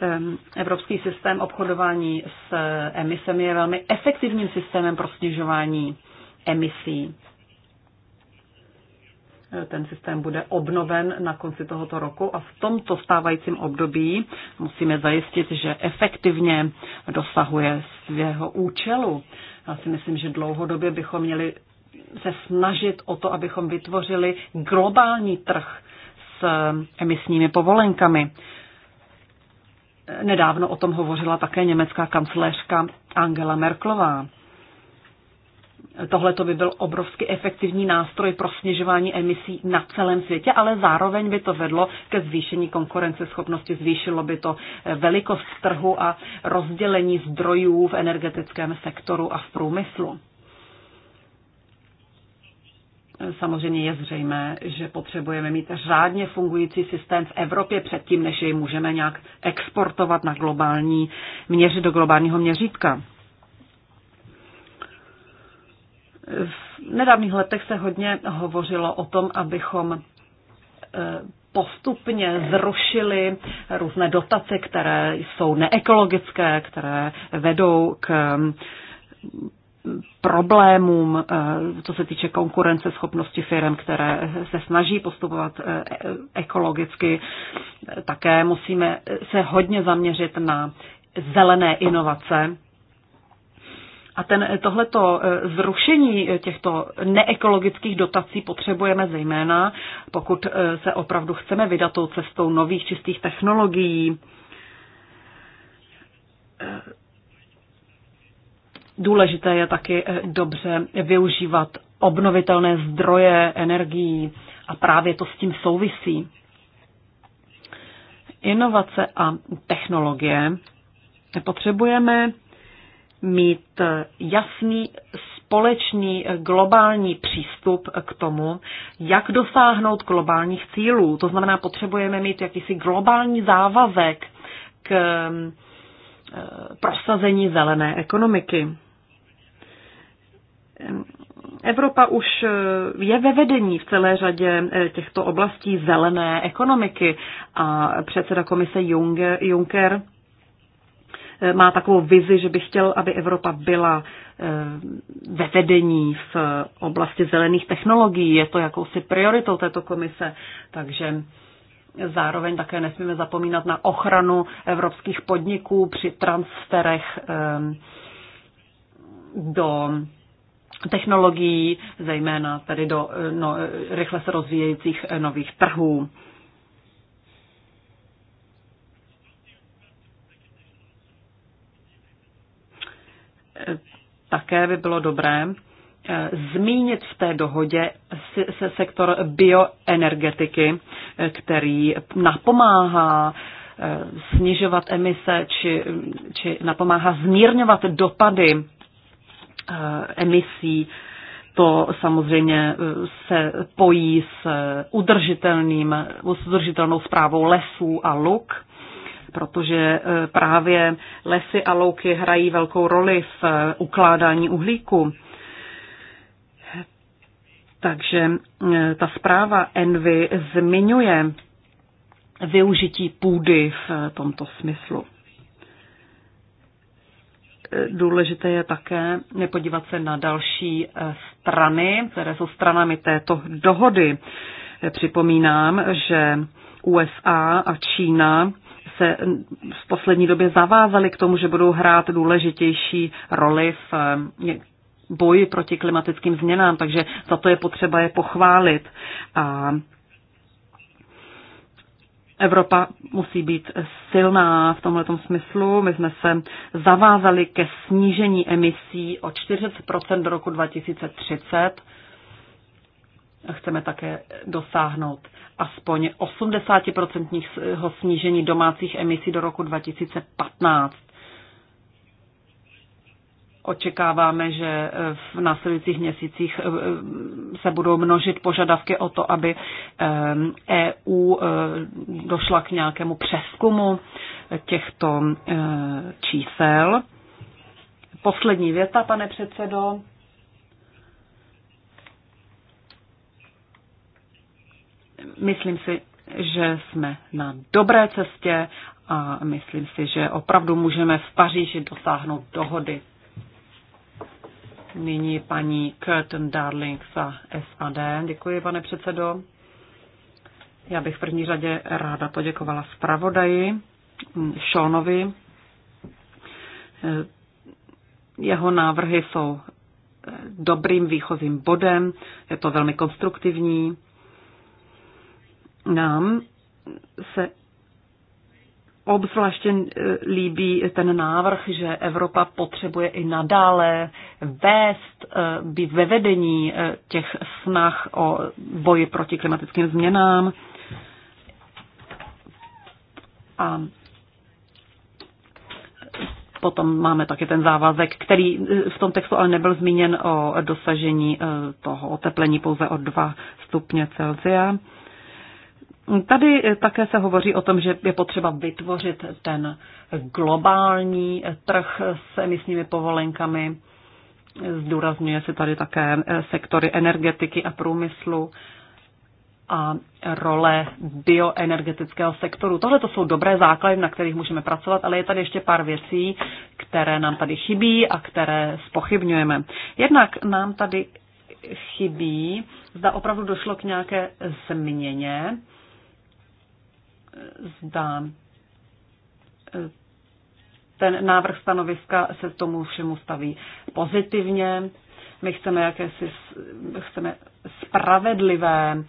Ehm, evropský systém obchodování s emisemi je velmi efektivním systémem pro snižování emisí. Ten systém bude obnoven na konci tohoto roku a v tomto stávajícím období musíme zajistit, že efektivně dosahuje svého účelu. Já si myslím, že dlouhodobě bychom měli se snažit o to, abychom vytvořili globální trh s eh, emisními povolenkami. Nedávno o tom hovořila také německá kancléřka Angela Merklová. Tohle to by byl obrovsky efektivní nástroj pro snižování emisí na celém světě, ale zároveň by to vedlo ke zvýšení konkurenceschopnosti, zvýšilo by to eh, velikost trhu a rozdělení zdrojů v energetickém sektoru a v průmyslu. Samozřejmě je zřejmé, že potřebujeme mít řádně fungující systém v Evropě předtím, než jej můžeme nějak exportovat na globální měři do globálního měřítka. V nedávných letech se hodně hovořilo o tom, abychom e, postupně zrušili různé dotace, které jsou neekologické, které vedou k problémům, e, co se týče konkurenceschopnosti firm, které se snaží postupovat e, ekologicky. Také musíme se hodně zaměřit na zelené inovace, a ten, eh, tohleto eh, zrušení eh, těchto neekologických dotací potřebujeme zejména, pokud se opravdu chceme vydat tou cestou nových čistých technologií. Důležité je taky dobře využívat obnovitelné zdroje energií a právě to s tím souvisí. Inovace a technologie potřebujeme mít jasný společný globální přístup k tomu, jak dosáhnout globálních cílů. To znamená, potřebujeme mít jakýsi globální závazek k eh, prosazení zelené ekonomiky. Evropa už eh, je ve vedení v celé řadě eh, těchto oblastí zelené ekonomiky a předseda komise Juncker má takovou vizi, že by chtěl, aby Evropa byla eh, ve vedení v oblasti zelených technologií. Je to jakousi prioritou této komise, takže zároveň také nesmíme zapomínat na ochranu evropských podniků při transferech eh, do technologií, zejména tedy do eh, no, rychle se rozvíjejících nových trhů. také by bylo dobré eh, zmínit v té dohodě se sektor bioenergetiky, eh, který napomáhá eh, snižovat emise či, či napomáhá zmírňovat dopady emisí. To samozřejmě se pojí s, udržitelným, s udržitelnou zprávou lesů a luk protože e, právě lesy a louky hrají velkou roli v e, ukládání uhlíku. Takže e, ta zpráva Envy zmiňuje využití půdy v tomto smyslu. Důležité je také nepodívat se na další strany, které jsou stranami této dohody. Připomínám, že USA a Čína se v poslední době zavázali k tomu, že budou hrát důležitější roli v eh, boji proti klimatickým změnám, takže za to je potřeba je pochválit. A Evropa musí být silná v tomto smyslu. My jsme se zavázali ke snížení emisí o 40 do roku 2030 chceme také dosáhnout aspoň 80% snížení domácích emisí do roku 2015. Očekáváme, že v následujících měsících eh, se budou množit požadavky o to, aby EU eh, e eh, došla k nějakému přeskumu těchto čísel. Poslední věta, pane předsedo. Myslím si, že jsme na dobré cestě a myslím si, že opravdu můžeme v Paříži dosáhnout dohody. Nyní paní Curtin Darling za SAD. Děkuji, pane předsedo. Já bych v první řadě ráda poděkovala zpravodaji Seanovi. Jeho návrhy jsou dobrým výchozím bodem, je to velmi konstruktivní nám se obzvláště eh, líbí ten návrh, že Evropa potřebuje i nadále vést, eh, být ve vedení eh, těch snah o boji proti klimatickým změnám. A potom máme taky ten závazek, který v tom textu ale nebyl zmíněn o dosažení toho oteplení pouze o 2 stupně Celsia. Tady eh, také se hovoří o tom, že je potřeba vytvořit ten globální eh, trh s emisními povolenkami. Zdůrazňuje se tady také eh, sektory energetiky a průmyslu a role bioenergetického sektoru. Tohle to jsou dobré základy, na kterých můžeme pracovat, ale je tady ještě pár věcí, které nám tady chybí a které spochybňujeme. Jednak nám tady chybí, zda opravdu došlo k nějaké změně zda eh, ten návrh stanoviska se tomu všemu staví pozitivně. My chceme jakési chceme spravedlivé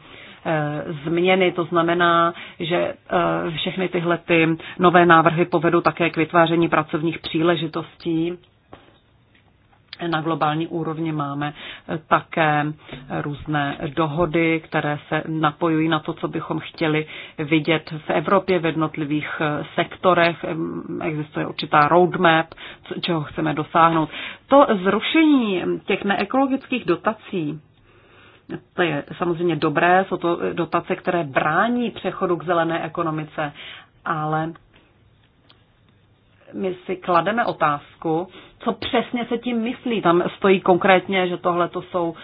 eh, změny, to znamená, že eh, všechny tyhle ty nové návrhy povedou také k vytváření pracovních příležitostí na globální úrovni máme také různé dohody, které se napojují na to, co bychom chtěli vidět v Evropě v jednotlivých sektorech. Existuje určitá roadmap, čeho chceme dosáhnout. To zrušení těch neekologických dotací, to je samozřejmě dobré, jsou to dotace, které brání přechodu k zelené ekonomice, ale my si klademe otázku, co přesně se tím myslí. Tam stojí konkrétně, že tohle to jsou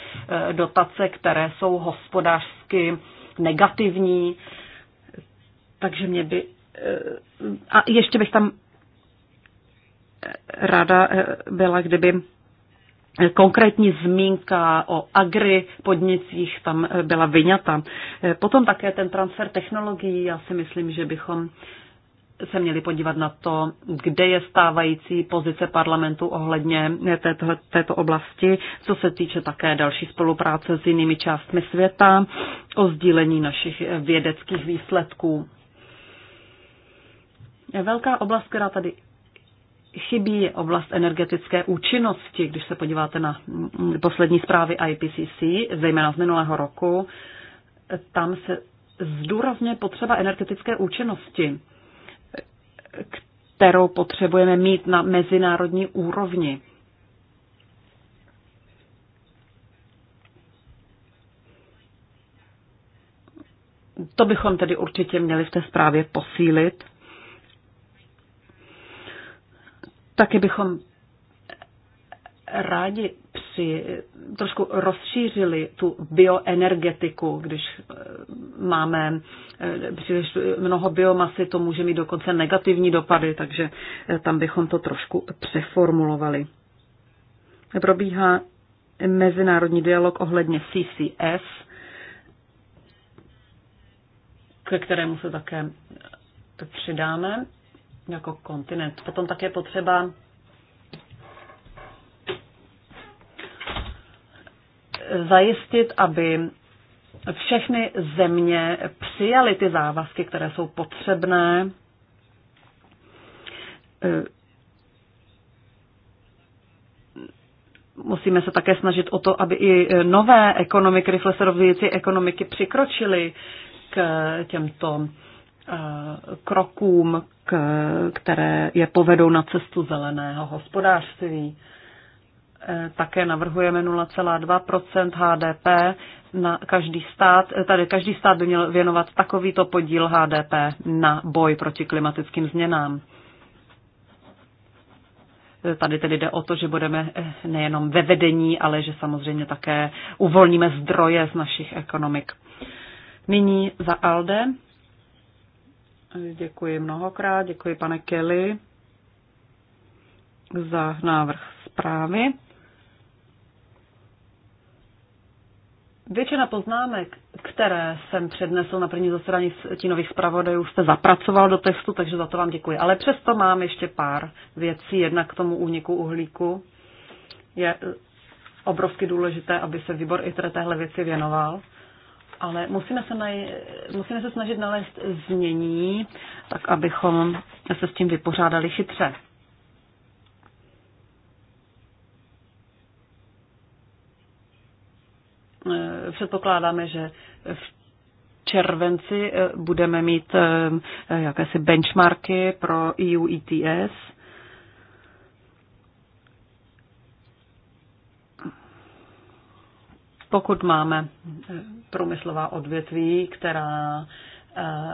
eh, dotace, které jsou hospodářsky negativní. Takže mě by. Eh, a ještě bych tam eh, ráda byla, kdyby konkrétní zmínka o agri podnicích tam byla vyňata. Potom také ten transfer technologií, já si myslím, že bychom se měli podívat na to, kde je stávající pozice parlamentu ohledně této, této oblasti, co se týče také další spolupráce s jinými částmi světa, o sdílení našich vědeckých výsledků. Velká oblast, která tady chybí, je oblast energetické účinnosti. Když se podíváte na poslední zprávy IPCC, zejména z minulého roku, tam se zdůrazně potřeba energetické účinnosti kterou potřebujeme mít na mezinárodní úrovni. To bychom tedy určitě měli v té zprávě posílit. Taky bychom rádi si trošku rozšířili tu bioenergetiku, když eh, máme eh, příliš mnoho biomasy, to může mít dokonce negativní dopady, takže eh, tam bychom to trošku přeformulovali. Probíhá mezinárodní dialog ohledně CCS, ke kterému se také přidáme jako kontinent. Potom také potřeba zajistit, aby všechny země přijaly ty závazky, které jsou potřebné musíme se také snažit o to, aby i nové ekonomiky, rychle se rozvíjící ekonomiky přikročily k těmto eh, krokům, které je povedou na cestu zeleného hospodářství. Eh, také navrhujeme 0,2 HDP na každý stát. Eh, tady každý stát by měl věnovat takovýto podíl HDP na boj proti klimatickým změnám. Eh, tady tedy jde o to, že budeme nejenom ve vedení, ale že samozřejmě také uvolníme zdroje z našich ekonomik. Nyní za ALDE. Děkuji mnohokrát, děkuji pane Kelly za návrh zprávy. Většina poznámek, které jsem přednesl na první zasedání stínových zpravodajů, jste zapracoval do textu, takže za to vám děkuji. Ale přesto mám ještě pár věcí. Jednak k tomu úniku uhlíku je eh, obrovsky důležité, aby se výbor i téhle věci věnoval. Ale musíme se, naj... musíme se snažit nalézt změní, tak abychom se s tím vypořádali chytře. Eh, předpokládáme, že v červenci eh, budeme mít eh, jakési benchmarky pro EU ETS. Pokud máme průmyslová odvětví, která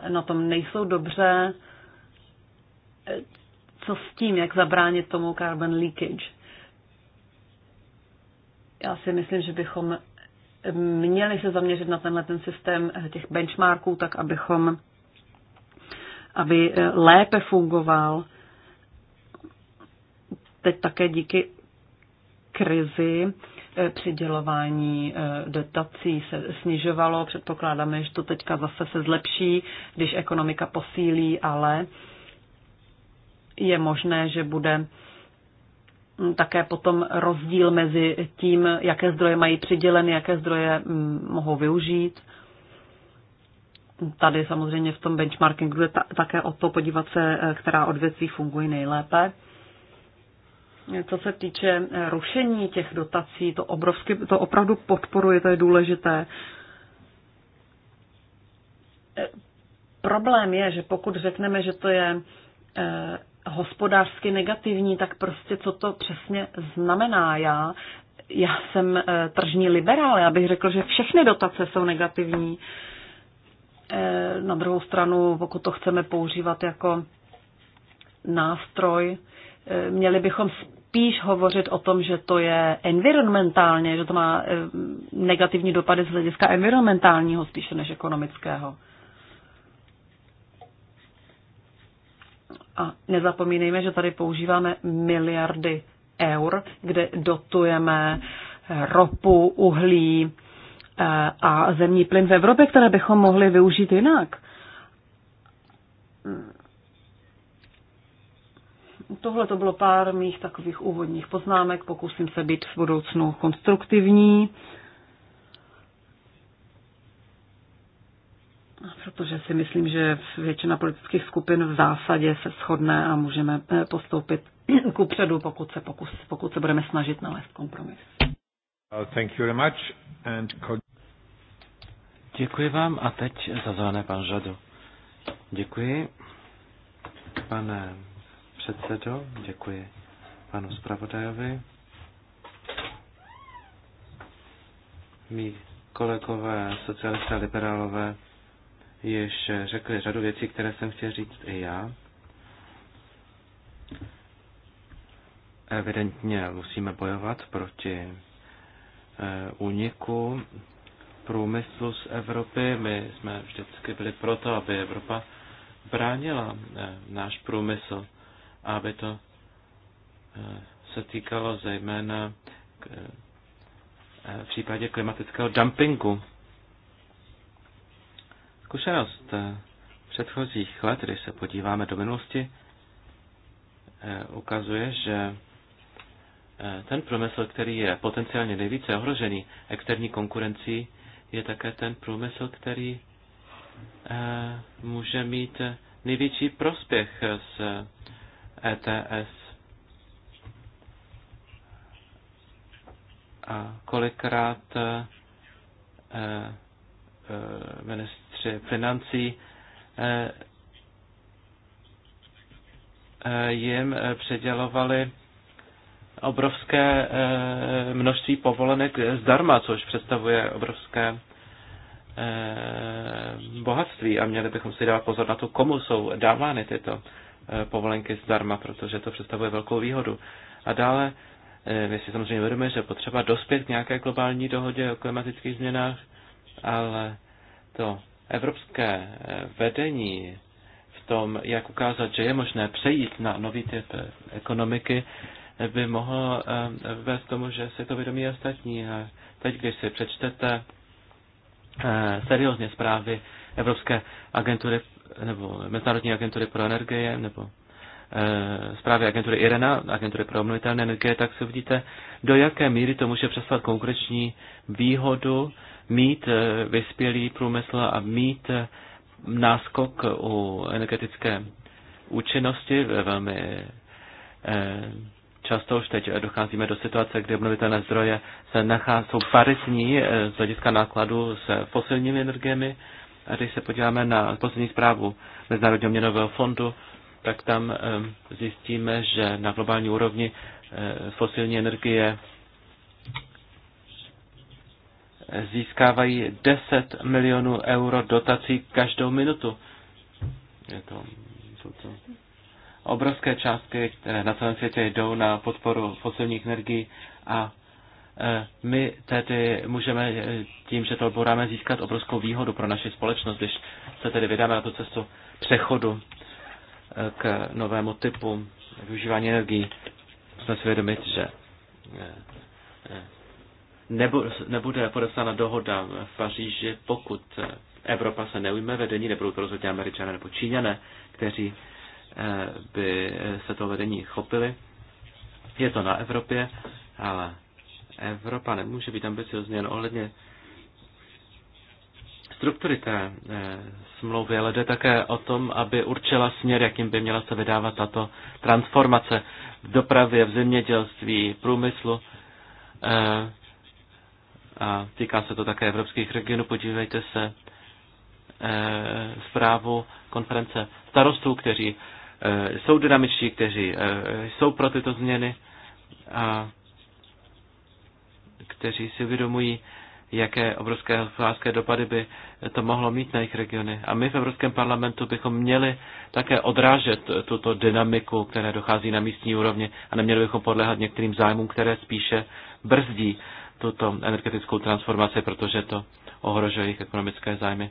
na tom nejsou dobře, co s tím, jak zabránit tomu carbon leakage? Já si myslím, že bychom měli se zaměřit na tenhle ten systém eh, těch benchmarků, tak abychom, aby eh, lépe fungoval. Teď také díky krizi eh, přidělování dotací se snižovalo. Předpokládáme, že to teďka zase se zlepší, když ekonomika posílí, ale je možné, že bude Mm, také potom rozdíl mezi tím, jaké zdroje mají přiděleny, jaké zdroje mm, mohou využít. Tady samozřejmě v tom benchmarkingu je ta, také o to podívat se, eh, která odvětví fungují nejlépe. Co se týče eh, rušení těch dotací, to, obrovsky, to opravdu podporuje, to je důležité. Eh, problém je, že pokud řekneme, že to je hospodářsky negativní, tak prostě co to přesně znamená. Já, já jsem eh, tržní liberál, já bych řekl, že všechny dotace jsou negativní. Eh, na druhou stranu, pokud to chceme používat jako nástroj, eh, měli bychom spíš hovořit o tom, že to je environmentálně, že to má negativní dopady z hlediska environmentálního spíše než ekonomického. A nezapomínejme, že tady používáme miliardy eur, kde dotujeme ropu, uhlí eh, a zemní plyn v Evropě, které bychom mohli využít jinak. Tohle to bylo pár mých takových úvodních poznámek. Pokusím se být v budoucnu konstruktivní. Protože si myslím, že většina politických skupin v zásadě se shodne a můžeme eh, postoupit ku předu, pokud se, pokus, pokud se budeme snažit nalézt kompromis. Uh, thank you very much and... Děkuji vám a teď za zelené pan Žadu. Děkuji, pane předsedo, děkuji panu zpravodajovi. Mí kolegové socialisté a liberálové již řekli řadu věcí, které jsem chtěl říct i já. Evidentně musíme bojovat proti eh, úniku průmyslu z Evropy. My jsme vždycky byli proto, aby Evropa bránila eh, náš průmysl, aby to eh, se týkalo zejména v případě klimatického dumpingu. Zkušenost eh, předchozích let, když se podíváme do minulosti, eh, ukazuje, že eh, ten průmysl, který je potenciálně nejvíce ohrožený externí konkurencí, je také ten průmysl, který může mít největší prospěch z ETS. E A kolikrát ministře financí eh, eh, jim eh, předělovali obrovské množství povolenek zdarma, což představuje obrovské bohatství a měli bychom si dát pozor na to, komu jsou dávány tyto povolenky zdarma, protože to představuje velkou výhodu. A dále, my si samozřejmě vědomi, že potřeba dospět k nějaké globální dohodě o klimatických změnách, ale to evropské eh, vedení v tom, jak ukázat, že je možné přejít na nový typ eh, ekonomiky, by mohlo eh, vést tomu, že si to vědomí ostatní. A teď, když si přečtete seriózně zprávy Evropské agentury nebo Mezinárodní agentury pro energie nebo Eh, zprávy agentury IRENA, agentury pro obnovitelné energie, tak se uvidíte, do jaké míry to může přesvat konkurenční výhodu mít eh, vyspělý průmysl a mít eh, náskok u energetické účinnosti velmi často už teď docházíme do situace, kdy obnovitelné zdroje se nachází, jsou paritní z hlediska nákladu s fosilními energiemi. A když se podíváme na poslední zprávu Mezinárodního měnového fondu, tak tam eh, zjistíme, že na globální úrovni eh, fosilní energie eh, získávají 10 milionů euro dotací každou minutu. Je to, jsou to obrovské částky, které na celém světě jdou na podporu fosilních energií a my tedy můžeme tím, že to odboráme, získat obrovskou výhodu pro naši společnost, když se tedy vydáme na tu cestu přechodu k novému typu využívání energií. Jsme svědomit, že eh, eh, nebude podepsána dohoda v Paříži, pokud Evropa se neujme vedení, nebudou to rozhodně američané nebo číňané, kteří eh, by se toho vedení chopili. Je to na Evropě, ale Evropa nemůže být ambiciozně jen ohledně struktury té eh, smlouvy, ale jde také o tom, aby určila směr, jakým by měla se vydávat tato transformace v dopravě, v zemědělství, v průmyslu. Eh, a týká se to také evropských regionů. Podívejte se eh, zprávu konference starostů, kteří jsou dynamičtí, kteří jsou pro tyto změny a kteří si uvědomují, jaké obrovské hospodářské dopady by to mohlo mít na jejich regiony. A my v Evropském parlamentu bychom měli také odrážet tuto dynamiku, která dochází na místní úrovni a neměli bychom podléhat některým zájmům, které spíše brzdí tuto energetickou transformaci, protože to ohrožuje jejich ekonomické zájmy.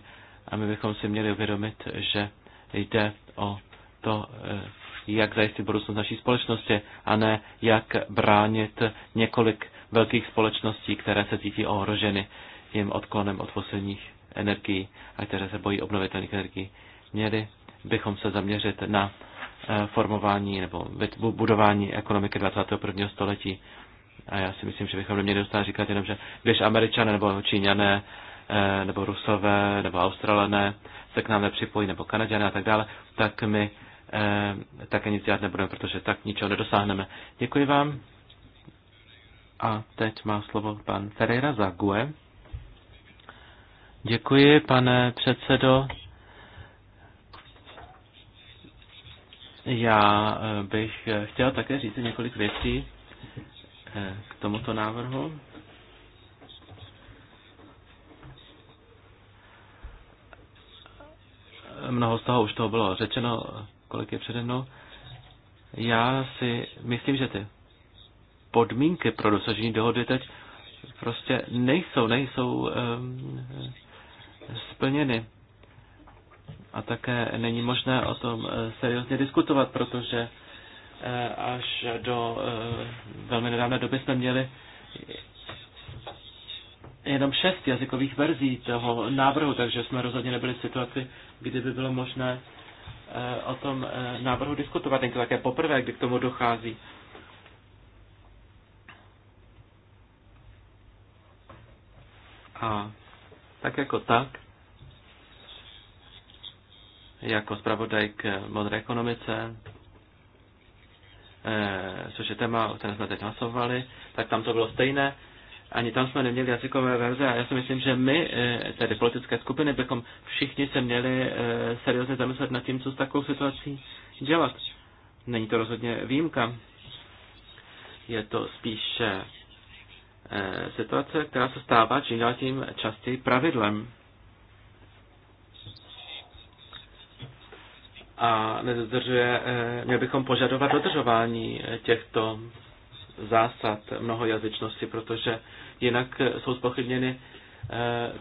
A my bychom si měli uvědomit, že jde o to, eh, jak zajistit budoucnost naší společnosti a ne jak bránit několik velkých společností, které se cítí ohroženy tím odklonem od fosilních energií a které se bojí obnovitelných energií. Měli bychom se zaměřit na eh, formování nebo budování ekonomiky 21. století. A já si myslím, že bychom neměli dostat říkat jenom, že když američané nebo číňané eh, nebo rusové nebo australané se k nám nepřipojí nebo kanaděné a tak dále, tak my eh, také nic dělat nebudeme, protože tak ničeho nedosáhneme. Děkuji vám. A teď má slovo pan Ferreira Zague. Děkuji, pane předsedo. Já eh, bych chtěl také říct několik věcí eh, k tomuto návrhu. Mnoho z toho už toho bylo řečeno, kolik je přede mnou. Já si myslím, že ty podmínky pro dosažení dohody teď prostě nejsou, nejsou um, splněny. A také není možné o tom eh, seriózně diskutovat, protože eh, až do eh, velmi nedávné doby jsme měli jenom šest jazykových verzí toho návrhu, takže jsme rozhodně nebyli v situaci, kdy by bylo možné o tom návrhu diskutovat. Je to také poprvé, kdy k tomu dochází. A tak jako tak, jako zpravodaj k modré ekonomice, eh, což je téma, o kterém jsme teď hlasovali, tak tam to bylo stejné. Ani tam jsme neměli jazykové verze a já si myslím, že my, eh, tedy politické skupiny, bychom všichni se měli eh, seriózně zamyslet nad tím, co s takovou situací dělat. Není to rozhodně výjimka. Je to spíše Eh, situace, která se stává čím dál tím častěji pravidlem. A nedodržuje, eh, měli bychom požadovat dodržování eh, těchto zásad mnohojazyčnosti, protože jinak jsou spochybněny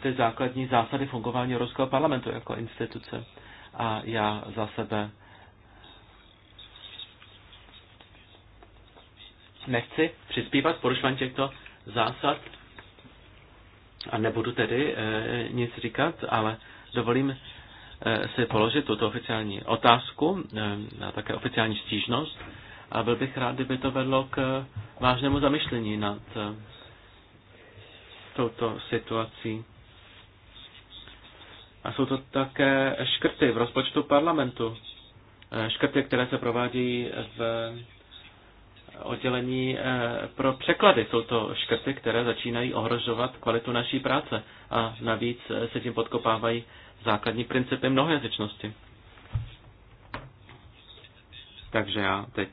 ty základní zásady fungování Evropského parlamentu jako instituce. A já za sebe nechci přispívat porušování těchto zásad a nebudu tedy e, nic říkat, ale dovolím e, si položit tuto oficiální otázku e, a také oficiální stížnost a byl bych rád, kdyby to vedlo k vážnému zamyšlení nad e, touto situací. A jsou to také škrty v rozpočtu parlamentu. E, škrty, které se provádějí v oddělení eh, pro překlady. Jsou to škrty, které začínají ohrožovat kvalitu naší práce a navíc eh, se tím podkopávají základní principy mnohojazyčnosti. Takže já teď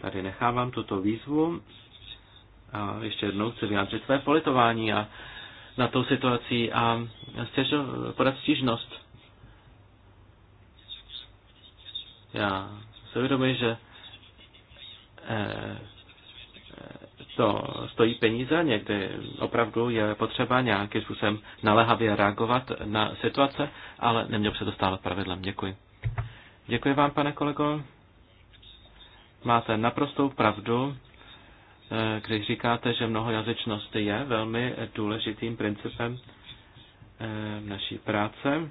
tady nechávám tuto výzvu a ještě jednou chci vyjádřit své politování a na tou situací a stěžo, podat stížnost. Já se uvědomuji, že Eh, to stojí peníze, někdy opravdu je potřeba nějakým způsobem naléhavě reagovat na situace, ale neměl by se to stávat pravidlem. Děkuji. Děkuji vám, pane kolego. Máte naprostou pravdu, eh, když říkáte, že mnohojazyčnost je velmi důležitým principem eh, naší práce.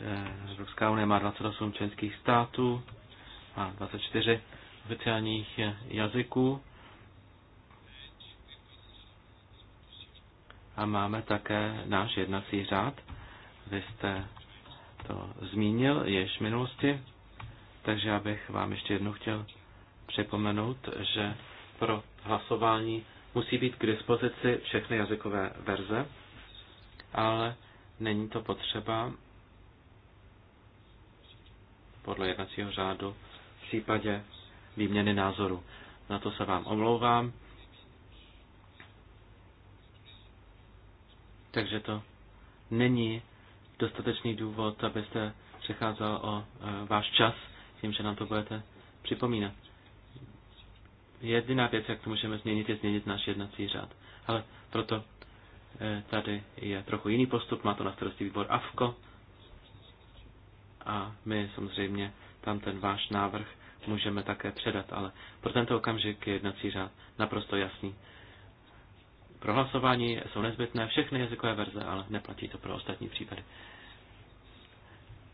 Eh, Evropská unie má 28 členských států a 24 oficiálních eh, jazyků. A máme také náš jednací řád. Vy jste to zmínil již v minulosti, takže já bych vám ještě jednou chtěl připomenout, že pro hlasování musí být k dispozici všechny jazykové verze, ale není to potřeba podle jednacího řádu v případě výměny názoru. Na to se vám omlouvám. Takže to není dostatečný důvod, abyste přecházel o e, váš čas tím, že nám to budete připomínat. Jediná věc, jak to můžeme změnit, je změnit náš jednací řád. Ale proto e, tady je trochu jiný postup, má to na starosti výbor AFKO a my samozřejmě tam ten váš návrh můžeme také předat, ale pro tento okamžik je jednací řád naprosto jasný. Pro hlasování jsou nezbytné všechny jazykové verze, ale neplatí to pro ostatní případy.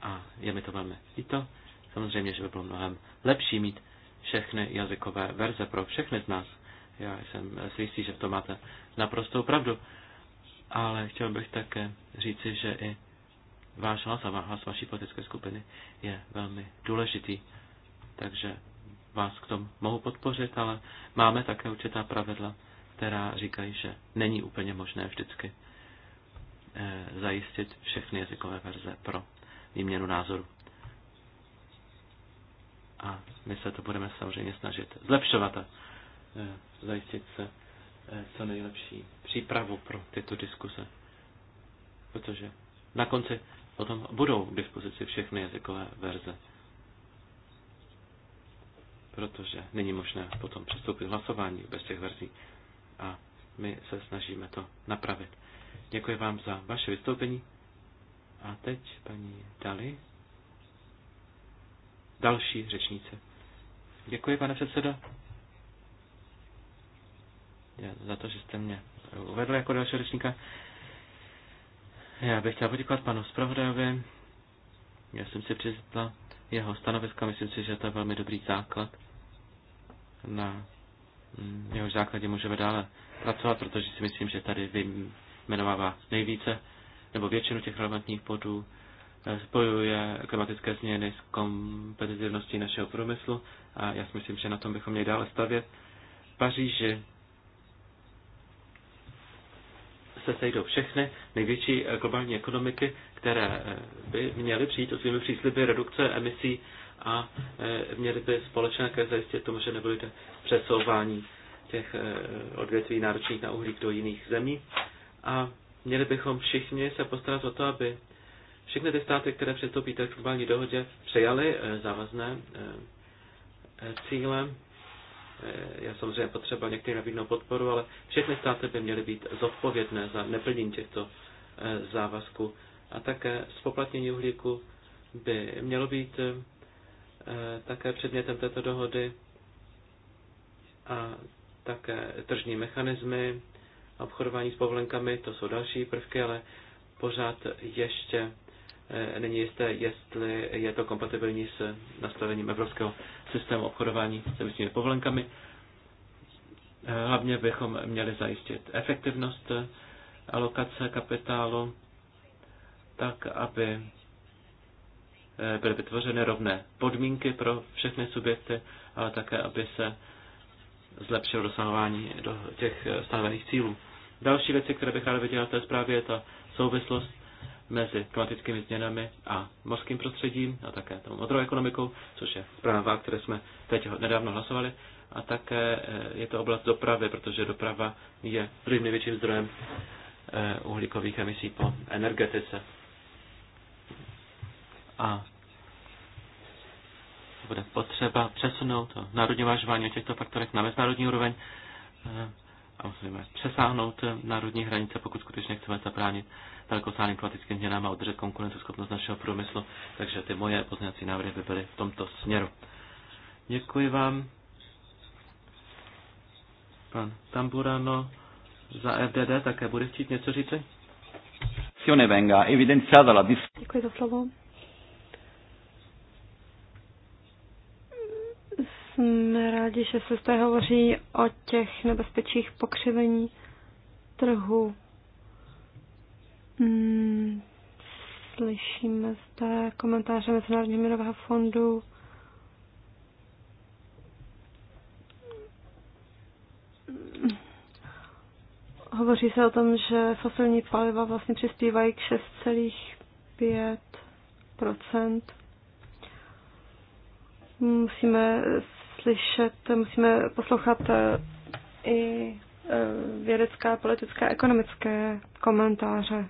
A je mi to velmi líto. Samozřejmě, že by bylo mnohem lepší mít všechny jazykové verze pro všechny z nás. Já jsem si jistý, že v tom máte naprostou pravdu. Ale chtěl bych také říci, že i váš hlas a hlas vaší politické skupiny je velmi důležitý. Takže vás k tomu mohu podpořit, ale máme také určitá pravidla, která říkají, že není úplně možné vždycky eh, zajistit všechny jazykové verze pro výměnu názoru. A my se to budeme samozřejmě snažit zlepšovat a eh, zajistit se eh, co nejlepší přípravu pro tyto diskuse. Protože na konci potom budou k dispozici všechny jazykové verze. Protože není možné potom přistoupit hlasování bez těch verzí. A my se snažíme to napravit. Děkuji vám za vaše vystoupení. A teď paní Dali, další řečnice. Děkuji, pane předsedo, za to, že jste mě uvedl jako další řečníka. Já bych chtěl poděkovat panu zpravodajovi. Já jsem si přizetla jeho stanoviska. Myslím si, že to je velmi dobrý základ. Na jeho základě můžeme dále pracovat, protože si myslím, že tady vyjmenovává nejvíce nebo většinu těch relevantních bodů eh, spojuje klimatické změny s kompetitivností našeho průmyslu a já si myslím, že na tom bychom měli dále stavět. V Paříži se sejdou všechny největší eh, globální ekonomiky, které eh, by měly přijít o svými přísliby redukce emisí a eh, měly by společně také zajistit tomu, že nebude přesouvání těch odvětví náročných na uhlík do jiných zemí. A měli bychom všichni se postarat o to, aby všechny ty státy, které přistoupí k globální dohodě, přejaly závazné cíle je samozřejmě potřeba některým nabídnout podporu, ale všechny státy by měly být zodpovědné za neplnění těchto eh, závazků. A také spoplatnění uhlíku by mělo být eh, také předmětem této dohody a také tržní mechanismy, obchodování s povolenkami, to jsou další prvky, ale pořád ještě eh, není jisté, jestli je to kompatibilní s nastavením evropského systému obchodování s emisními povolenkami. Hlavně bychom měli zajistit efektivnost alokace kapitálu tak, aby eh, byly vytvořeny rovné podmínky pro všechny subjekty, ale také, aby se zlepšilo dosahování do těch stanovených cílů. Další věci, které bych rád viděl v té zprávě, je ta souvislost mezi klimatickými změnami a mořským prostředím a také tou modrou ekonomikou, což je zpráva, které jsme teď nedávno hlasovali. A také eh, je to oblast dopravy, protože doprava je druhým největším zdrojem eh, uhlíkových emisí po energetice. A bude potřeba přesunout to národní vážování o těchto faktorech na mezinárodní úroveň eh, a musíme přesáhnout národní hranice, pokud skutečně chceme zabránit dalekosáhlým klimatickým změnám a udržet konkurenceschopnost našeho průmyslu. Takže ty moje pozměňovací návrhy by byly v tomto směru. Děkuji vám, pan Tamburano, za FDD. Také bude chtít něco říci? Děkuji za slovo. Jsme rádi, že se zde hovoří o těch nebezpečích pokřivení trhu. Hmm, slyšíme zde komentáře Mezinárodního měnového fondu. Hovoří se o tom, že fosilní paliva vlastně přispívají k 6,5 Musíme slyšet, musíme poslouchat eh, i eh, vědecká, politická, ekonomické komentáře.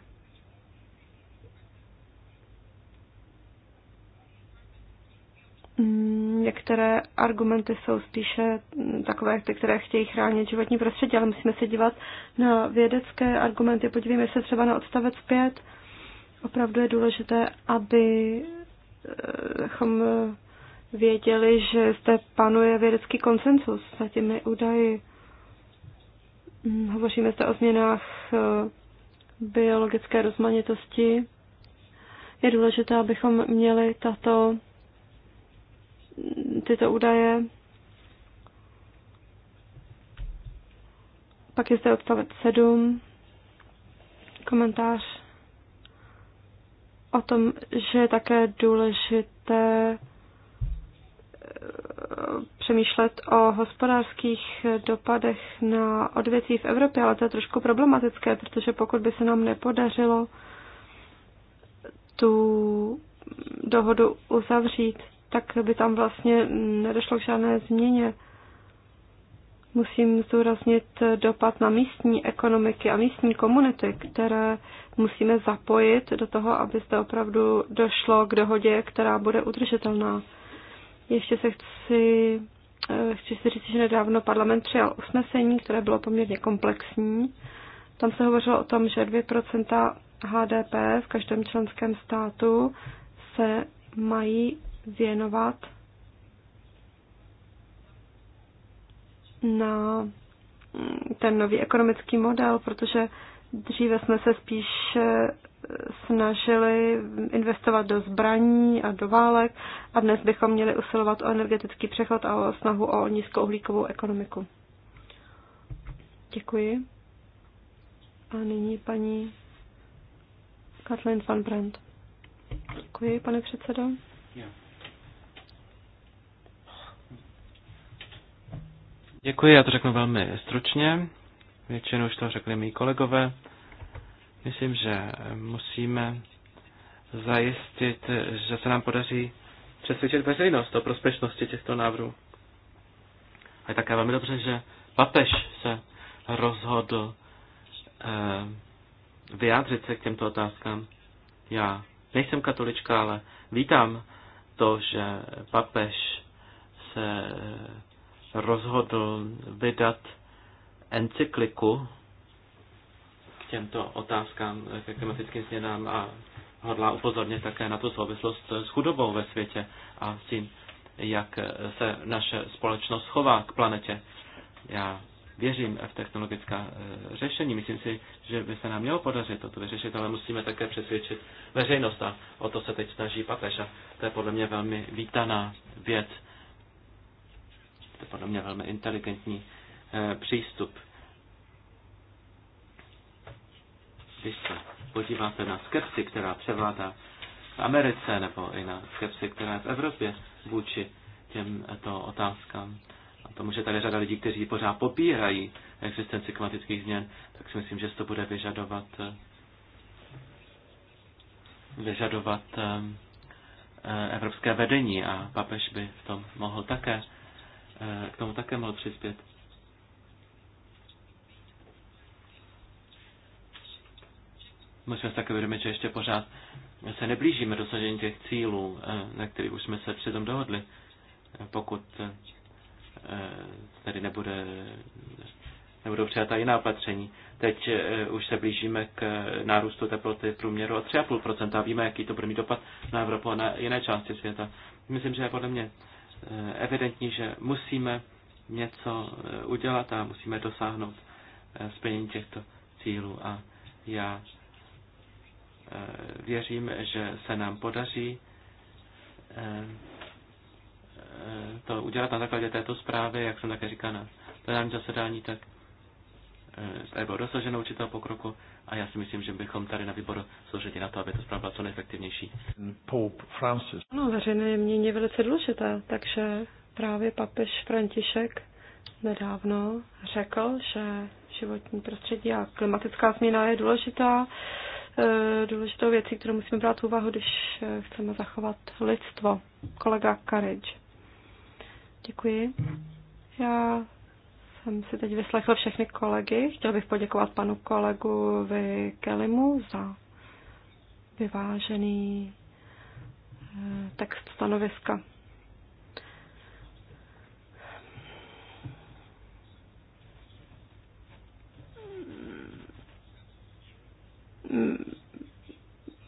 Mm, některé argumenty jsou spíše mm, takové, ty, které chtějí chránit životní prostředí, ale musíme se dívat na vědecké argumenty. Podívejme se třeba na odstavec 5. Opravdu je důležité, abychom eh, věděli, že zde panuje vědecký konsensus za těmi údaji. Hovoříme zde o změnách eh, biologické rozmanitosti. Je důležité, abychom měli tato, tyto údaje. Pak je zde odstavec 7, komentář o tom, že je také důležité přemýšlet o hospodářských dopadech na odvětví v Evropě, ale to je trošku problematické, protože pokud by se nám nepodařilo tu dohodu uzavřít, tak by tam vlastně nedošlo k žádné změně. Musím zdůraznit dopad na místní ekonomiky a místní komunity, které musíme zapojit do toho, aby zde opravdu došlo k dohodě, která bude udržitelná. Ještě se chci, eh, chci si říct, že nedávno parlament přijal usnesení, které bylo poměrně komplexní. Tam se hovořilo o tom, že 2% HDP v každém členském státu se mají věnovat na mm, ten nový ekonomický model, protože dříve jsme se spíš snažili investovat do zbraní a do válek a dnes bychom měli usilovat o energetický přechod a o snahu o nízkouhlíkovou ekonomiku. Děkuji. A nyní paní Kathleen van Brandt. Děkuji, pane předsedo. Děkuji, já to řeknu velmi stručně. Většinou už to řekli mý kolegové. Myslím, že musíme zajistit, že se nám podaří přesvědčit veřejnost o prospešnosti těchto návrhů. A je také velmi dobře, že papež se rozhodl eh, vyjádřit se k těmto otázkám. Já nejsem katolička, ale vítám to, že papež se eh, rozhodl vydat encykliku k těmto otázkám, ke klimatickým změnám a hodlá upozornit také na tu souvislost s chudobou ve světě a s tím, jak se naše společnost chová k planetě. Já věřím v technologická eh, řešení. Myslím si, že by se nám mělo podařit toto vyřešit, ale musíme také přesvědčit veřejnost a o to se teď snaží papež. A to je podle mě velmi vítaná věc. To je podle mě velmi inteligentní eh, přístup. Když se podíváte na skepsi, která převládá v Americe, nebo i na skepsi, která je v Evropě vůči těmto otázkám, a tomu, že tady řada lidí, kteří pořád popírají existenci klimatických změn, tak si myslím, že se to bude vyžadovat vyžadovat eh, evropské vedení a papež by v tom mohl také, eh, k tomu také mohl přispět. musíme si také uvědomit, že ještě pořád se neblížíme dosažení těch cílů, eh, na kterých už jsme se předem dohodli. Eh, pokud eh, tady nebude, nebudou přijata jiná opatření. Teď už se blížíme k nárůstu teploty v průměru o 3,5% a víme, jaký to bude mít dopad na Evropu a na jiné části světa. Myslím, že je podle mě evidentní, že musíme něco udělat a musíme dosáhnout splnění těchto cílů a já Eh, věřím, že se nám podaří eh, eh, to udělat na základě této zprávy, jak jsem také říkal na plenárním zasedání, tak tady bylo dosaženo určitého pokroku a já si myslím, že bychom tady na výboru složili na to, aby to zpráva byla co nejefektivnější. Pope Francis. No, veřejné mění je velice důležité, takže právě papež František nedávno řekl, že životní prostředí a klimatická změna je důležitá Eh, důležitou věcí, kterou musíme brát v úvahu, když eh, chceme zachovat lidstvo. Kolega Courage. Děkuji. Já jsem si teď vyslechl všechny kolegy. Chtěl bych poděkovat panu kolegu Kelimu za vyvážený eh, text stanoviska.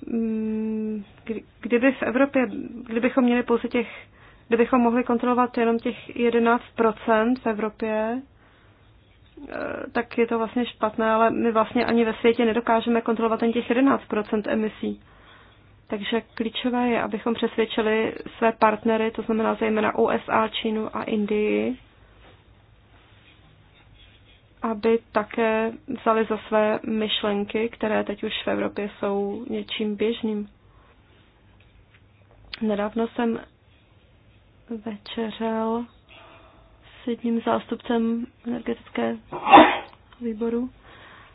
Mm, kdyby v Evropě, kdybychom měli pouze těch, kdybychom mohli kontrolovat jenom těch 11% v Evropě, eh, tak je to vlastně špatné, ale my vlastně ani ve světě nedokážeme kontrolovat ani těch 11% emisí. Takže klíčové je, abychom přesvědčili své partnery, to znamená zejména USA, Čínu a Indii, aby také vzali za své myšlenky, které teď už v Evropě jsou něčím běžným. Nedávno jsem večeřel s jedním zástupcem energetické výboru.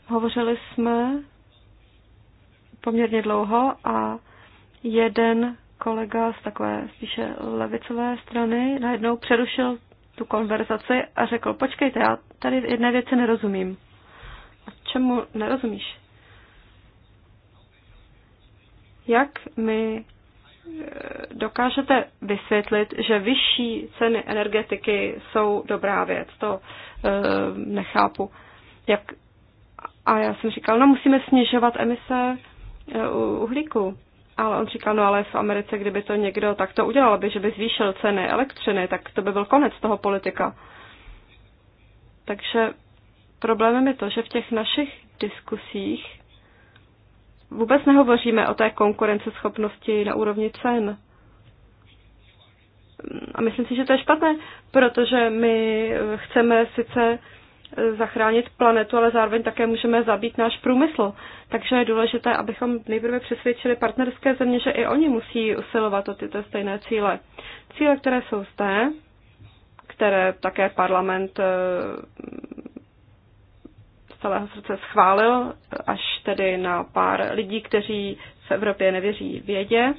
Hovořili jsme poměrně dlouho a jeden kolega z takové spíše levicové strany najednou přerušil tu konverzaci a řekl, počkejte, já tady jedné věci nerozumím. A čemu nerozumíš? Jak mi e, dokážete vysvětlit, že vyšší ceny energetiky jsou dobrá věc? To e, nechápu. Jak, a já jsem říkal, no musíme snižovat emise e, uhlíku. Ale on říkal, no ale v Americe, kdyby to někdo takto udělal, by, že by zvýšil ceny elektřiny, tak to by byl konec toho politika. Takže problémem je to, že v těch našich diskusích vůbec nehovoříme o té konkurenceschopnosti na úrovni cen. A myslím si, že to je špatné, protože my chceme sice zachránit planetu, ale zároveň také můžeme zabít náš průmysl. Takže je důležité, abychom nejprve přesvědčili partnerské země, že i oni musí usilovat o tyto stejné cíle. Cíle, které jsou zde, které také parlament eh, z celého srdce schválil, až tedy na pár lidí, kteří v Evropě nevěří vědě,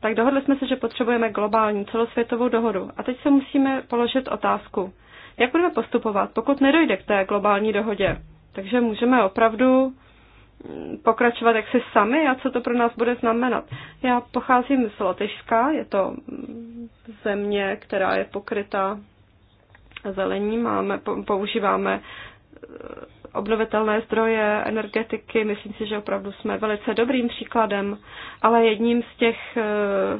tak dohodli jsme se, že potřebujeme globální celosvětovou dohodu. A teď se musíme položit otázku, jak budeme postupovat, pokud nedojde k té globální dohodě. Takže můžeme opravdu pokračovat jaksi sami a co to pro nás bude znamenat. Já pocházím z Lotyšska, je to země, která je pokryta zelení, máme, používáme eh, obnovitelné zdroje energetiky. Myslím si, že opravdu jsme velice dobrým příkladem, ale jedním z těch eh,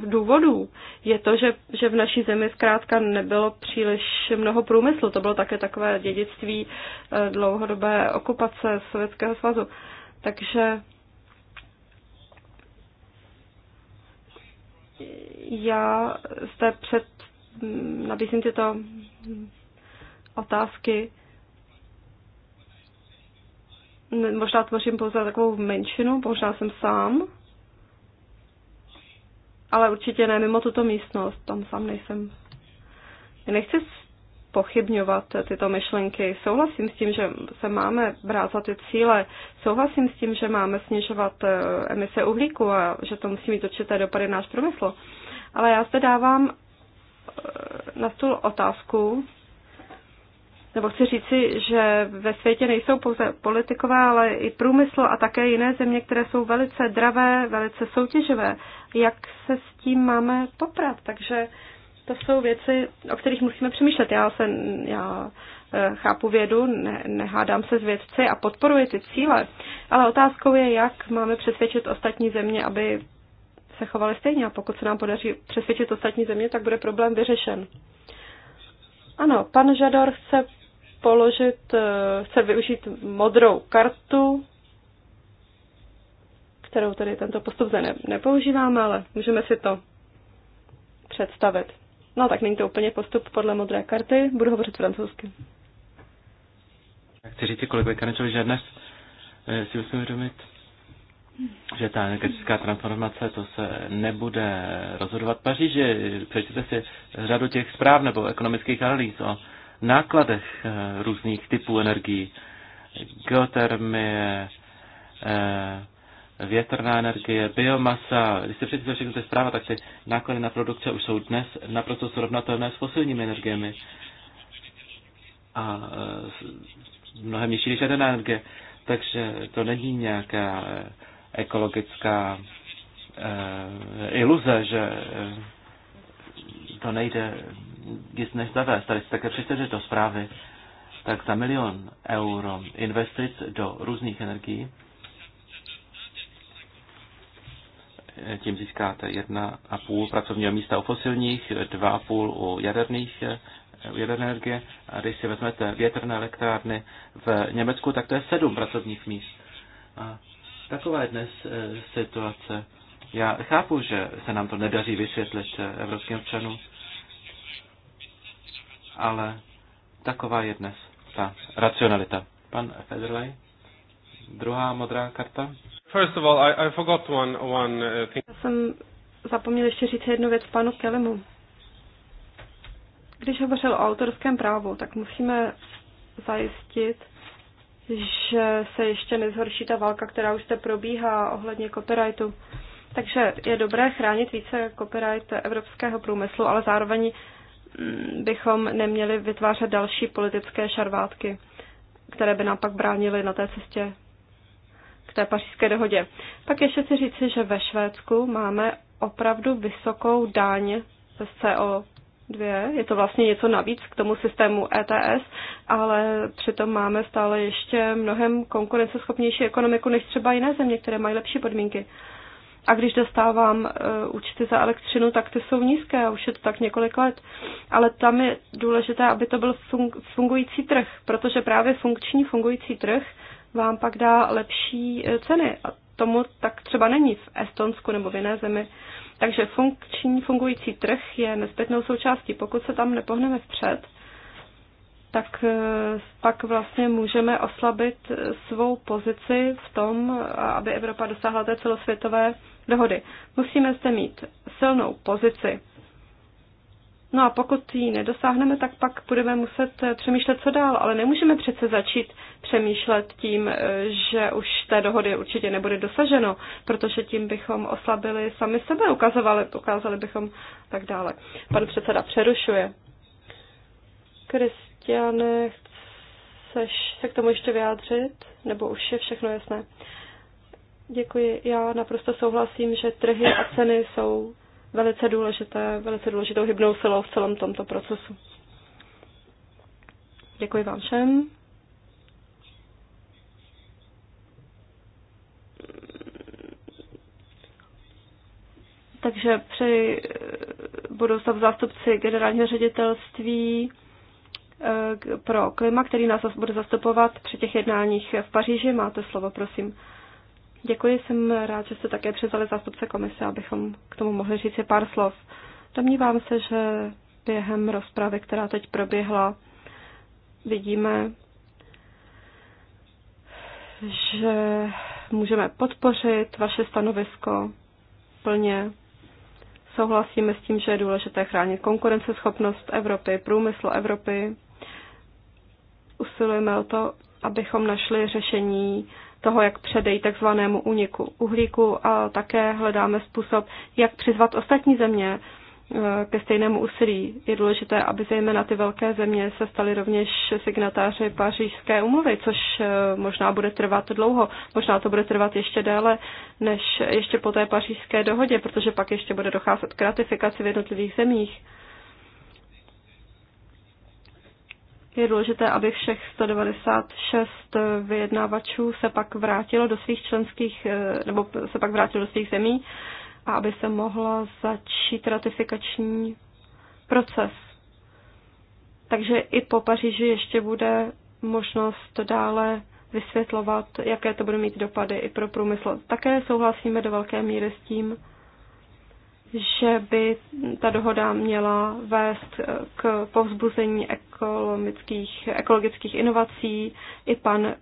důvodů je to, že, že v naší zemi zkrátka nebylo příliš mnoho průmyslu. To bylo také takové dědictví eh, dlouhodobé okupace Sovětského svazu. Takže já jste před nabízím tyto otázky. Možná tvořím pouze takovou menšinu, možná jsem sám, ale určitě ne mimo tuto místnost, tam sám nejsem. Nechci pochybňovat tyto myšlenky. Souhlasím s tím, že se máme brát za ty cíle. Souhlasím s tím, že máme snižovat eh, emise uhlíku a že to musí mít určité dopady náš průmysl. Ale já zde dávám eh, na stůl otázku, nebo chci říci, že ve světě nejsou pouze politikové, ale i průmysl a také jiné země, které jsou velice dravé, velice soutěživé. Jak se s tím máme poprat? Takže to jsou věci, o kterých musíme přemýšlet. Já, se, já eh, chápu vědu, ne, nehádám se s vědci a podporuji ty cíle, ale otázkou je, jak máme přesvědčit ostatní země, aby se chovaly stejně. A pokud se nám podaří přesvědčit ostatní země, tak bude problém vyřešen. Ano, pan Žador chce položit, eh, chce využít modrou kartu, kterou tady tento postup zde ne, nepoužíváme, ale můžeme si to představit. No tak není to úplně postup podle modré karty, budu hovořit francouzsky. Chci říct kolegovi Kanečovi, že dnes eh, si musím uvědomit, že ta energetická transformace, to se nebude rozhodovat v Paříži. Přečtěte si řadu těch zpráv nebo ekonomických analýz o nákladech eh, různých typů energií, geotermie, eh, větrná energie, biomasa. Když se předtím všechno to je zpráva, tak ty náklady na produkce už jsou dnes naprosto srovnatelné s fosilními energiemi. A e, mnohem nižší než jedená energie. Takže to není nějaká e, ekologická e, iluze, že e, to nejde nic než zavést. Tady se také přečtete do zprávy, tak za milion euro investic do různých energií tím získáte 1,5 pracovního místa u fosilních, 2,5 u jaderných u jaderné energie. A když si vezmete větrné elektrárny v Německu, tak to je 7 pracovních míst. A taková je dnes e, situace. Já chápu, že se nám to nedaří vysvětlit e, evropským občanům, ale taková je dnes ta racionalita. Pan Federlej? Druhá modrá karta. First of all, I, I forgot one, one uh, thing. Já jsem zapomněl ještě říct jednu věc panu Kelimu. Když hovořil o autorském právu, tak musíme zajistit, že se ještě nezhorší ta válka, která už se probíhá ohledně copyrightu. Takže je dobré chránit více copyright evropského průmyslu, ale zároveň mm, bychom neměli vytvářet další politické šarvátky, které by nám pak bránily na té cestě té pařížské dohodě. Pak ještě si říci, že ve Švédsku máme opravdu vysokou daň ze CO2. Je to vlastně něco navíc k tomu systému ETS, ale přitom máme stále ještě mnohem konkurenceschopnější ekonomiku než třeba jiné země, které mají lepší podmínky. A když dostávám uh, účty za elektřinu, tak ty jsou nízké a už je to tak několik let. Ale tam je důležité, aby to byl fungující trh, protože právě funkční fungující trh vám pak dá lepší eh, ceny. A tomu tak třeba není v Estonsku nebo v jiné zemi. Takže funkční, fungující trh je nezbytnou součástí. Pokud se tam nepohneme vpřed, tak eh, pak vlastně můžeme oslabit eh, svou pozici v tom, aby Evropa dosáhla té celosvětové dohody. Musíme zde mít silnou pozici No a pokud ji nedosáhneme, tak pak budeme muset eh, přemýšlet, co dál. Ale nemůžeme přece začít přemýšlet tím, eh, že už té dohody určitě nebude dosaženo, protože tím bychom oslabili sami sebe, ukazovali, ukázali bychom tak dále. Pan předseda přerušuje. Kristiane, chceš se k tomu ještě vyjádřit? Nebo už je všechno jasné? Děkuji. Já naprosto souhlasím, že trhy a ceny jsou velice, důležité, velice důležitou hybnou silou v celém tomto procesu. Děkuji vám všem. Takže při eh, budou tam zástupci generálního ředitelství eh, pro klima, který nás bude zastupovat při těch jednáních v Paříži. Máte slovo, prosím. Děkuji, jsem rád, že jste také přizali zástupce komise, abychom k tomu mohli říct si pár slov. Domnívám se, že během rozpravy, která teď proběhla, vidíme, že můžeme podpořit vaše stanovisko plně. Souhlasíme s tím, že je důležité chránit konkurenceschopnost Evropy, průmysl Evropy. Usilujeme o to, abychom našli řešení toho, jak předejí takzvanému úniku uhlíku a také hledáme způsob, jak přizvat ostatní země eh, ke stejnému úsilí. Je důležité, aby zejména ty velké země se staly rovněž signatáři pařížské umluvy, což eh, možná bude trvat dlouho. Možná to bude trvat ještě déle než ještě po té pařížské dohodě, protože pak ještě bude docházet k ratifikaci v jednotlivých zemích. je důležité, aby všech 196 vyjednávačů se pak vrátilo do svých členských, eh, nebo se pak vrátilo do svých zemí a aby se mohla začít ratifikační proces. Takže i po Paříži ještě bude možnost dále vysvětlovat, jaké to bude mít dopady i pro průmysl. Také souhlasíme do velké míry s tím, že by ta dohoda měla vést k povzbuzení ekologických, ekologických inovací. I pan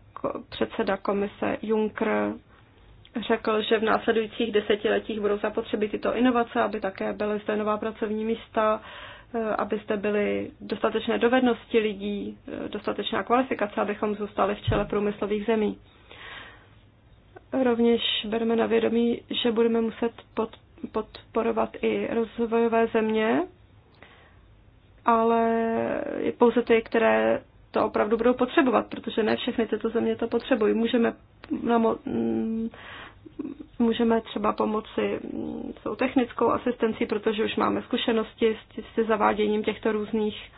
předseda komise Juncker řekl, že v následujících desetiletích budou zapotřebí tyto inovace, aby také byly zde nová pracovní místa, eh, aby zde byly dostatečné dovednosti lidí, eh, dostatečná kvalifikace, abychom zůstali v čele průmyslových zemí. Rovněž bereme na vědomí, že budeme muset podporovat podporovat i rozvojové země, ale pouze ty, které to opravdu budou potřebovat, protože ne všechny tyto země to potřebují. Můžeme, mm, můžeme třeba pomoci s technickou asistencí, protože už máme zkušenosti s, s zaváděním těchto různých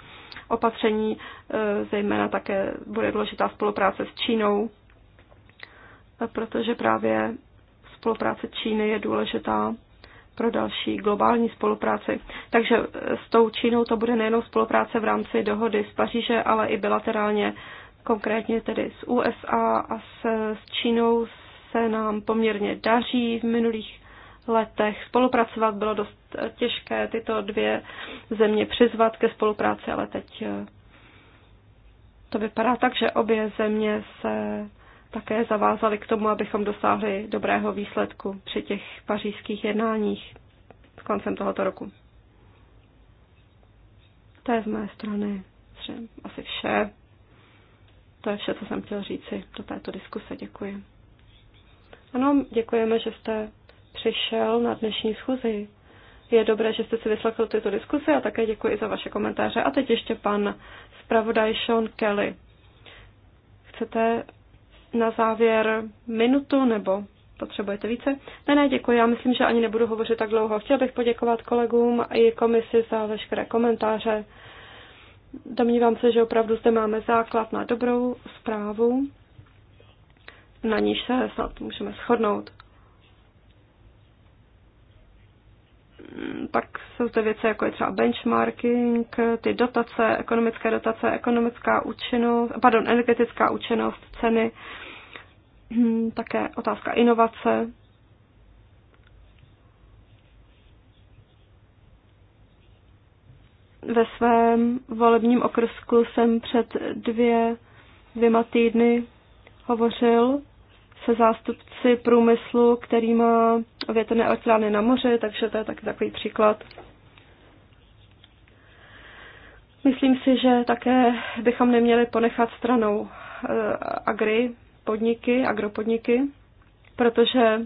opatření, e, zejména také bude důležitá spolupráce s Čínou, e, protože právě spolupráce Číny je důležitá pro další globální spolupráci. Takže s tou Čínou to bude nejenom spolupráce v rámci dohody z Paříže, ale i bilaterálně, konkrétně tedy s USA a s, s Čínou se nám poměrně daří v minulých letech spolupracovat. Bylo dost těžké tyto dvě země přizvat ke spolupráci, ale teď eh, to vypadá tak, že obě země se také zavázali k tomu, abychom dosáhli dobrého výsledku při těch pařížských jednáních s koncem tohoto roku. To je z mé strany asi vše. To je vše, co jsem chtěl říci do této diskuse. Děkuji. Ano, děkujeme, že jste přišel na dnešní schůzi. Je dobré, že jste si vyslechl tuto diskuse a také děkuji za vaše komentáře. A teď ještě pan zpravodaj Sean Kelly. Chcete na závěr minutu nebo potřebujete více? Ne, ne, děkuji. Já myslím, že ani nebudu hovořit tak dlouho. Chtěl bych poděkovat kolegům i komisi za veškeré komentáře. Domnívám se, že opravdu zde máme základ na dobrou zprávu, na níž se snad můžeme shodnout. Pak jsou zde věci, jako je třeba benchmarking, ty dotace, ekonomické dotace, ekonomická účinnost, pardon, energetická účinnost, ceny. Hmm, také otázka inovace. Ve svém volebním okrsku jsem před dvě, dvěma týdny hovořil se zástupci průmyslu, který má větrné elektrárny na moři, takže to je taky takový příklad. Myslím si, že také bychom neměli ponechat stranou eh, agri podniky, agropodniky, protože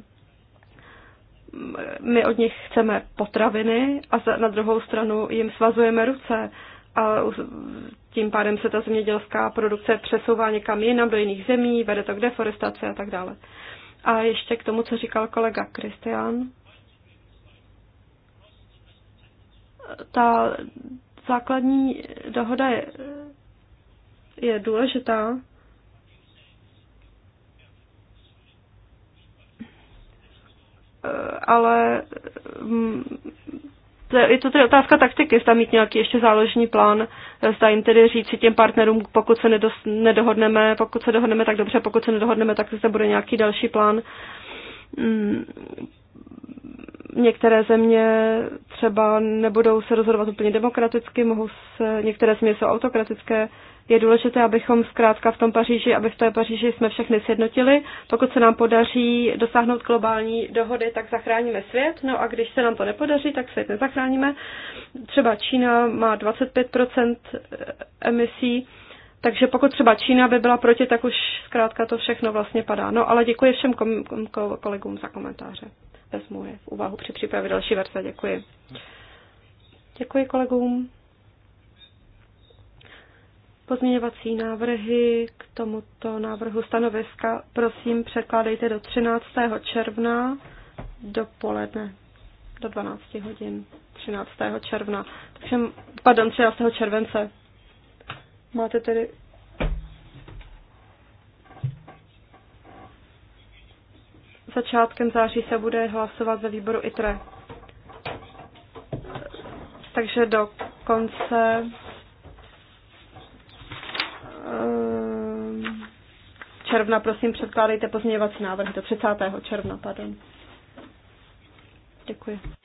my od nich chceme potraviny a na druhou stranu jim svazujeme ruce a tím pádem se ta zemědělská produkce přesouvá někam jinam do jiných zemí, vede to k deforestaci a tak dále. A ještě k tomu, co říkal kolega Kristian. Ta základní dohoda je, je důležitá, Eh, ale mm, je to tedy otázka taktiky, zda mít nějaký ještě záložní plán, eh, zda jim tedy říct si těm partnerům, pokud se nedos, nedohodneme, pokud se dohodneme, tak dobře, pokud se nedohodneme, tak zde bude nějaký další plán. Mm, některé země třeba nebudou se rozhodovat úplně demokraticky, mohou se, některé země jsou autokratické, je důležité, abychom zkrátka v tom Paříži, aby v té Paříži jsme všechny sjednotili. Pokud se nám podaří dosáhnout globální dohody, tak zachráníme svět. No a když se nám to nepodaří, tak svět nezachráníme. Třeba Čína má 25% eh, emisí, takže pokud třeba Čína by byla proti, tak už zkrátka to všechno vlastně padá. No ale děkuji všem kolegům za komentáře. Vezmu je v úvahu při přípravě další verze. Děkuji. Děkuji kolegům. Pozměňovací návrhy k tomuto návrhu stanoviska prosím překládejte do 13. června dopoledne do 12 hodin 13. června. Takže, pardon, 13. července. Máte tedy začátkem září se bude hlasovat ve výboru ITRE. Takže do konce června, prosím, předkládejte pozměňovací návrhy do 30. června, pardon. Děkuji.